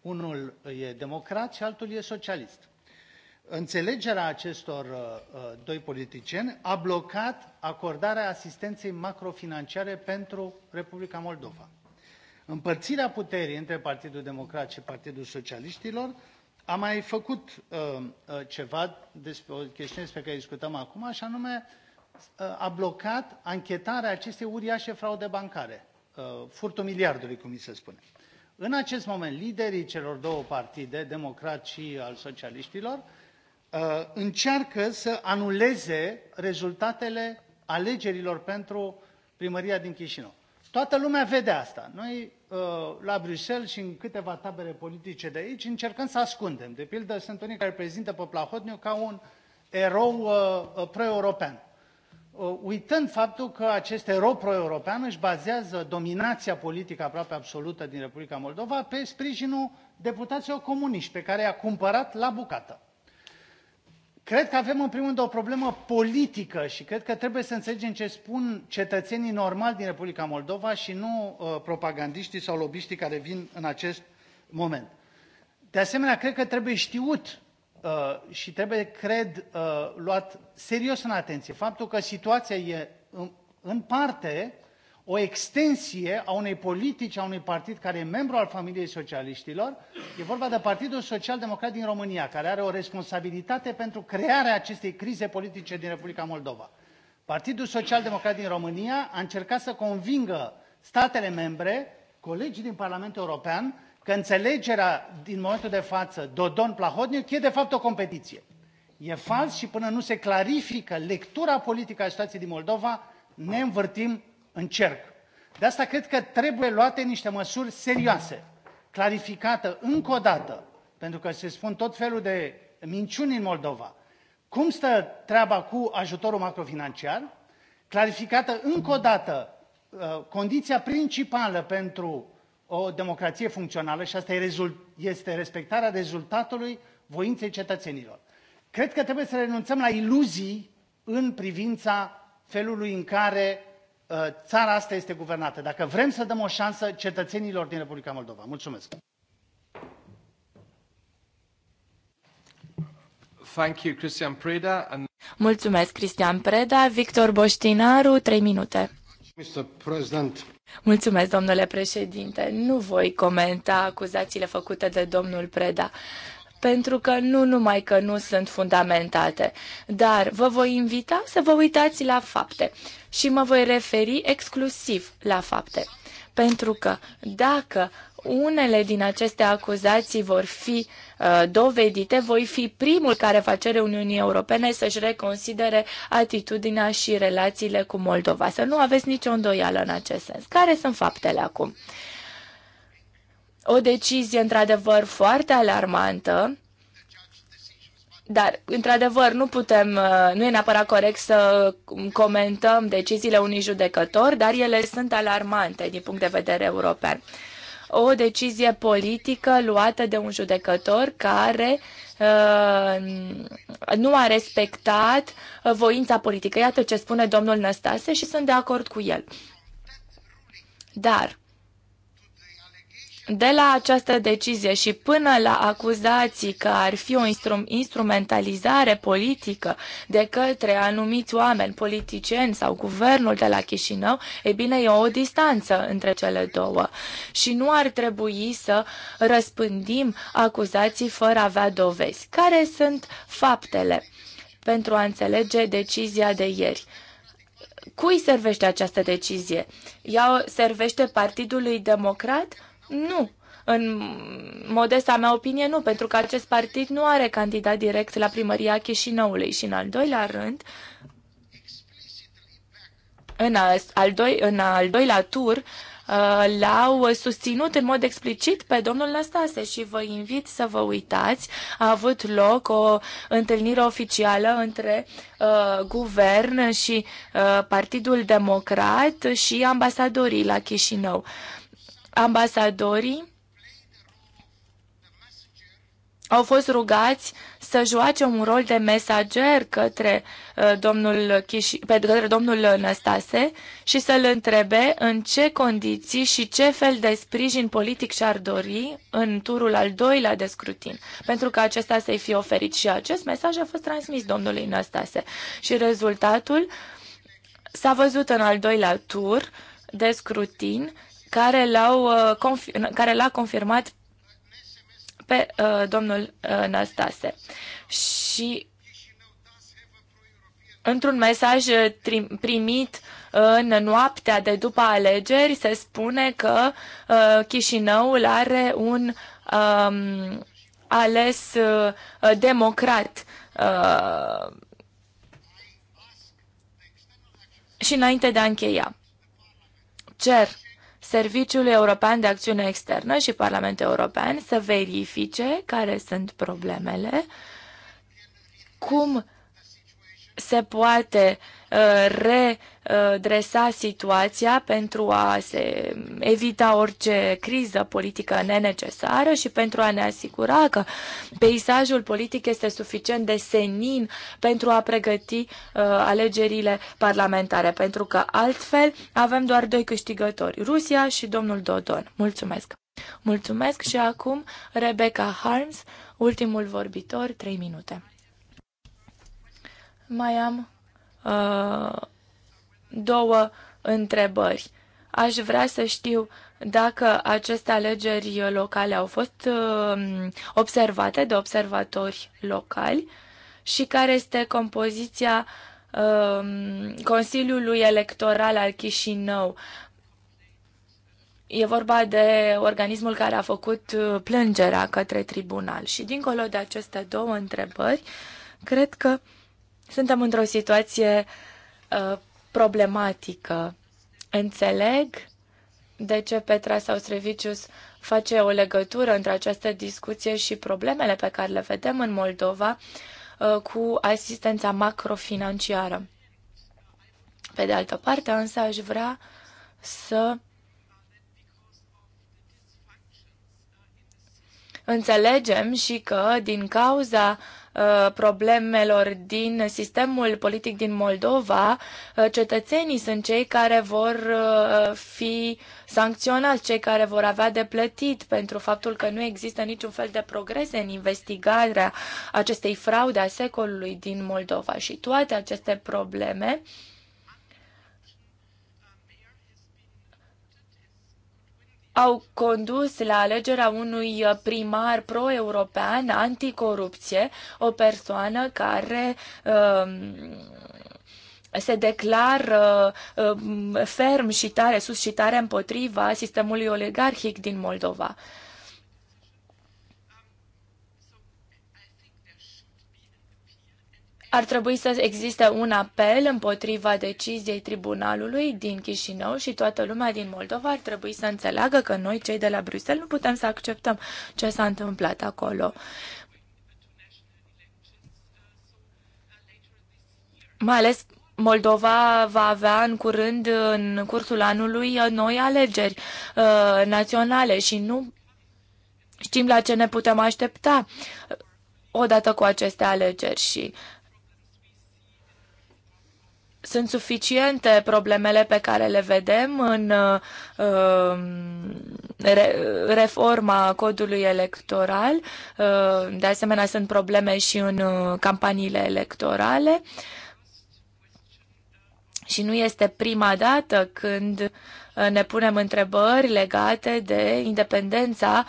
Unul e democrat și altul e socialist înțelegerea acestor uh, uh, doi politicieni a blocat acordarea asistenței macrofinanciare pentru republica moldova. împărțirea puterii între partidul democrat și partidul socialiștilor a mai făcut uh, ceva despre o chestiune despre care discutăm acum și anume a blocat anchetarea acestei uriașe fraude bancare furtul miliardului cum i se spune. în acest moment liderii celor două partide democrat și al socialiștilor Uh, încearcă să anuleze rezultatele alegerilor pentru primăria din Chișinău. Toată lumea vede asta. Noi, uh, la Bruxelles și în câteva tabere politice de aici, încercăm să ascundem. De pildă, sunt unii care prezintă pe Plahotniu ca un erou uh, pro-european. Uitând faptul că acest erou pro-european își bazează dominația politică aproape absolută din Republica Moldova pe sprijinul deputaților comuniști pe care i-a cumpărat la bucată cred că avem în primul rând o problemă politică și cred că trebuie să înțelegem ce spun cetățenii normali din republica moldova și nu uh, propagandiștii sau lobbyiștii care vin în acest moment. de asemenea cred că trebuie știut uh, și trebuie cred uh, luat serios în atenție faptul că situația e în parte o extensie a unei politici, a unui partid care e membru al familiei socialiștilor. E vorba de Partidul Social Democrat din România, care are o responsabilitate pentru crearea acestei crize politice din Republica Moldova. Partidul Social Democrat din România a încercat să convingă statele membre, colegii din Parlamentul European, că înțelegerea din momentul de față Dodon-Plahotniuc e de fapt o competiție. E fals și până nu se clarifică lectura politică a situației din Moldova, ne învârtim în cerc. De asta cred că trebuie luate niște măsuri serioase, clarificată încă o dată, pentru că se spun tot felul de minciuni în Moldova. Cum stă treaba cu ajutorul macrofinanciar? Clarificată încă o dată uh, condiția principală pentru o democrație funcțională, și asta este respectarea rezultatului voinței cetățenilor. Cred că trebuie să renunțăm la iluzii în privința felului în care Uh, țara asta este guvernată. Dacă vrem să dăm o șansă cetățenilor din Republica Moldova. Mulțumesc! Thank you, Cristian Preda. And... Mulțumesc, Cristian Preda. Victor Boștinaru, 3 minute. Mr. President. Mulțumesc, domnule președinte. Nu voi comenta acuzațiile făcute de domnul Preda pentru că nu numai că nu sunt fundamentate, dar vă voi invita să vă uitați la fapte și mă voi referi exclusiv la fapte. Pentru că dacă unele din aceste acuzații vor fi uh, dovedite, voi fi primul care va cere Uniunii Europene să-și reconsidere atitudinea și relațiile cu Moldova. Să nu aveți nicio îndoială în acest sens. Care sunt faptele acum? Uh, o decizie într-adevăr foarte alarmantă, dar, într-adevăr, nu putem, uh, nu e neapărat corect să uh, comentăm deciziile unui judecător, dar ele sunt alarmante din punct de vedere european. O decizie politică luată de un judecător care uh, nu a respectat uh, voința politică. Iată ce spune domnul Năstase și sunt de acord cu el. Dar de la această decizie și până la acuzații că ar fi o instrumentalizare politică de către anumiți oameni, politicieni sau guvernul de la Chișinău, e bine, e o distanță între cele două. Și nu ar trebui să răspândim acuzații fără a avea dovezi. Care sunt faptele pentru a înțelege decizia de ieri? Cui servește această decizie? Ea servește Partidului Democrat? Nu. În modesta mea opinie, nu, pentru că acest partid nu are candidat direct la primăria Chișinăului. Și în al doilea rând, în, al, doi, în al doilea tur, uh, l-au susținut în mod explicit pe domnul Năstase și vă invit să vă uitați. A avut loc o întâlnire oficială între uh, guvern și uh, Partidul Democrat și ambasadorii la Chișinău. Uh, ambasadorii au fost rugați să joace un rol de mesager către uh, domnul, Chiși, către domnul Năstase și să-l întrebe în ce condiții și ce fel de sprijin politic și-ar dori în turul al doilea de scrutin, pentru că acesta să-i fie oferit. Și acest mesaj a fost transmis domnului Năstase. Și rezultatul s-a văzut în al doilea tur de scrutin care, l-au, uh, care l-a confirmat pe uh, domnul uh, Nastase. Și într-un mesaj uh, primit în noaptea de după alegeri se spune că uh, Chișinăul are un um, ales uh, democrat. Uh, și înainte de a încheia, cer Serviciul European de Acțiune Externă și Parlamentul European să verifice care sunt problemele, cum se poate uh, re- Uh, dresa situația pentru a se evita orice criză politică nenecesară și pentru a ne asigura că peisajul politic este suficient de senin pentru a pregăti uh, alegerile parlamentare, pentru că altfel avem doar doi câștigători, Rusia și domnul Dodon. Mulțumesc! Mulțumesc și acum Rebecca Harms, ultimul vorbitor, 3 minute. Mai am uh, două întrebări. Aș vrea să știu dacă aceste alegeri locale au fost uh, observate de observatori locali și care este compoziția uh, Consiliului Electoral al Chișinău. E vorba de organismul care a făcut uh, plângerea către tribunal. Și dincolo de aceste două întrebări, cred că suntem într-o situație problematică. Înțeleg de ce Petra sau Strevicius face o legătură între această discuție și problemele pe care le vedem în Moldova uh, cu asistența macrofinanciară. Pe de altă parte, însă, aș vrea să înțelegem și că din cauza uh, Uh, problemelor din sistemul politic din Moldova, uh, cetățenii sunt cei care vor uh, fi sancționați, cei care vor avea de plătit pentru faptul că nu există niciun fel de progrese în investigarea acestei fraude a secolului din Moldova. Și toate aceste probleme uh, au condus la alegerea unui primar pro-european, anticorupție, o persoană care um, se declară um, ferm și tare, sus și tare împotriva sistemului oligarhic din Moldova. ar trebui să existe un apel împotriva deciziei tribunalului din Chișinău și toată lumea din Moldova ar trebui să înțeleagă că noi, cei de la Bruxelles, nu putem să acceptăm ce s-a întâmplat acolo. Mai ales Moldova va avea în curând, în cursul anului, noi alegeri uh, naționale și nu știm la ce ne putem aștepta odată cu aceste alegeri și uh, sunt suficiente problemele pe care le vedem în uh, reforma codului electoral. Uh, de asemenea, sunt probleme și în uh, campaniile electorale. Și nu este prima dată când ne punem întrebări legate de independența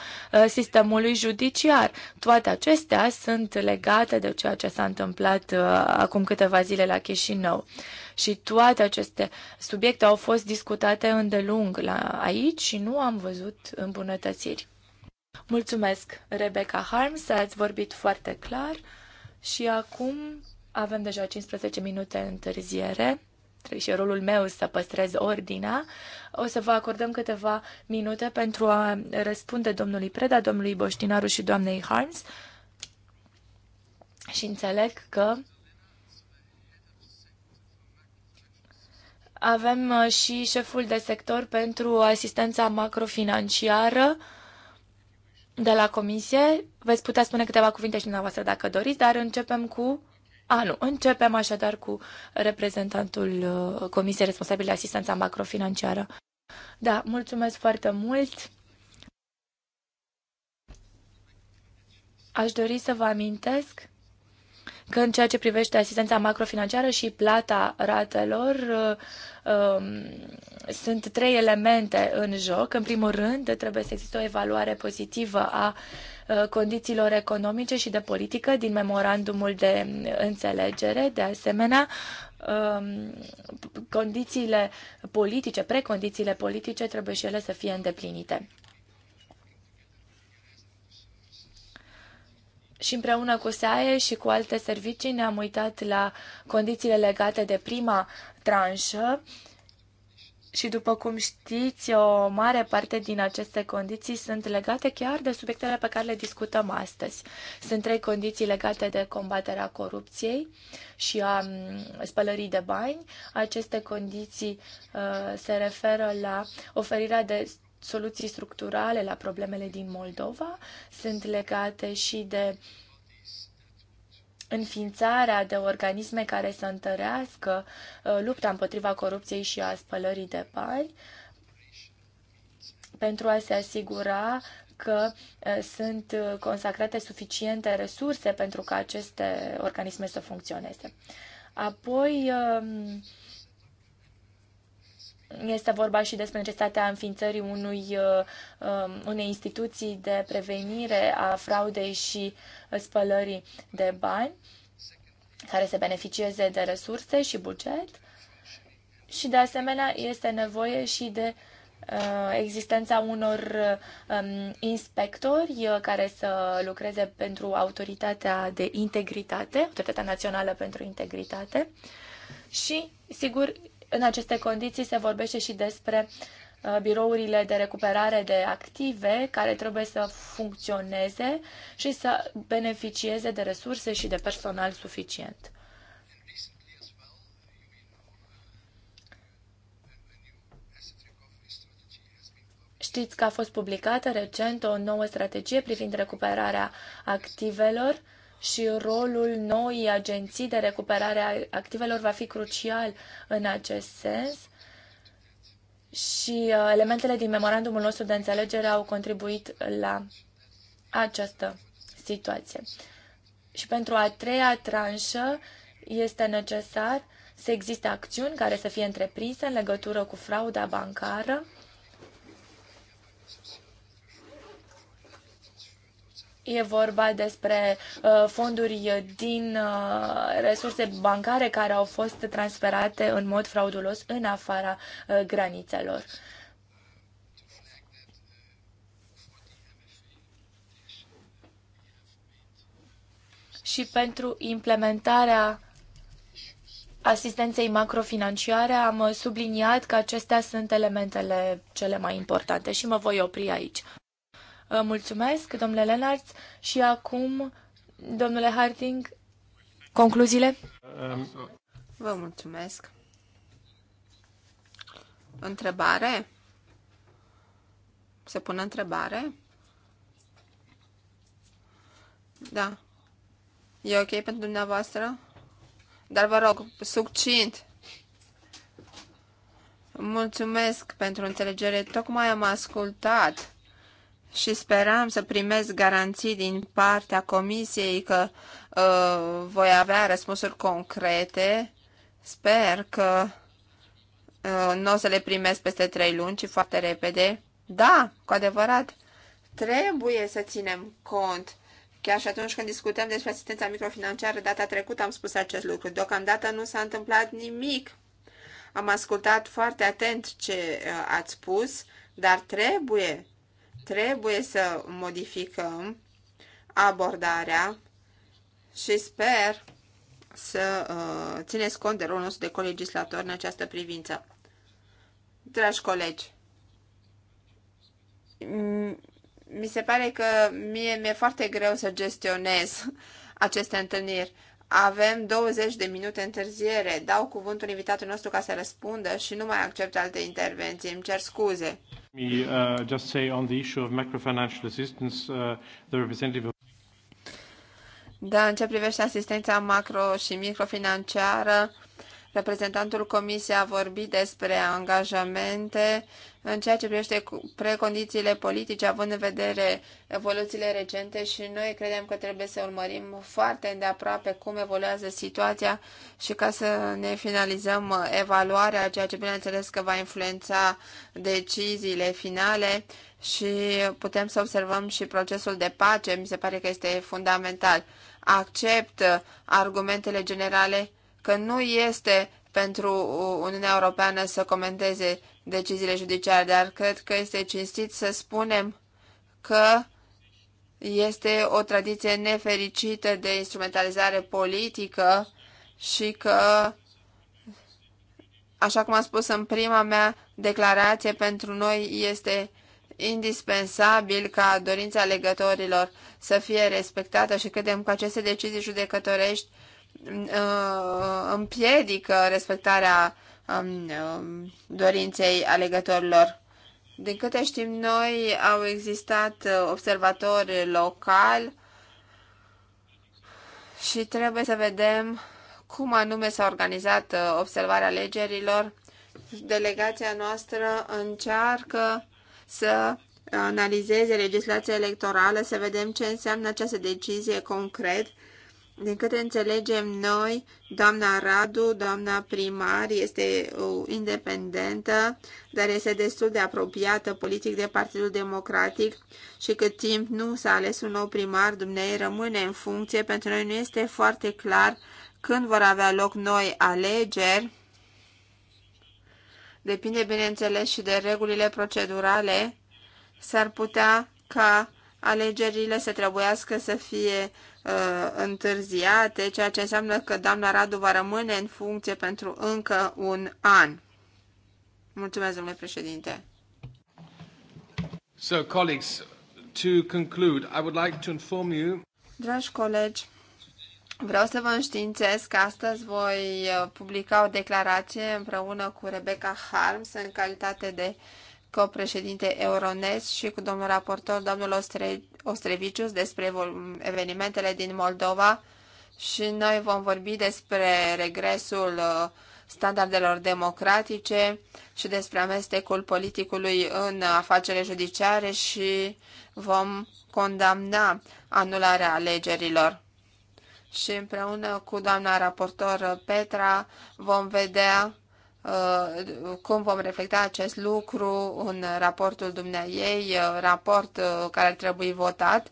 sistemului judiciar. Toate acestea sunt legate de ceea ce s-a întâmplat acum câteva zile la Chișinău. Și toate aceste subiecte au fost discutate îndelung la aici și nu am văzut îmbunătățiri. Mulțumesc, Rebecca Harms, ați vorbit foarte clar și acum avem deja 15 minute întârziere și rolul meu să păstrez ordinea. O să vă acordăm câteva minute pentru a răspunde domnului Preda, domnului Boștinaru și doamnei Harms. Și înțeleg că Avem uh, și șeful de sector pentru asistența macrofinanciară de la Comisie. Veți putea spune câteva cuvinte și dumneavoastră dacă doriți, dar începem cu... A, nu. Începem așadar cu reprezentantul uh, Comisiei responsabil de asistența macrofinanciară. Da, mulțumesc foarte mult. Aș dori să vă amintesc că în ceea ce privește asistența macrofinanciară și plata ratelor, um, sunt trei elemente în joc. În primul rând, trebuie să existe o evaluare pozitivă a uh, condițiilor economice și de politică din memorandumul de înțelegere. De asemenea, um, condițiile politice, precondițiile politice trebuie și ele să fie îndeplinite. și împreună cu SAE și cu alte servicii ne-am uitat la condițiile legate de prima tranșă și după cum știți, o mare parte din aceste condiții sunt legate chiar de subiectele pe care le discutăm astăzi. Sunt trei condiții legate de combaterea corupției și a spălării de bani. Aceste condiții uh, se referă la oferirea de soluții structurale la problemele din Moldova, sunt legate și de înființarea de organisme care să întărească uh, lupta împotriva corupției și a spălării de bani pentru a se asigura că uh, sunt uh, consacrate suficiente resurse pentru ca aceste organisme să funcționeze. Apoi, um, este vorba și despre necesitatea înființării unui, uh, um, unei instituții de prevenire a fraudei și spălării de bani care să beneficieze de resurse și buget. Și de asemenea este nevoie și de uh, existența unor um, inspectori uh, care să lucreze pentru autoritatea de integritate, Autoritatea Națională pentru Integritate. Și, sigur, în aceste condiții se vorbește și despre uh, birourile de recuperare de active care trebuie să funcționeze și să beneficieze de resurse și de personal suficient. Știți că a fost publicată recent o nouă strategie privind recuperarea activelor și rolul noii agenții de recuperare a activelor va fi crucial în acest sens și uh, elementele din memorandumul nostru de înțelegere au contribuit la această situație. Și pentru a treia tranșă este necesar să existe acțiuni care să fie întreprinse în legătură cu frauda bancară E vorba despre uh, fonduri din uh, resurse bancare care au fost transferate în mod fraudulos în afara uh, granițelor. Și pentru implementarea asistenței macrofinanciare am subliniat că acestea sunt elementele cele mai importante și mă voi opri aici. Mulțumesc, domnule Lenarts. Și acum, domnule Harting, concluziile? Um, vă mulțumesc. Întrebare? Se pune întrebare? Da. E ok pentru dumneavoastră? Dar vă rog, succint! Mulțumesc pentru înțelegere. Tocmai am ascultat și speram să primesc garanții din partea comisiei că uh, voi avea răspunsuri concrete. Sper că uh, nu o să le primesc peste trei luni, ci foarte repede. Da, cu adevărat, trebuie să ținem cont. Chiar și atunci când discutăm despre asistența microfinanciară, data trecută am spus acest lucru. Deocamdată nu s-a întâmplat nimic. Am ascultat foarte atent ce uh, ați spus, dar trebuie Trebuie să modificăm abordarea și sper să uh, țineți cont de rolul nostru de colegislator în această privință. Dragi colegi, mi se pare că mie mi-e foarte greu să gestionez aceste întâlniri. Avem 20 de minute întârziere. Dau cuvântul invitatului nostru ca să răspundă și nu mai accept alte intervenții. Îmi cer scuze. Me uh, just say on the issue of macrofinancial assistance, uh, the representative of da, în ce privește asistența macro și microfinanciară, reprezentantul Comisiei a vorbit despre angajamente în ceea ce privește precondițiile politice, având în vedere evoluțiile recente și noi credem că trebuie să urmărim foarte îndeaproape cum evoluează situația și ca să ne finalizăm evaluarea, ceea ce bineînțeles că va influența deciziile finale și putem să observăm și procesul de pace, mi se pare că este fundamental. Accept argumentele generale că nu este pentru Uniunea Europeană să comenteze deciziile judiciare, dar cred că este cinstit să spunem că este o tradiție nefericită de instrumentalizare politică și că, așa cum am spus în prima mea declarație, pentru noi este indispensabil ca dorința legătorilor să fie respectată și credem că aceste decizii judecătorești uh, împiedică respectarea um, dorinței alegătorilor. Din câte știm noi, au existat uh, observatori locali și trebuie să vedem cum anume s-a organizat uh, observarea alegerilor. Delegația noastră încearcă să analizeze legislația electorală, să vedem ce înseamnă această decizie concret din câte înțelegem noi, doamna Radu, doamna primar, este independentă, dar este destul de apropiată politic de Partidul Democratic și cât timp nu s-a ales un nou primar, dumnei rămâne în funcție. Pentru noi nu este foarte clar când vor avea loc noi alegeri. Depinde, bineînțeles, și de regulile procedurale. S-ar putea ca alegerile să trebuiască să fie uh, întârziate, ceea ce înseamnă că doamna Radu va rămâne în funcție pentru încă un an. Mulțumesc, domnule președinte. So, colleagues, to conclude, I would like to inform you... Dragi colegi, vreau să vă înștiințez că astăzi voi uh, publica o declarație împreună cu Rebecca Harms în calitate de uh, copreședinte Euronest și cu domnul raportor, domnul Ostre, Ostrevicius, despre evenimentele din Moldova și noi vom vorbi despre regresul uh, standardelor democratice și despre amestecul politicului în afacere judiciare și vom condamna anularea alegerilor. Și împreună cu doamna raportor Petra vom vedea cum vom reflecta acest lucru în raportul dumneiei, raport uh, care ar trebui votat.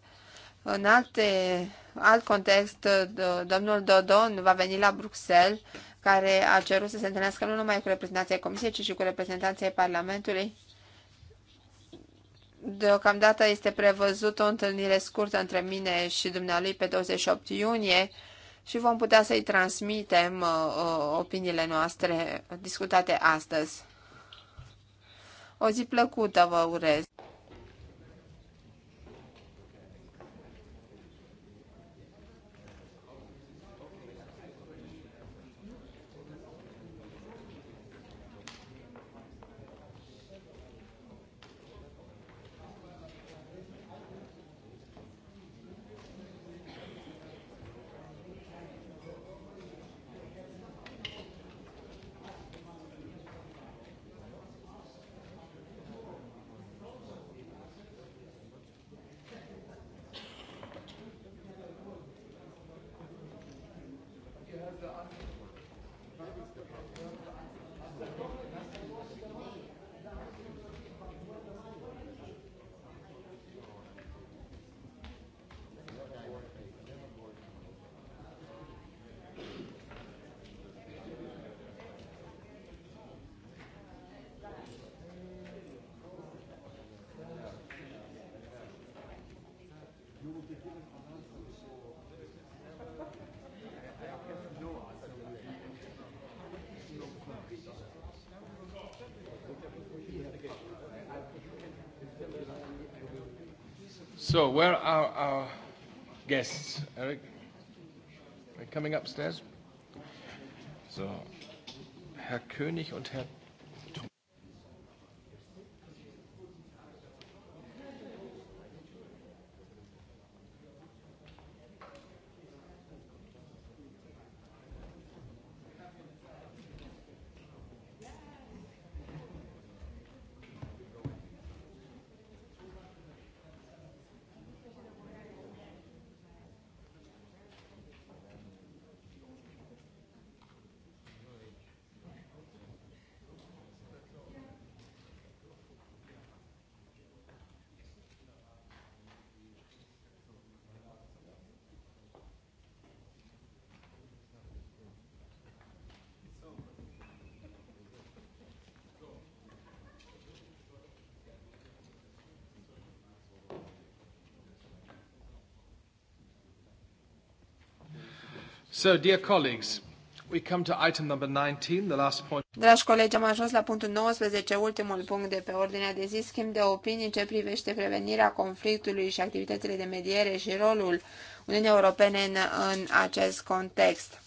În alte, alt context, uh, domnul Dodon va veni la Bruxelles, care a cerut să se întâlnească nu numai cu reprezentanții Comisiei, ci și cu reprezentanții Parlamentului. Deocamdată este prevăzut o întâlnire scurtă între mine și dumnealui pe 28 iunie, și vom putea să-i transmitem uh, uh, opiniile noastre discutate astăzi. O zi plăcută vă urez! So, where are our guests? Eric, are they coming upstairs? So, Herr König und Herr So, dear colleagues, we come to item number 19, the last point. Dragi colegi, am ajuns la punctul 19, ultimul punct de pe ordinea de zi, schimb de opinii ce privește prevenirea conflictului și activitățile de mediere și rolul Uniunii Europene în, în acest context.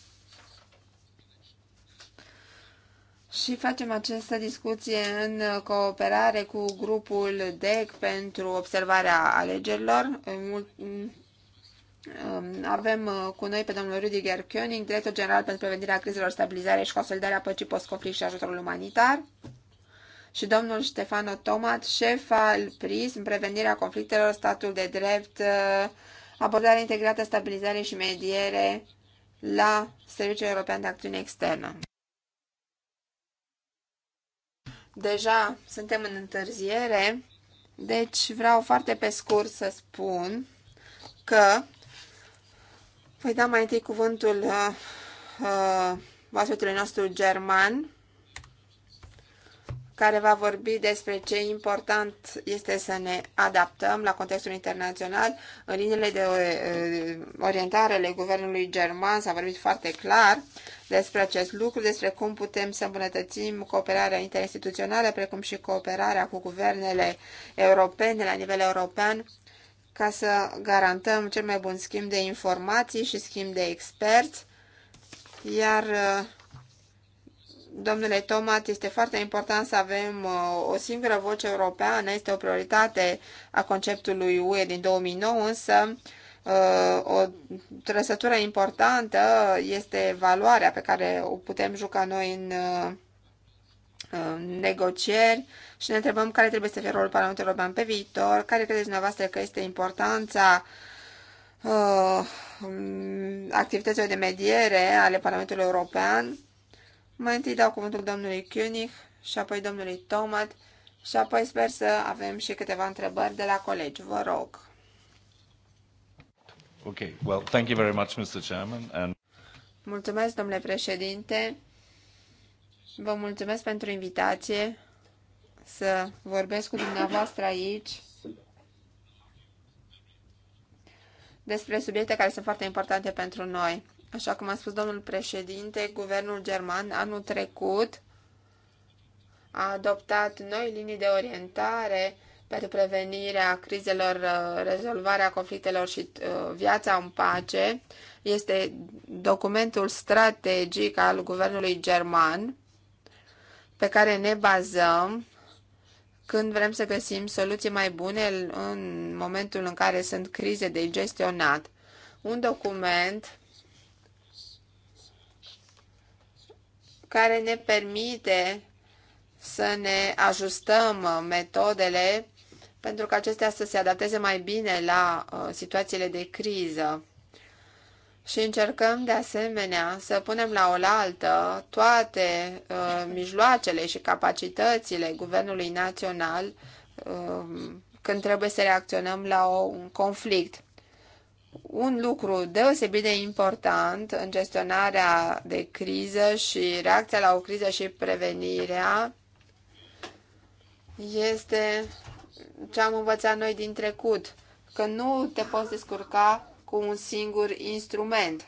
Și facem această discuție în cooperare cu grupul DEC pentru observarea alegerilor. Um, avem uh, cu noi pe domnul Rüdiger König, director general pentru prevenirea crizelor, stabilizare și consolidarea păcii post-conflict și ajutorul umanitar, și domnul Ștefano Tomat, șef al PRISM, prevenirea conflictelor, statul de drept, uh, abordare integrată, stabilizare și mediere la Serviciul European de Acțiune Externă. Deja suntem în întârziere, deci vreau foarte pe scurt să spun că voi păi da mai întâi cuvântul uh, uh, vasutului nostru german, care va vorbi despre ce important este să ne adaptăm la contextul internațional. În liniile de uh, orientare ale guvernului german s-a vorbit foarte clar despre acest lucru, despre cum putem să îmbunătățim cooperarea interinstituțională, precum și cooperarea cu guvernele europene la nivel european ca să garantăm cel mai bun schimb de informații și schimb de experți, iar Domnule Tomat, este foarte important să avem uh, o singură voce europeană, este o prioritate a conceptului UE din 2009, însă uh, o trăsătură importantă este valoarea pe care o putem juca noi în uh, negocieri și ne întrebăm care trebuie să fie rolul Parlamentului European pe viitor, care credeți dumneavoastră că este importanța uh, activităților de mediere ale Parlamentului European. Mai întâi dau cuvântul domnului Koenig și apoi domnului Tomat și apoi sper să avem și câteva întrebări de la colegi. Vă rog. Okay. Well, thank you very much, Mr. Chairman. And... Mulțumesc, domnule președinte. Vă mulțumesc pentru invitație să vorbesc cu dumneavoastră aici despre subiecte care sunt foarte importante pentru noi. Așa cum a spus domnul președinte, guvernul german anul trecut a adoptat noi linii de orientare pentru prevenirea crizelor, uh, rezolvarea conflictelor și uh, viața în pace. Este documentul strategic al guvernului german pe care ne bazăm când vrem să găsim soluții mai bune în momentul în care sunt crize de gestionat. Un document care ne permite să ne ajustăm metodele pentru că acestea să se adapteze mai bine la uh, situațiile de criză și încercăm de asemenea să punem la oaltă toate uh, mijloacele și capacitățile Guvernului Național uh, când trebuie să reacționăm la o, un conflict. Un lucru deosebit de important în gestionarea de criză și reacția la o criză și prevenirea este ce am învățat noi din trecut, că nu te poți descurca cu un singur instrument.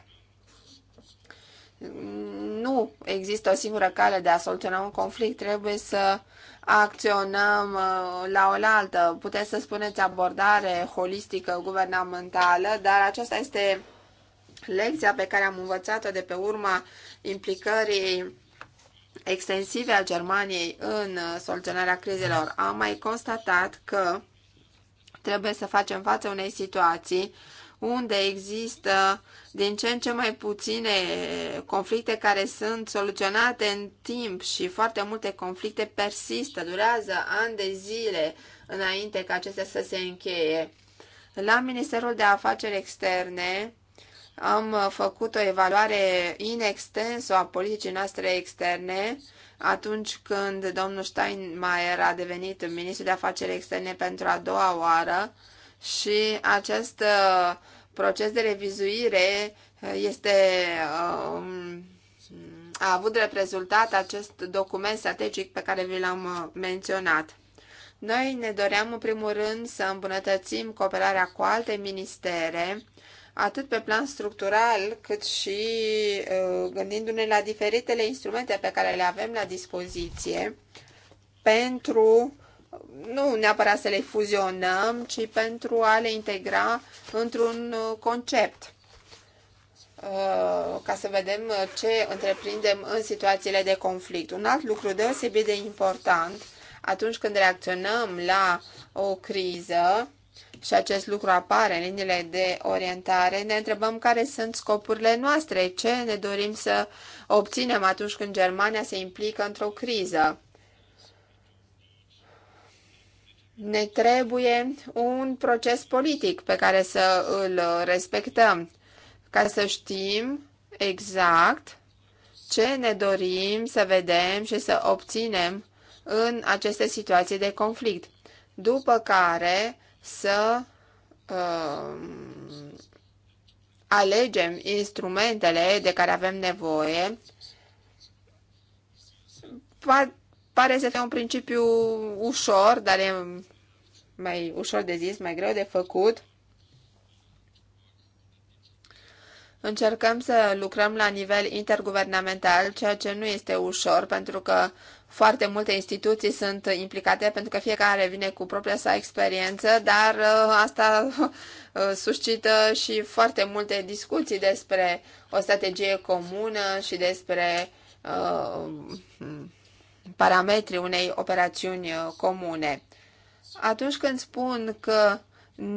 Nu există o singură cale de a soluționa un conflict, trebuie să acționăm uh, la oaltă. Puteți să spuneți abordare holistică guvernamentală, dar aceasta este lecția pe care am învățat-o de pe urma implicării extensive a Germaniei în uh, soluționarea crizelor. Am mai constatat că trebuie să facem față unei situații unde există din ce în ce mai puține conflicte care sunt soluționate în timp și foarte multe conflicte persistă, durează ani de zile înainte ca acestea să se încheie. La Ministerul de Afaceri Externe am făcut o evaluare in extenso a politicii noastre externe atunci când domnul Steinmeier a devenit ministru de afaceri externe pentru a doua oară și acest uh, proces de revizuire uh, este, uh, um, a avut drept rezultat acest document strategic pe care vi l-am menționat. Noi ne doream în primul rând să îmbunătățim cooperarea cu alte ministere, atât pe plan structural, cât și gândindu-ne la diferitele instrumente pe care le avem la dispoziție pentru nu neapărat să le fuzionăm, ci pentru a le integra într-un uh, concept uh, ca să vedem uh, ce întreprindem în situațiile de conflict. Un alt lucru deosebit de important atunci când reacționăm la o criză, și acest lucru apare în liniile de orientare, ne întrebăm care sunt scopurile noastre, ce ne dorim să obținem atunci când Germania se implică într-o criză. Ne trebuie un proces politic pe care să îl respectăm, ca să știm exact ce ne dorim să vedem și să obținem în aceste situații de conflict. După care să uh, alegem instrumentele de care avem nevoie Pare să fie un principiu ușor, dar e mai ușor de zis, mai greu de făcut. Încercăm să lucrăm la nivel interguvernamental, ceea ce nu este ușor, pentru că foarte multe instituții sunt implicate, pentru că fiecare vine cu propria sa experiență, dar uh, asta uh, suscită și foarte multe discuții despre o strategie comună și despre uh, parametrii unei operațiuni uh, comune. Atunci când spun că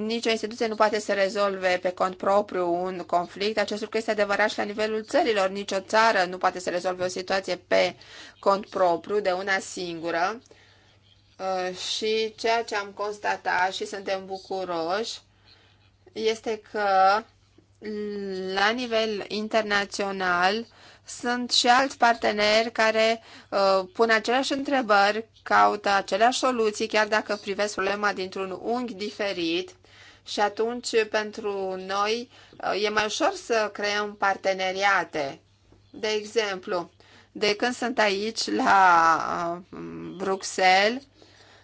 nicio instituție nu poate să rezolve pe cont propriu un conflict. Acest lucru este adevărat și la nivelul țărilor. Nicio țară nu poate să rezolve o situație pe cont propriu, de una singură. Uh, și ceea ce am constatat și suntem bucuroși este că la nivel internațional sunt și alți parteneri care uh, pun aceleași întrebări, caută aceleași soluții, chiar dacă privesc problema dintr-un unghi diferit. Și atunci, pentru noi, uh, e mai ușor să creăm parteneriate. De exemplu, de când sunt aici la uh, Bruxelles,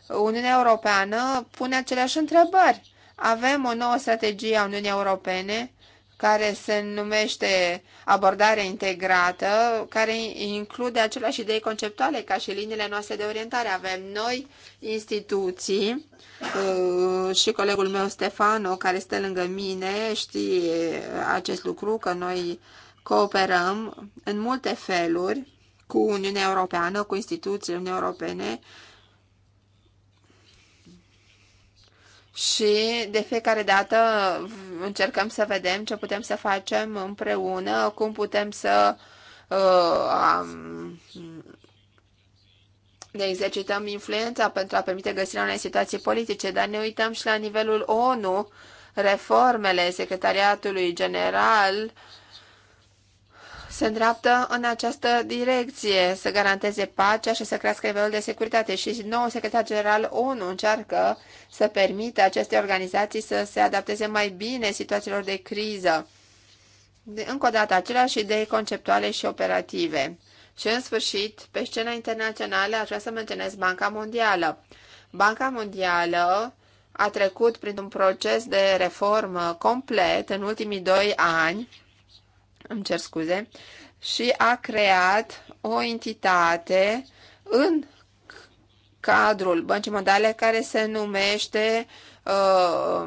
Uniunea Europeană pune aceleași întrebări. Avem o nouă strategie a Uniunii Europene care se numește abordare integrată, care include aceleași idei conceptuale ca și liniile noastre de orientare. Avem noi instituții uh, și colegul meu Stefano, care stă lângă mine, știe acest lucru, că noi cooperăm în multe feluri cu Uniunea Europeană, cu instituțiile Uniunii Europene și de fiecare dată încercăm să vedem ce putem să facem împreună, cum putem să uh, um, ne exercităm influența pentru a permite găsirea unei situații politice, dar ne uităm și la nivelul ONU, reformele Secretariatului General uh, se îndreaptă în această direcție, să garanteze pacea și să crească nivelul de securitate. Și nou secretar general ONU încearcă să permită aceste organizații să se adapteze mai bine situațiilor de criză. De, încă o dată, aceleași idei conceptuale și operative. Și în sfârșit, pe scena internațională aș vrea să menționez Banca Mondială. Banca Mondială a trecut printr-un proces de reformă complet în ultimii doi ani, îmi cer scuze, și a creat o entitate în cadrul Băncii Mondiale care se numește uh,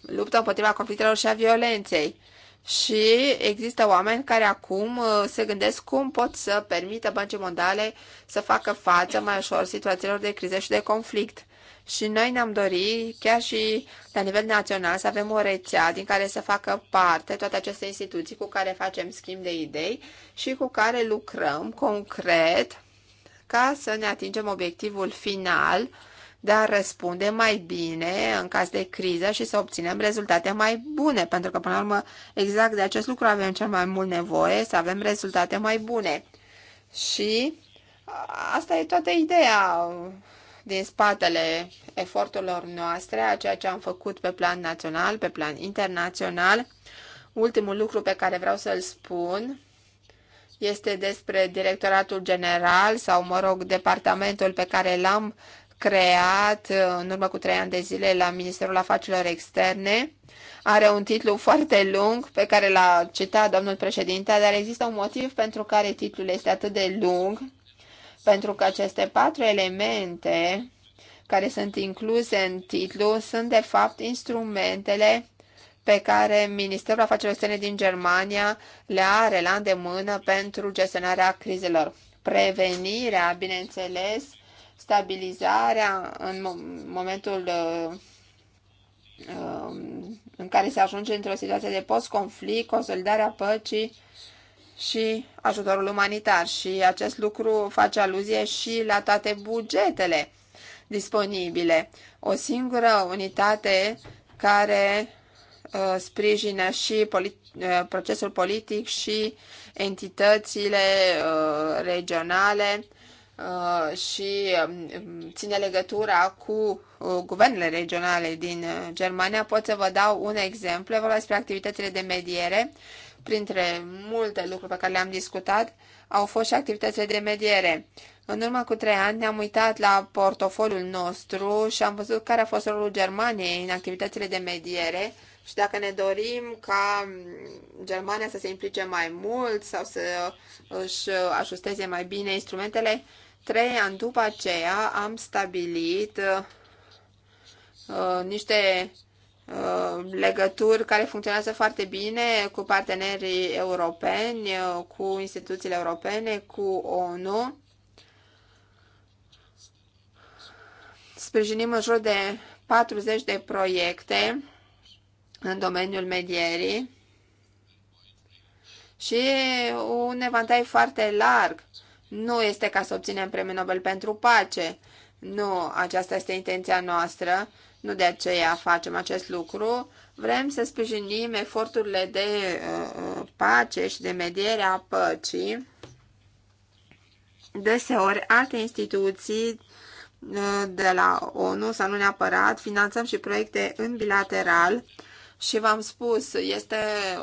luptă împotriva conflictelor și a violenței. Și există oameni care acum uh, se gândesc cum pot să permită băncii mondiale să facă față mai ușor situațiilor de criză și de conflict. Și noi ne-am dorit, chiar și la nivel național, să avem o rețea din care să facă parte toate aceste instituții cu care facem schimb de idei și cu care lucrăm concret ca să ne atingem obiectivul final de a răspunde mai bine în caz de criză și să obținem rezultate mai bune, pentru că, până la urmă, exact de acest lucru avem cel mai mult nevoie, să avem rezultate mai bune. Și asta e toată ideea din spatele eforturilor noastre, a ceea ce am făcut pe plan național, pe plan internațional. Ultimul lucru pe care vreau să-l spun este despre directoratul general sau, mă rog, departamentul pe care l-am creat uh, în urmă cu trei ani de zile la Ministerul Afacerilor Externe. Are un titlu foarte lung pe care l-a citat domnul președinte, dar există un motiv pentru care titlul este atât de lung pentru că aceste patru elemente care sunt incluse în titlu sunt de fapt instrumentele pe care Ministerul Afacerilor Externe din Germania le are la îndemână pentru gestionarea crizelor. Prevenirea, bineînțeles, stabilizarea în momentul uh, um, în care se ajunge într-o situație de post-conflict, consolidarea păcii și ajutorul umanitar și acest lucru face aluzie și la toate bugetele disponibile. O singură unitate care uh, sprijină și polit- uh, procesul politic și entitățile uh, regionale uh, și uh, ține legătura cu uh, guvernele regionale din uh, Germania. Pot să vă dau un exemplu, vorba despre activitățile de mediere uh, printre multe lucruri pe care le-am discutat, au fost și activitățile de mediere. În urmă cu trei ani ne-am uitat la portofoliul nostru și am văzut care a fost rolul Germaniei în activitățile de mediere și dacă ne dorim ca Germania să se implice mai mult sau să își ajusteze mai bine instrumentele, trei ani după aceea am stabilit uh, niște Uh, legături care funcționează foarte bine cu partenerii europeni, uh, cu instituțiile europene, cu ONU. Sprijinim în jur de 40 de proiecte în domeniul medierii și un evantai foarte larg. Nu este ca să obținem premiul Nobel pentru pace. Nu, aceasta este intenția noastră nu de aceea facem acest lucru. Vrem să sprijinim eforturile de uh, uh, pace și de mediere a păcii. Deseori, alte instituții uh, de la ONU, sau nu neapărat, finanțăm și proiecte în bilateral și v-am spus, este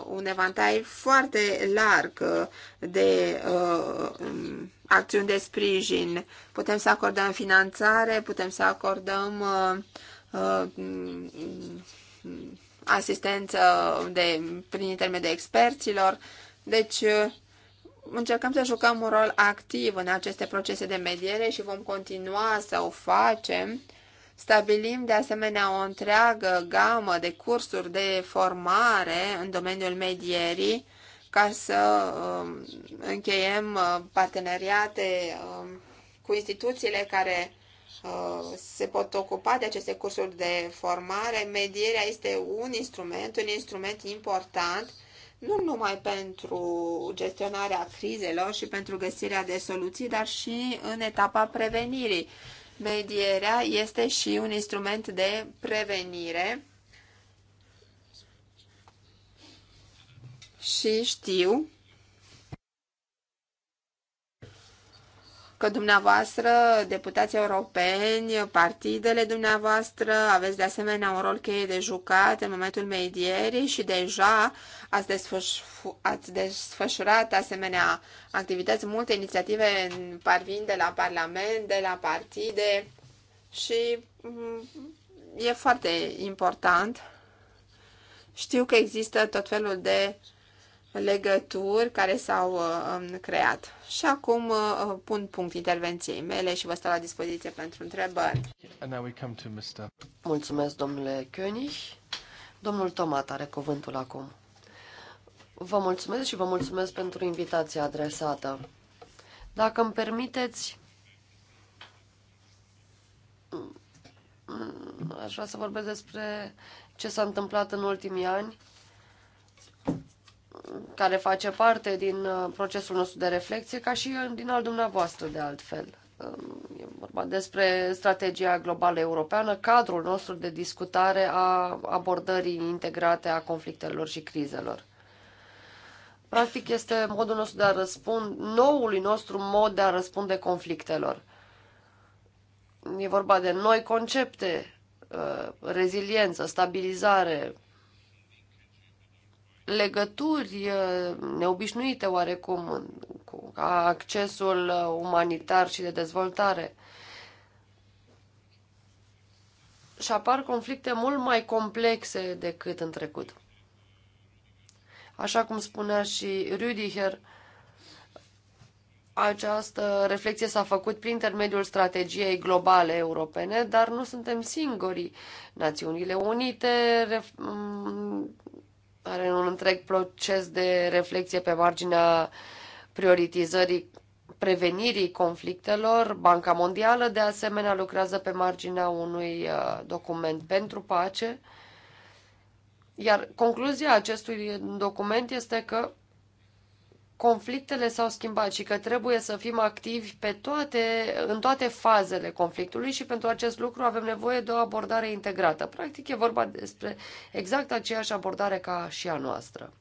un evantai foarte larg uh, de uh, um, acțiuni de sprijin. Putem să acordăm finanțare, putem să acordăm uh, Uh, asistență de, prin intermediul experților. Deci uh, încercăm să jucăm un rol activ în aceste procese de mediere și vom continua să o facem. Stabilim de asemenea o întreagă gamă de cursuri de formare în domeniul medierii ca să um, încheiem uh, parteneriate um, cu instituțiile care Uh, se pot ocupa de aceste cursuri de formare. Medierea este un instrument, un instrument important, nu numai pentru gestionarea crizelor și pentru găsirea de soluții, dar și în etapa prevenirii. Medierea este și un instrument de prevenire și știu că dumneavoastră, deputații europeni, partidele dumneavoastră, aveți de asemenea un rol cheie de jucat în momentul medierii și deja ați, desfăș- ați desfășurat asemenea activități, multe inițiative parvin de la Parlament, de la partide și mm, e foarte important. Știu că există tot felul de uh, legături care s-au uh, um, creat. Și acum uh, uh, pun punct intervenției mele și vă stau la dispoziție pentru întrebări. Mulțumesc, domnule König. Domnul Tomat are cuvântul acum. Vă mulțumesc și vă mulțumesc pentru invitația adresată. Dacă îmi permiteți, mm, mm, aș vrea să vorbesc despre ce s-a întâmplat în ultimii ani care face parte din uh, procesul nostru de reflexie, ca și din al dumneavoastră, de altfel. Um, e vorba despre strategia globală europeană, cadrul nostru de discutare a abordării integrate a conflictelor și crizelor. Practic este modul nostru de a răspunde, noului nostru mod de a răspunde conflictelor. E vorba de noi concepte, uh, reziliență, stabilizare, legături uh, neobișnuite oarecum cu accesul uh, umanitar și de dezvoltare. Și apar conflicte mult mai complexe decât în trecut. Așa cum spunea și Rüdiger, această reflexie s-a făcut prin intermediul strategiei globale europene, dar nu suntem singuri. Națiunile Unite are un întreg proces de reflexie pe marginea prioritizării prevenirii conflictelor. Banca Mondială, de asemenea, lucrează pe marginea unui uh, document pentru pace. Iar concluzia acestui document este că conflictele s-au schimbat și că trebuie să fim activi pe toate, în toate fazele conflictului și pentru acest lucru avem nevoie de o abordare integrată. Practic e vorba despre exact aceeași abordare ca și a noastră.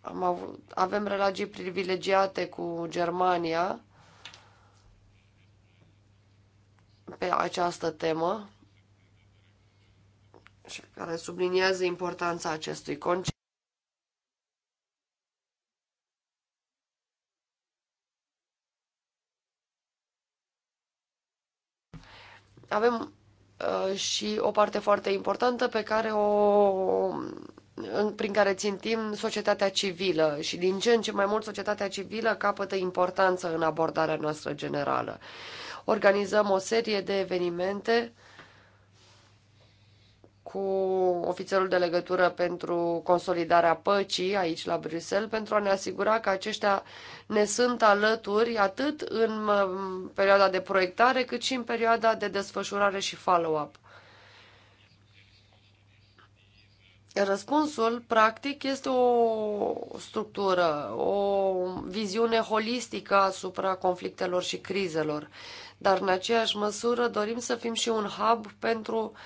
Am avut, avem relații privilegiate cu Germania pe această temă și care subliniază importanța acestui concept. Avem uh, și o parte foarte importantă pe care o prin care țintim societatea civilă și din ce în ce mai mult societatea civilă capătă importanță în abordarea noastră generală. Organizăm o serie de evenimente uh, cu ofițerul de legătură pentru consolidarea păcii aici la Bruxelles pentru a ne asigura că aceștia ne sunt alături atât în perioada de proiectare cât și în perioada de desfășurare și follow-up. Răspunsul, practic, este o structură, o viziune holistică asupra conflictelor și crizelor, dar în aceeași măsură dorim să fim și un hub pentru uh,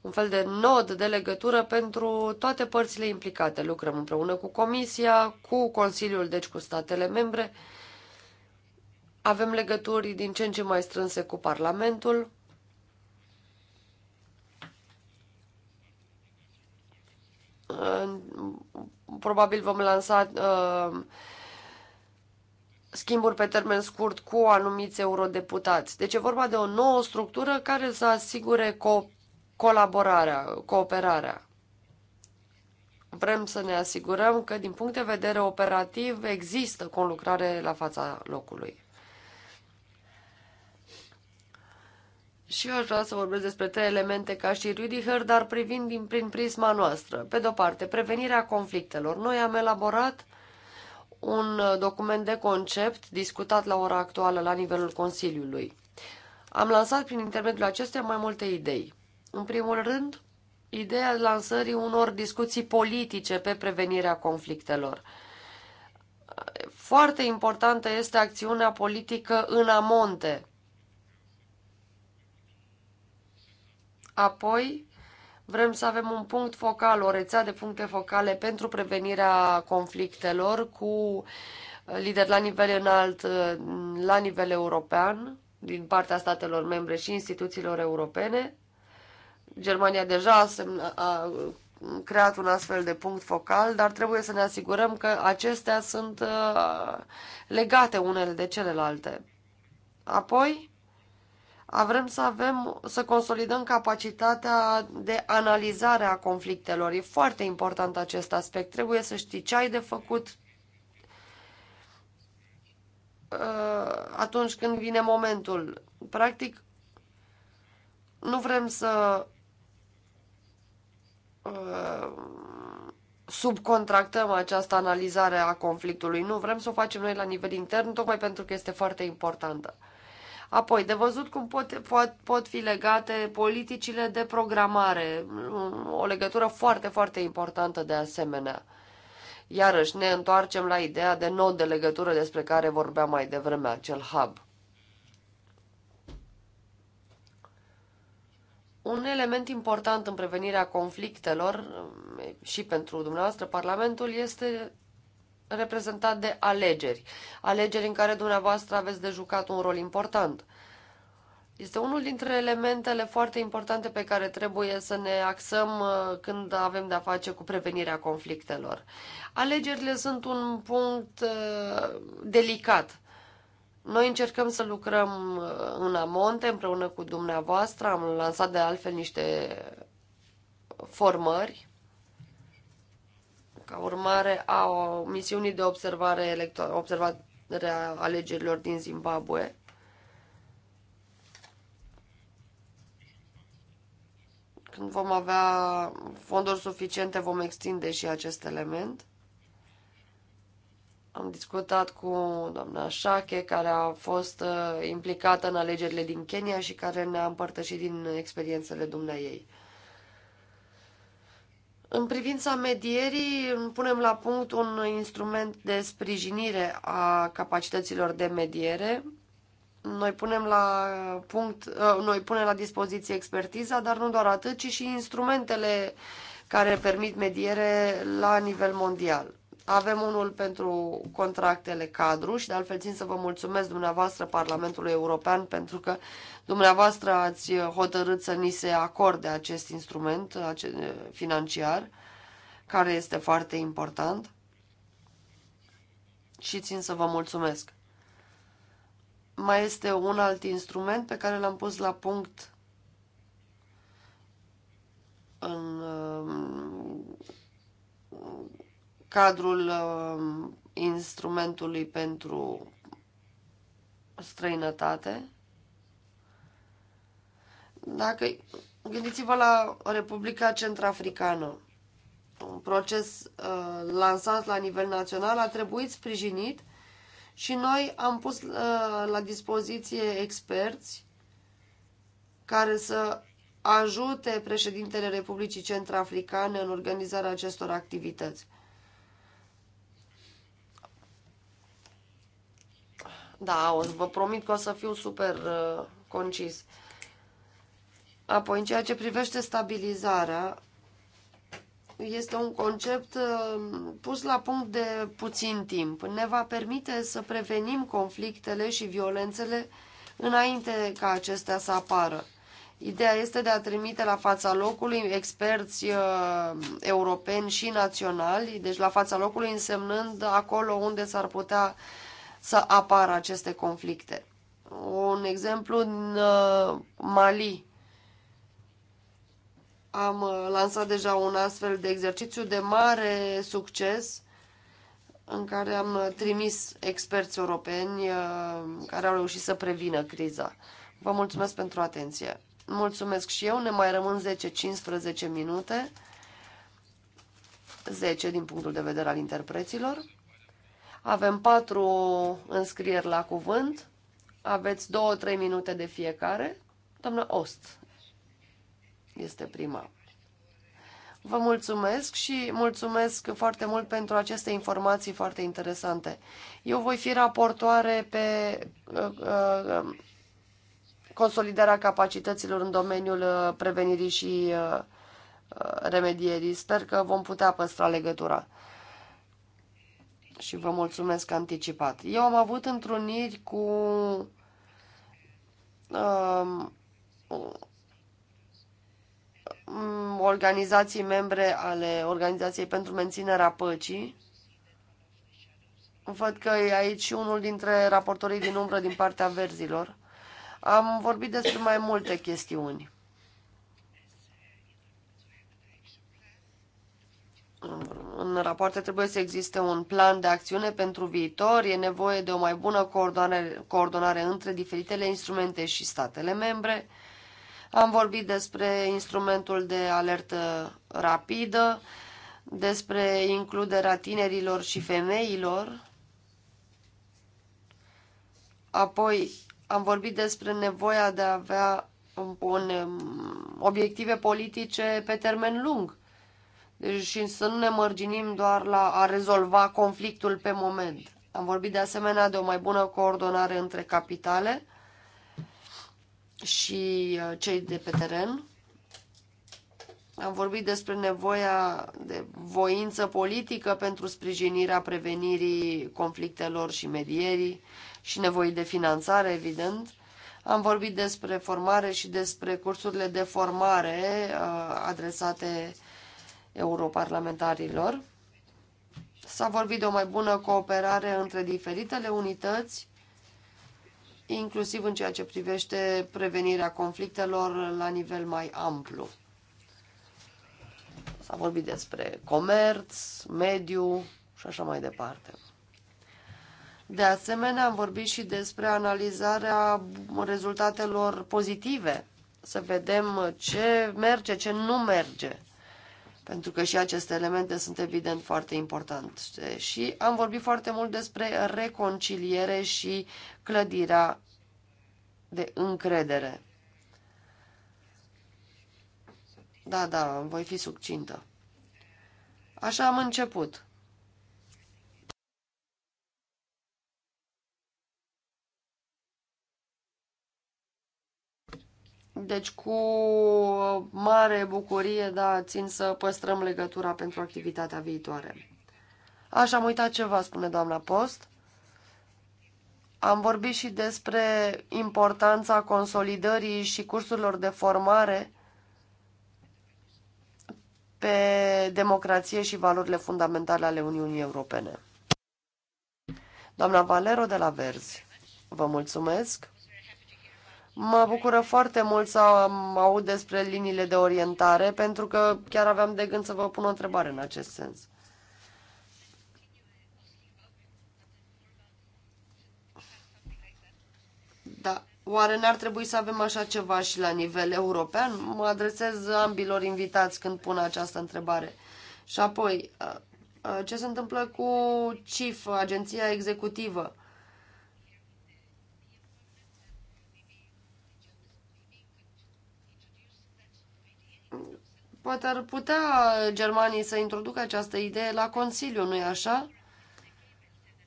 un fel de nod de legătură pentru toate părțile implicate. Lucrăm împreună cu Comisia, cu Consiliul, deci cu statele membre. Avem legături din ce în ce mai strânse cu Parlamentul. Probabil vom lansa uh, schimburi pe termen scurt cu anumiți eurodeputați. Deci e vorba de o nouă structură care să asigure co colaborarea, cooperarea. Vrem să ne asigurăm că, din punct de vedere operativ, există conlucrare la fața locului. Și eu aș vrea să vorbesc despre trei elemente ca și Rüdiger, dar privind din prin prisma noastră. Pe de-o parte, prevenirea conflictelor. Noi am elaborat un document de concept discutat la ora actuală la nivelul Consiliului. Am lansat prin intermediul acestuia mai multe idei. În primul rând, ideea lansării unor discuții politice pe prevenirea conflictelor. Foarte importantă este acțiunea politică în amonte. Apoi, vrem să avem un punct focal, o rețea de puncte focale pentru prevenirea conflictelor cu lideri la nivel înalt, la nivel european, din partea statelor membre și instituțiilor europene, Germania deja a, semna, a creat un astfel de punct focal, dar trebuie să ne asigurăm că acestea sunt uh, legate unele de celelalte. Apoi, vrem să avem, să consolidăm capacitatea de analizare a conflictelor. E foarte important acest aspect. Trebuie să știi ce ai de făcut atunci când vine momentul. Practic, nu vrem să Uh, subcontractăm această analizare a conflictului. Nu vrem să o facem noi la nivel intern, tocmai pentru că este foarte importantă. Apoi, de văzut cum pot, pot, pot fi legate politicile de programare, o legătură foarte, foarte importantă de asemenea. Iarăși, ne întoarcem la ideea de nod de legătură despre care vorbeam mai devreme, acel hub. Un element important în prevenirea conflictelor um, și pentru dumneavoastră Parlamentul este reprezentat de alegeri. Alegeri în care dumneavoastră aveți de jucat un rol important. Este unul dintre elementele foarte importante pe care trebuie să ne axăm uh, când avem de-a face cu prevenirea conflictelor. Alegerile sunt un punct uh, delicat noi încercăm să lucrăm uh, în amonte împreună cu dumneavoastră. Am lansat de altfel niște formări ca urmare a misiunii de observare, elector, alegerilor din Zimbabwe. Când vom avea fonduri suficiente, vom extinde și acest element. Am discutat cu doamna Șache, care a fost uh, implicată în alegerile din Kenya și care ne-a împărtășit din experiențele dumneai ei. În privința medierii, punem la punct un instrument de sprijinire a capacităților de mediere. Noi punem la punct, uh, noi punem la dispoziție expertiza, dar nu doar atât, ci și instrumentele care permit mediere la nivel mondial. Avem unul pentru contractele cadru și de altfel țin să vă mulțumesc dumneavoastră Parlamentului European pentru că dumneavoastră ați hotărât să ni se acorde acest instrument financiar care este foarte important și țin să vă mulțumesc. Mai este un alt instrument pe care l-am pus la punct în cadrul uh, instrumentului pentru străinătate. Dacă gândiți-vă la Republica Centrafricană, un proces uh, lansat la nivel național a trebuit sprijinit și noi am pus uh, la dispoziție experți care să ajute președintele Republicii Centrafricane în organizarea acestor activități. Da, o, vă promit că o să fiu super uh, concis. Apoi, în ceea ce privește stabilizarea, este un concept uh, pus la punct de puțin timp. Ne va permite să prevenim conflictele și violențele înainte ca acestea să apară. Ideea este de a trimite la fața locului experți uh, europeni și naționali, deci la fața locului însemnând acolo unde s-ar putea uh, să apară aceste conflicte. Un exemplu în uh, Mali. Am uh, lansat deja un astfel de exercițiu de mare succes în care am uh, trimis experți europeni care au reușit să prevină criza. Vă mulțumesc pentru atenție. Mulțumesc și eu. Ne mai rămân 10-15 minute. 10 din punctul de vedere al interpreților. Avem patru înscrieri la cuvânt. Aveți două-trei minute de fiecare. Doamna Ost este prima. Vă mulțumesc și mulțumesc foarte mult pentru aceste informații foarte interesante. Eu voi fi raportoare pe uh, uh, um, consolidarea capacităților în domeniul uh, prevenirii și uh, uh, remedierii. Sper că vom putea păstra legătura și vă mulțumesc anticipat. Eu am avut întruniri cu um, um, organizații membre ale Organizației pentru Menținerea Păcii. Văd că e aici unul dintre raportorii din umbră din partea verzilor. Am vorbit despre mai multe chestiuni. Am în rapoarte, trebuie să existe un plan de acțiune pentru viitor, e nevoie de o mai bună coordonare, coordonare între diferitele instrumente și statele membre. Am vorbit despre instrumentul de alertă rapidă, despre includerea tinerilor și femeilor. Apoi am vorbit despre nevoia de a avea un, um, obiective politice pe termen lung și să nu ne mărginim doar la a rezolva conflictul pe moment. Am vorbit de asemenea de o mai bună coordonare între capitale și uh, cei de pe teren. Am vorbit despre nevoia de voință politică pentru sprijinirea prevenirii conflictelor și medierii și nevoii de finanțare, evident. Am vorbit despre formare și despre cursurile de formare uh, adresate europarlamentarilor. S-a vorbit de o mai bună cooperare între diferitele unități, inclusiv în ceea ce privește prevenirea conflictelor la nivel mai amplu. S-a vorbit despre comerț, mediu și așa mai departe. De asemenea, am vorbit și despre analizarea rezultatelor pozitive, să vedem ce merge, ce nu merge pentru că și aceste elemente sunt evident foarte importante. Și am vorbit foarte mult despre reconciliere și clădirea de încredere. Da, da, voi fi succintă. Așa am început. Deci cu mare bucurie, da, țin să păstrăm legătura pentru activitatea viitoare. Așa, am uitat ceva, spune doamna Post. Am vorbit și despre importanța consolidării și cursurilor de formare pe democrație și valorile fundamentale ale Uniunii Europene. Doamna Valero de la Verzi, vă mulțumesc. Mă bucură foarte mult să aud despre liniile de orientare, pentru că chiar aveam de gând să vă pun o întrebare în acest sens. Da. Oare n-ar trebui să avem așa ceva și la nivel european? Mă adresez ambilor invitați când pun această întrebare. Și apoi, ce se întâmplă cu CIF, Agenția Executivă? Poate ar putea germanii să introducă această idee la Consiliu, nu-i așa?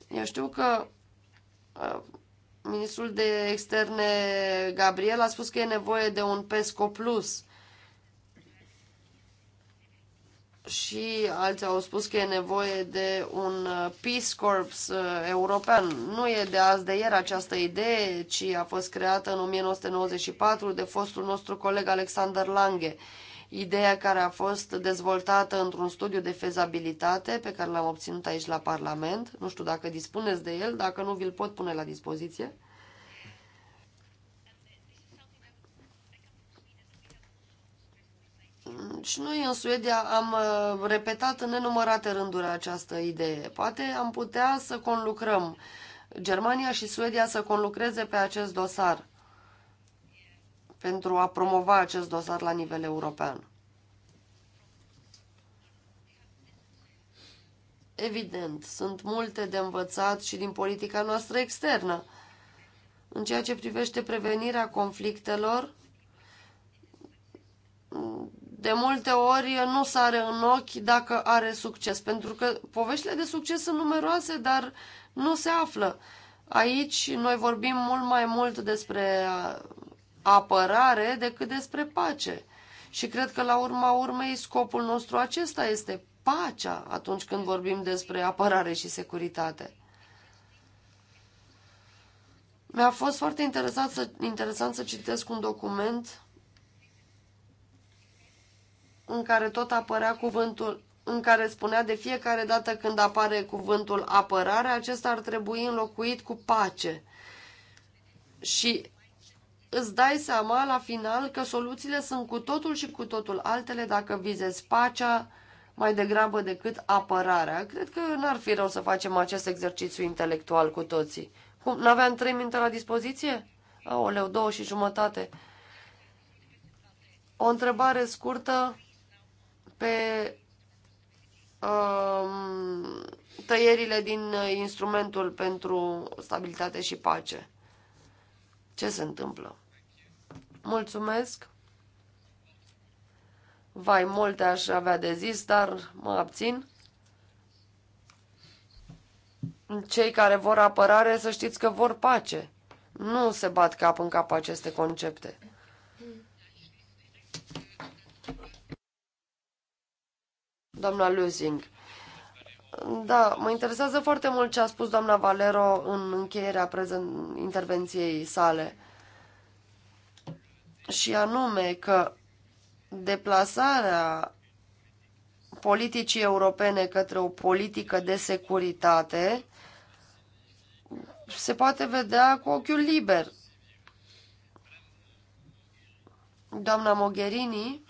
Eu știu că ministrul de externe Gabriel a spus că e nevoie de un PESCO Plus și alții au spus că e nevoie de un Peace Corps european. Nu e de azi de ieri această idee, ci a fost creată în 1994 de fostul nostru coleg Alexander Lange ideea care a fost dezvoltată într-un studiu de fezabilitate pe care l-am obținut aici la Parlament. Nu știu dacă dispuneți de el, dacă nu, vi-l pot pune la dispoziție. Și noi în Suedia am uh, repetat în nenumărate rânduri această idee. Poate am putea să conlucrăm Germania și Suedia să conlucreze pe acest dosar pentru a promova acest dosar la nivel european. Evident, sunt multe de învățat și din politica noastră externă. În ceea ce privește prevenirea conflictelor, de multe ori nu sare în ochi dacă are succes, pentru că poveștile de succes sunt numeroase, dar nu se află. Aici noi vorbim mult mai mult despre apărare decât despre pace. Și cred că la urma urmei scopul nostru acesta este pacea atunci când vorbim despre apărare și securitate. Mi-a fost foarte interesant să, interesant să citesc un document în care tot apărea cuvântul, în care spunea de fiecare dată când apare cuvântul apărare, acesta ar trebui înlocuit cu pace. Și îți dai seama la final că soluțiile sunt cu totul și cu totul altele dacă vizezi pacea mai degrabă decât apărarea. Cred că n-ar fi rău să facem acest exercițiu intelectual cu toții. Cum, n-aveam trei minute la dispoziție? Aoleu, două și jumătate. O întrebare scurtă pe um, tăierile din uh, instrumentul pentru stabilitate și pace. Ce se întâmplă? Mulțumesc. Vai, multe aș avea de zis, dar mă abțin. Cei care vor apărare să știți că vor pace. Nu se bat cap în cap aceste concepte. Doamna Lusing. Da, mă interesează foarte mult ce a spus doamna Valero în încheierea intervenției sale și anume că deplasarea politicii europene către o politică de securitate se poate vedea cu ochiul liber. Doamna Mogherini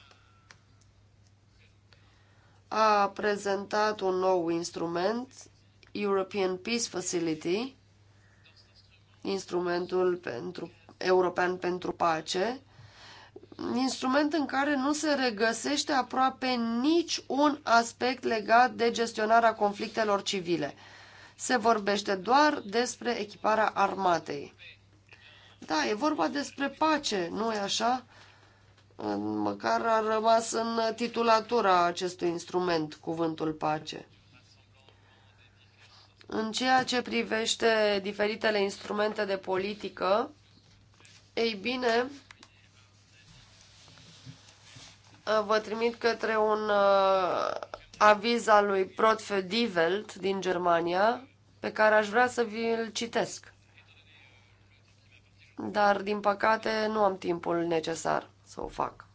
a prezentat un nou instrument, European Peace Facility, instrumentul pentru, european pentru pace, instrument în care nu se regăsește aproape nici un aspect legat de gestionarea conflictelor civile. Se vorbește doar despre echiparea armatei. Da, e vorba despre pace, nu e așa? Măcar a rămas în titulatura acestui instrument cuvântul pace. În ceea ce privește diferitele instrumente de politică, ei bine, Uh, vă trimit către un uh, aviz al lui Protfe Divelt din Germania, pe care aș vrea să vi-l citesc. Dar, din păcate, nu am timpul necesar să o fac.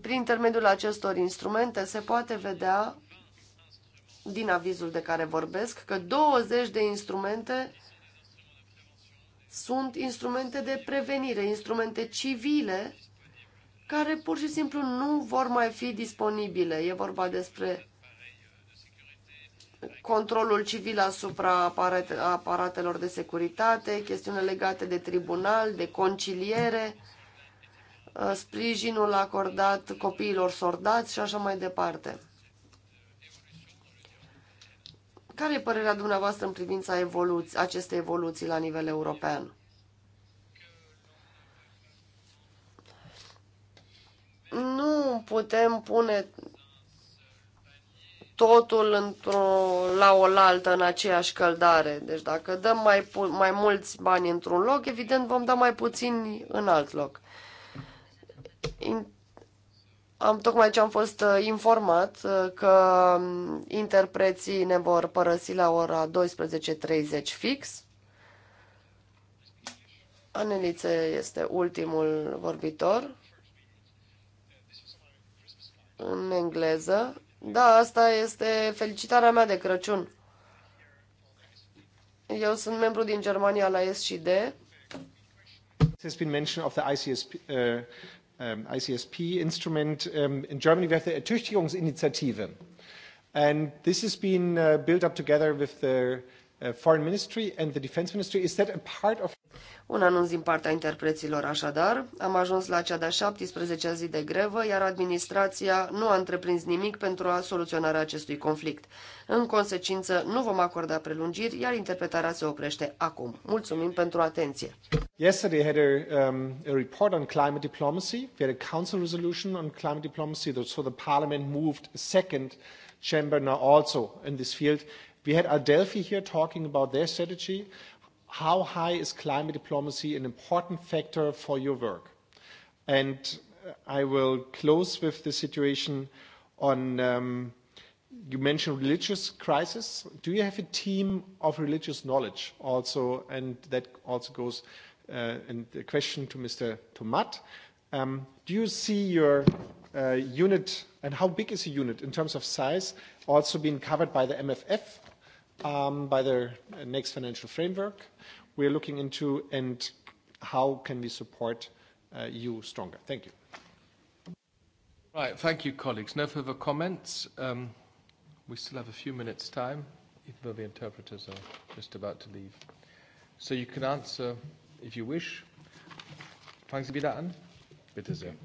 Prin intermediul acestor instrumente se poate vedea din avizul de care vorbesc că 20 de instrumente sunt instrumente de prevenire, instrumente civile, care pur și simplu nu vor mai fi disponibile. E vorba despre controlul civil asupra aparatelor de securitate, chestiuni legate de tribunal, de conciliere, ă, sprijinul acordat copiilor sordați și așa mai departe. Care e părerea dumneavoastră în privința evoluț acestei evoluții la nivel european? Nu putem pune totul într-o, la oaltă în aceeași căldare. Deci dacă dăm mai, mai mulți bani într-un loc, evident vom da mai puțini în alt loc. In am tocmai ce am fost uh, informat uh, că um, interpreții ne vor părăsi la ora 12.30 fix. Anelițe este ultimul vorbitor în engleză. Da, asta este felicitarea mea de Crăciun. Eu sunt membru din Germania la S și D. Has been mentioned of the ICSP, uh, Ähm, ICSP-instrument. Ähm, in Germany, we have the Ertüchtigungsinitiative. And this has been uh, built up together with the Uh, Foreign Ministry and the Defense Ministry. Is that a part of... Un anunț din partea interpreților așadar. Am ajuns la cea de-a 17-a zi de grevă, iar administrația nu a întreprins nimic pentru a soluționa acestui conflict. În consecință, nu vom acorda prelungiri, iar interpretarea se oprește acum. Mulțumim pentru atenție. Yesterday had a, um, a report on climate diplomacy. We had a council resolution on climate diplomacy, so the parliament moved a second chamber now also in this field. We had Adelphi here talking about their strategy. How high is climate diplomacy an important factor for your work? And uh, I will close with the situation on, um, you mentioned religious crisis. Do you have a team of religious knowledge also? And that also goes, uh, and the question to Mr. Tomat. Um, do you see your uh, unit, and how big is the unit in terms of size, also being covered by the MFF? um, by the next financial framework. We are looking into and how can we support uh, you stronger. Thank you. Right. Thank you, colleagues. No further comments. Um, we still have a few minutes' time, even though the interpreters are just about to leave. So you can answer if you wish. Fangen Sie wieder an. Bitte sehr. Okay.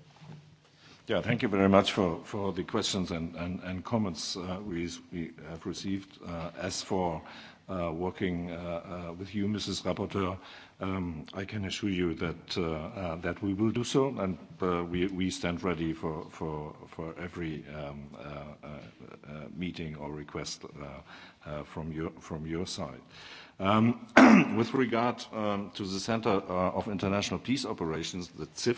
Yeah, thank you very much for, for the questions and, and, and comments uh, we, we have received. Uh, as for uh, working uh, uh, with you, Mrs. Rapporteur, um, I can assure you that, uh, uh, that we will do so and uh, we, we stand ready for, for, for every um, uh, uh, uh, meeting or request uh, uh, from, your, from your side. Um, <clears throat> with regard um, to the Center uh, of International Peace Operations, the CIF,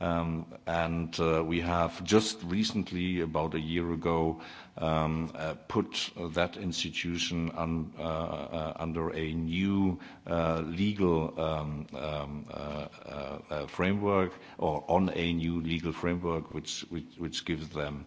Um, and uh, we have just recently, about a year ago, um, uh, put that institution uh, under a new legal um, framework or on a new legal framework which, gives them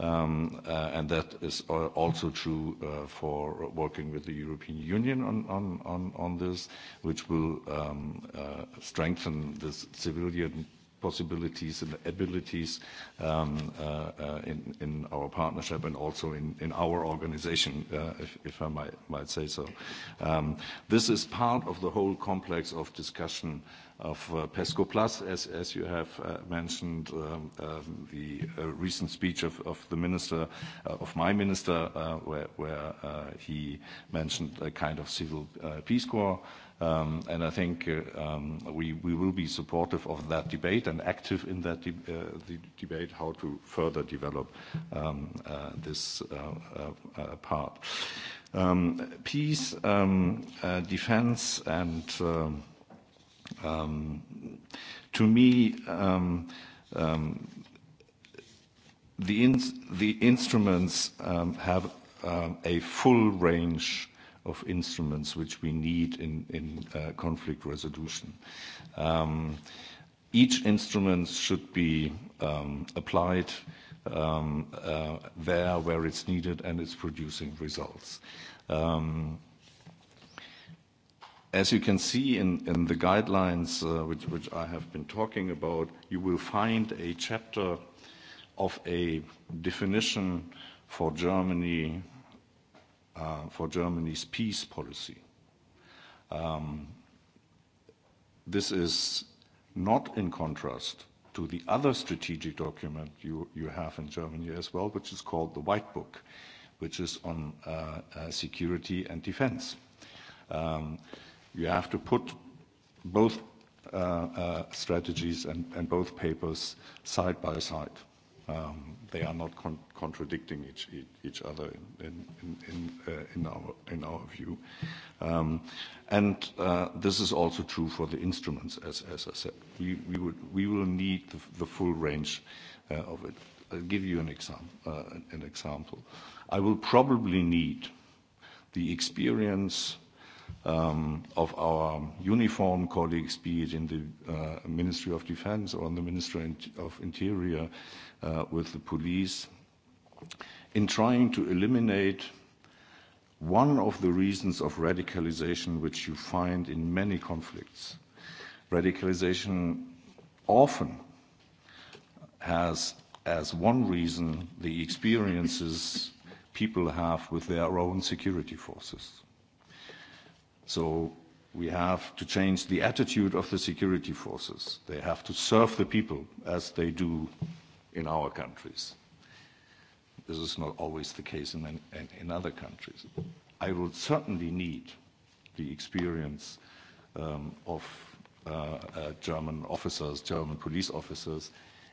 Um, uh, and that is uh, also true uh, for working with the European Union on, on, on, on this, which will um, uh, strengthen this civilian possibilities and abilities um, uh, uh, in, in our partnership and also in, in our organization, uh, if, if I might, might say so. Um, this is part of the whole complex of discussion of uh, PESCO Plus, as, as you have uh, mentioned, um, um the uh, recent speech of, of the minister, of my minister, where, where he mentioned a kind of civil peace corps Um, and I think uh, um, we, will be supportive of that debate and active in that uh, debate how to further develop um, uh, this part. peace, defense, and to me, the, instruments have a full range of instruments which we need in, in uh, conflict resolution. Um, each instrument should be um, applied um, uh, there where it's needed and it's producing results. Um, as you can see in, in the guidelines uh, which, which I have been talking about, you will find a chapter of a definition for Germany Uh, for Germany's peace policy. Um, this is not in contrast to the other strategic document you, you have in Germany as well, which is called the White Book, which is on uh, uh, security and defense. Um, you have to put both uh, uh, strategies and, and both papers side by side um, they are not con contradicting each, each other in, in, in, uh, in, our, in our view. Um, and uh, this is also true for the instruments, as, as I said. We, we, would, we will need the, the full range uh, of it. I'll give you an, exam uh, an example. I will probably need the experience um, of our uniform colleagues, be it in the uh, Ministry of Defense or in the Ministry of Interior, Uh, with the police in trying to eliminate one of the reasons of radicalization which you find in many conflicts. Radicalization often has as one reason the experiences people have with their own security forces. So we have to change the attitude of the security forces. They have to serve the people as they do in our countries. This is not always the case in, in, in other countries. I would certainly need the experience um, of uh, uh, German officers, German police officers,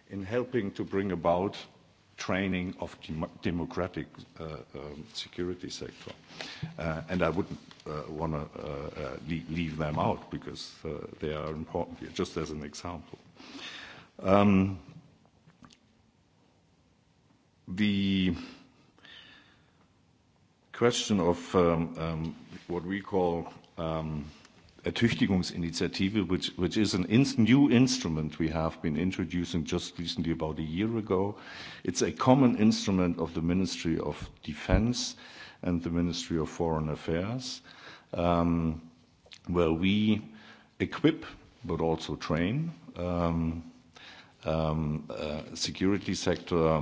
in helping to bring about training of dem democratic uh, um, security sector. Uh, and I wouldn't uh, want to uh, uh, leave, leave them out because uh, they are important here, just as an example. Um, the question of um, um, what we call um, Ertüchtigungsinitiative, which, which is an in- new instrument we have been introducing just recently, about a year ago. It's a common instrument of the Ministry of Defense and the Ministry of Foreign Affairs, um, where we equip but also train um, um, uh, security sector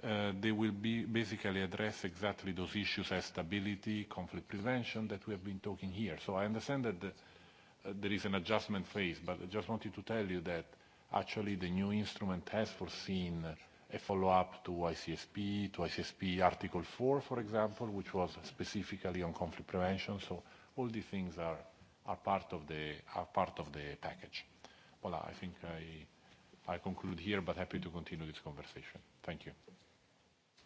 Uh, they will be basically address exactly those issues as stability, conflict prevention that we have been talking here. So I understand that the, uh, there is an adjustment phase, but I just wanted to tell you that actually the new instrument has foreseen a follow-up to ICSP, to ICSP Article 4, for example, which was specifically on conflict prevention. So all these things are, are, part, of the, are part of the package. Well, I think I, I conclude here, but happy to continue this conversation. Thank you.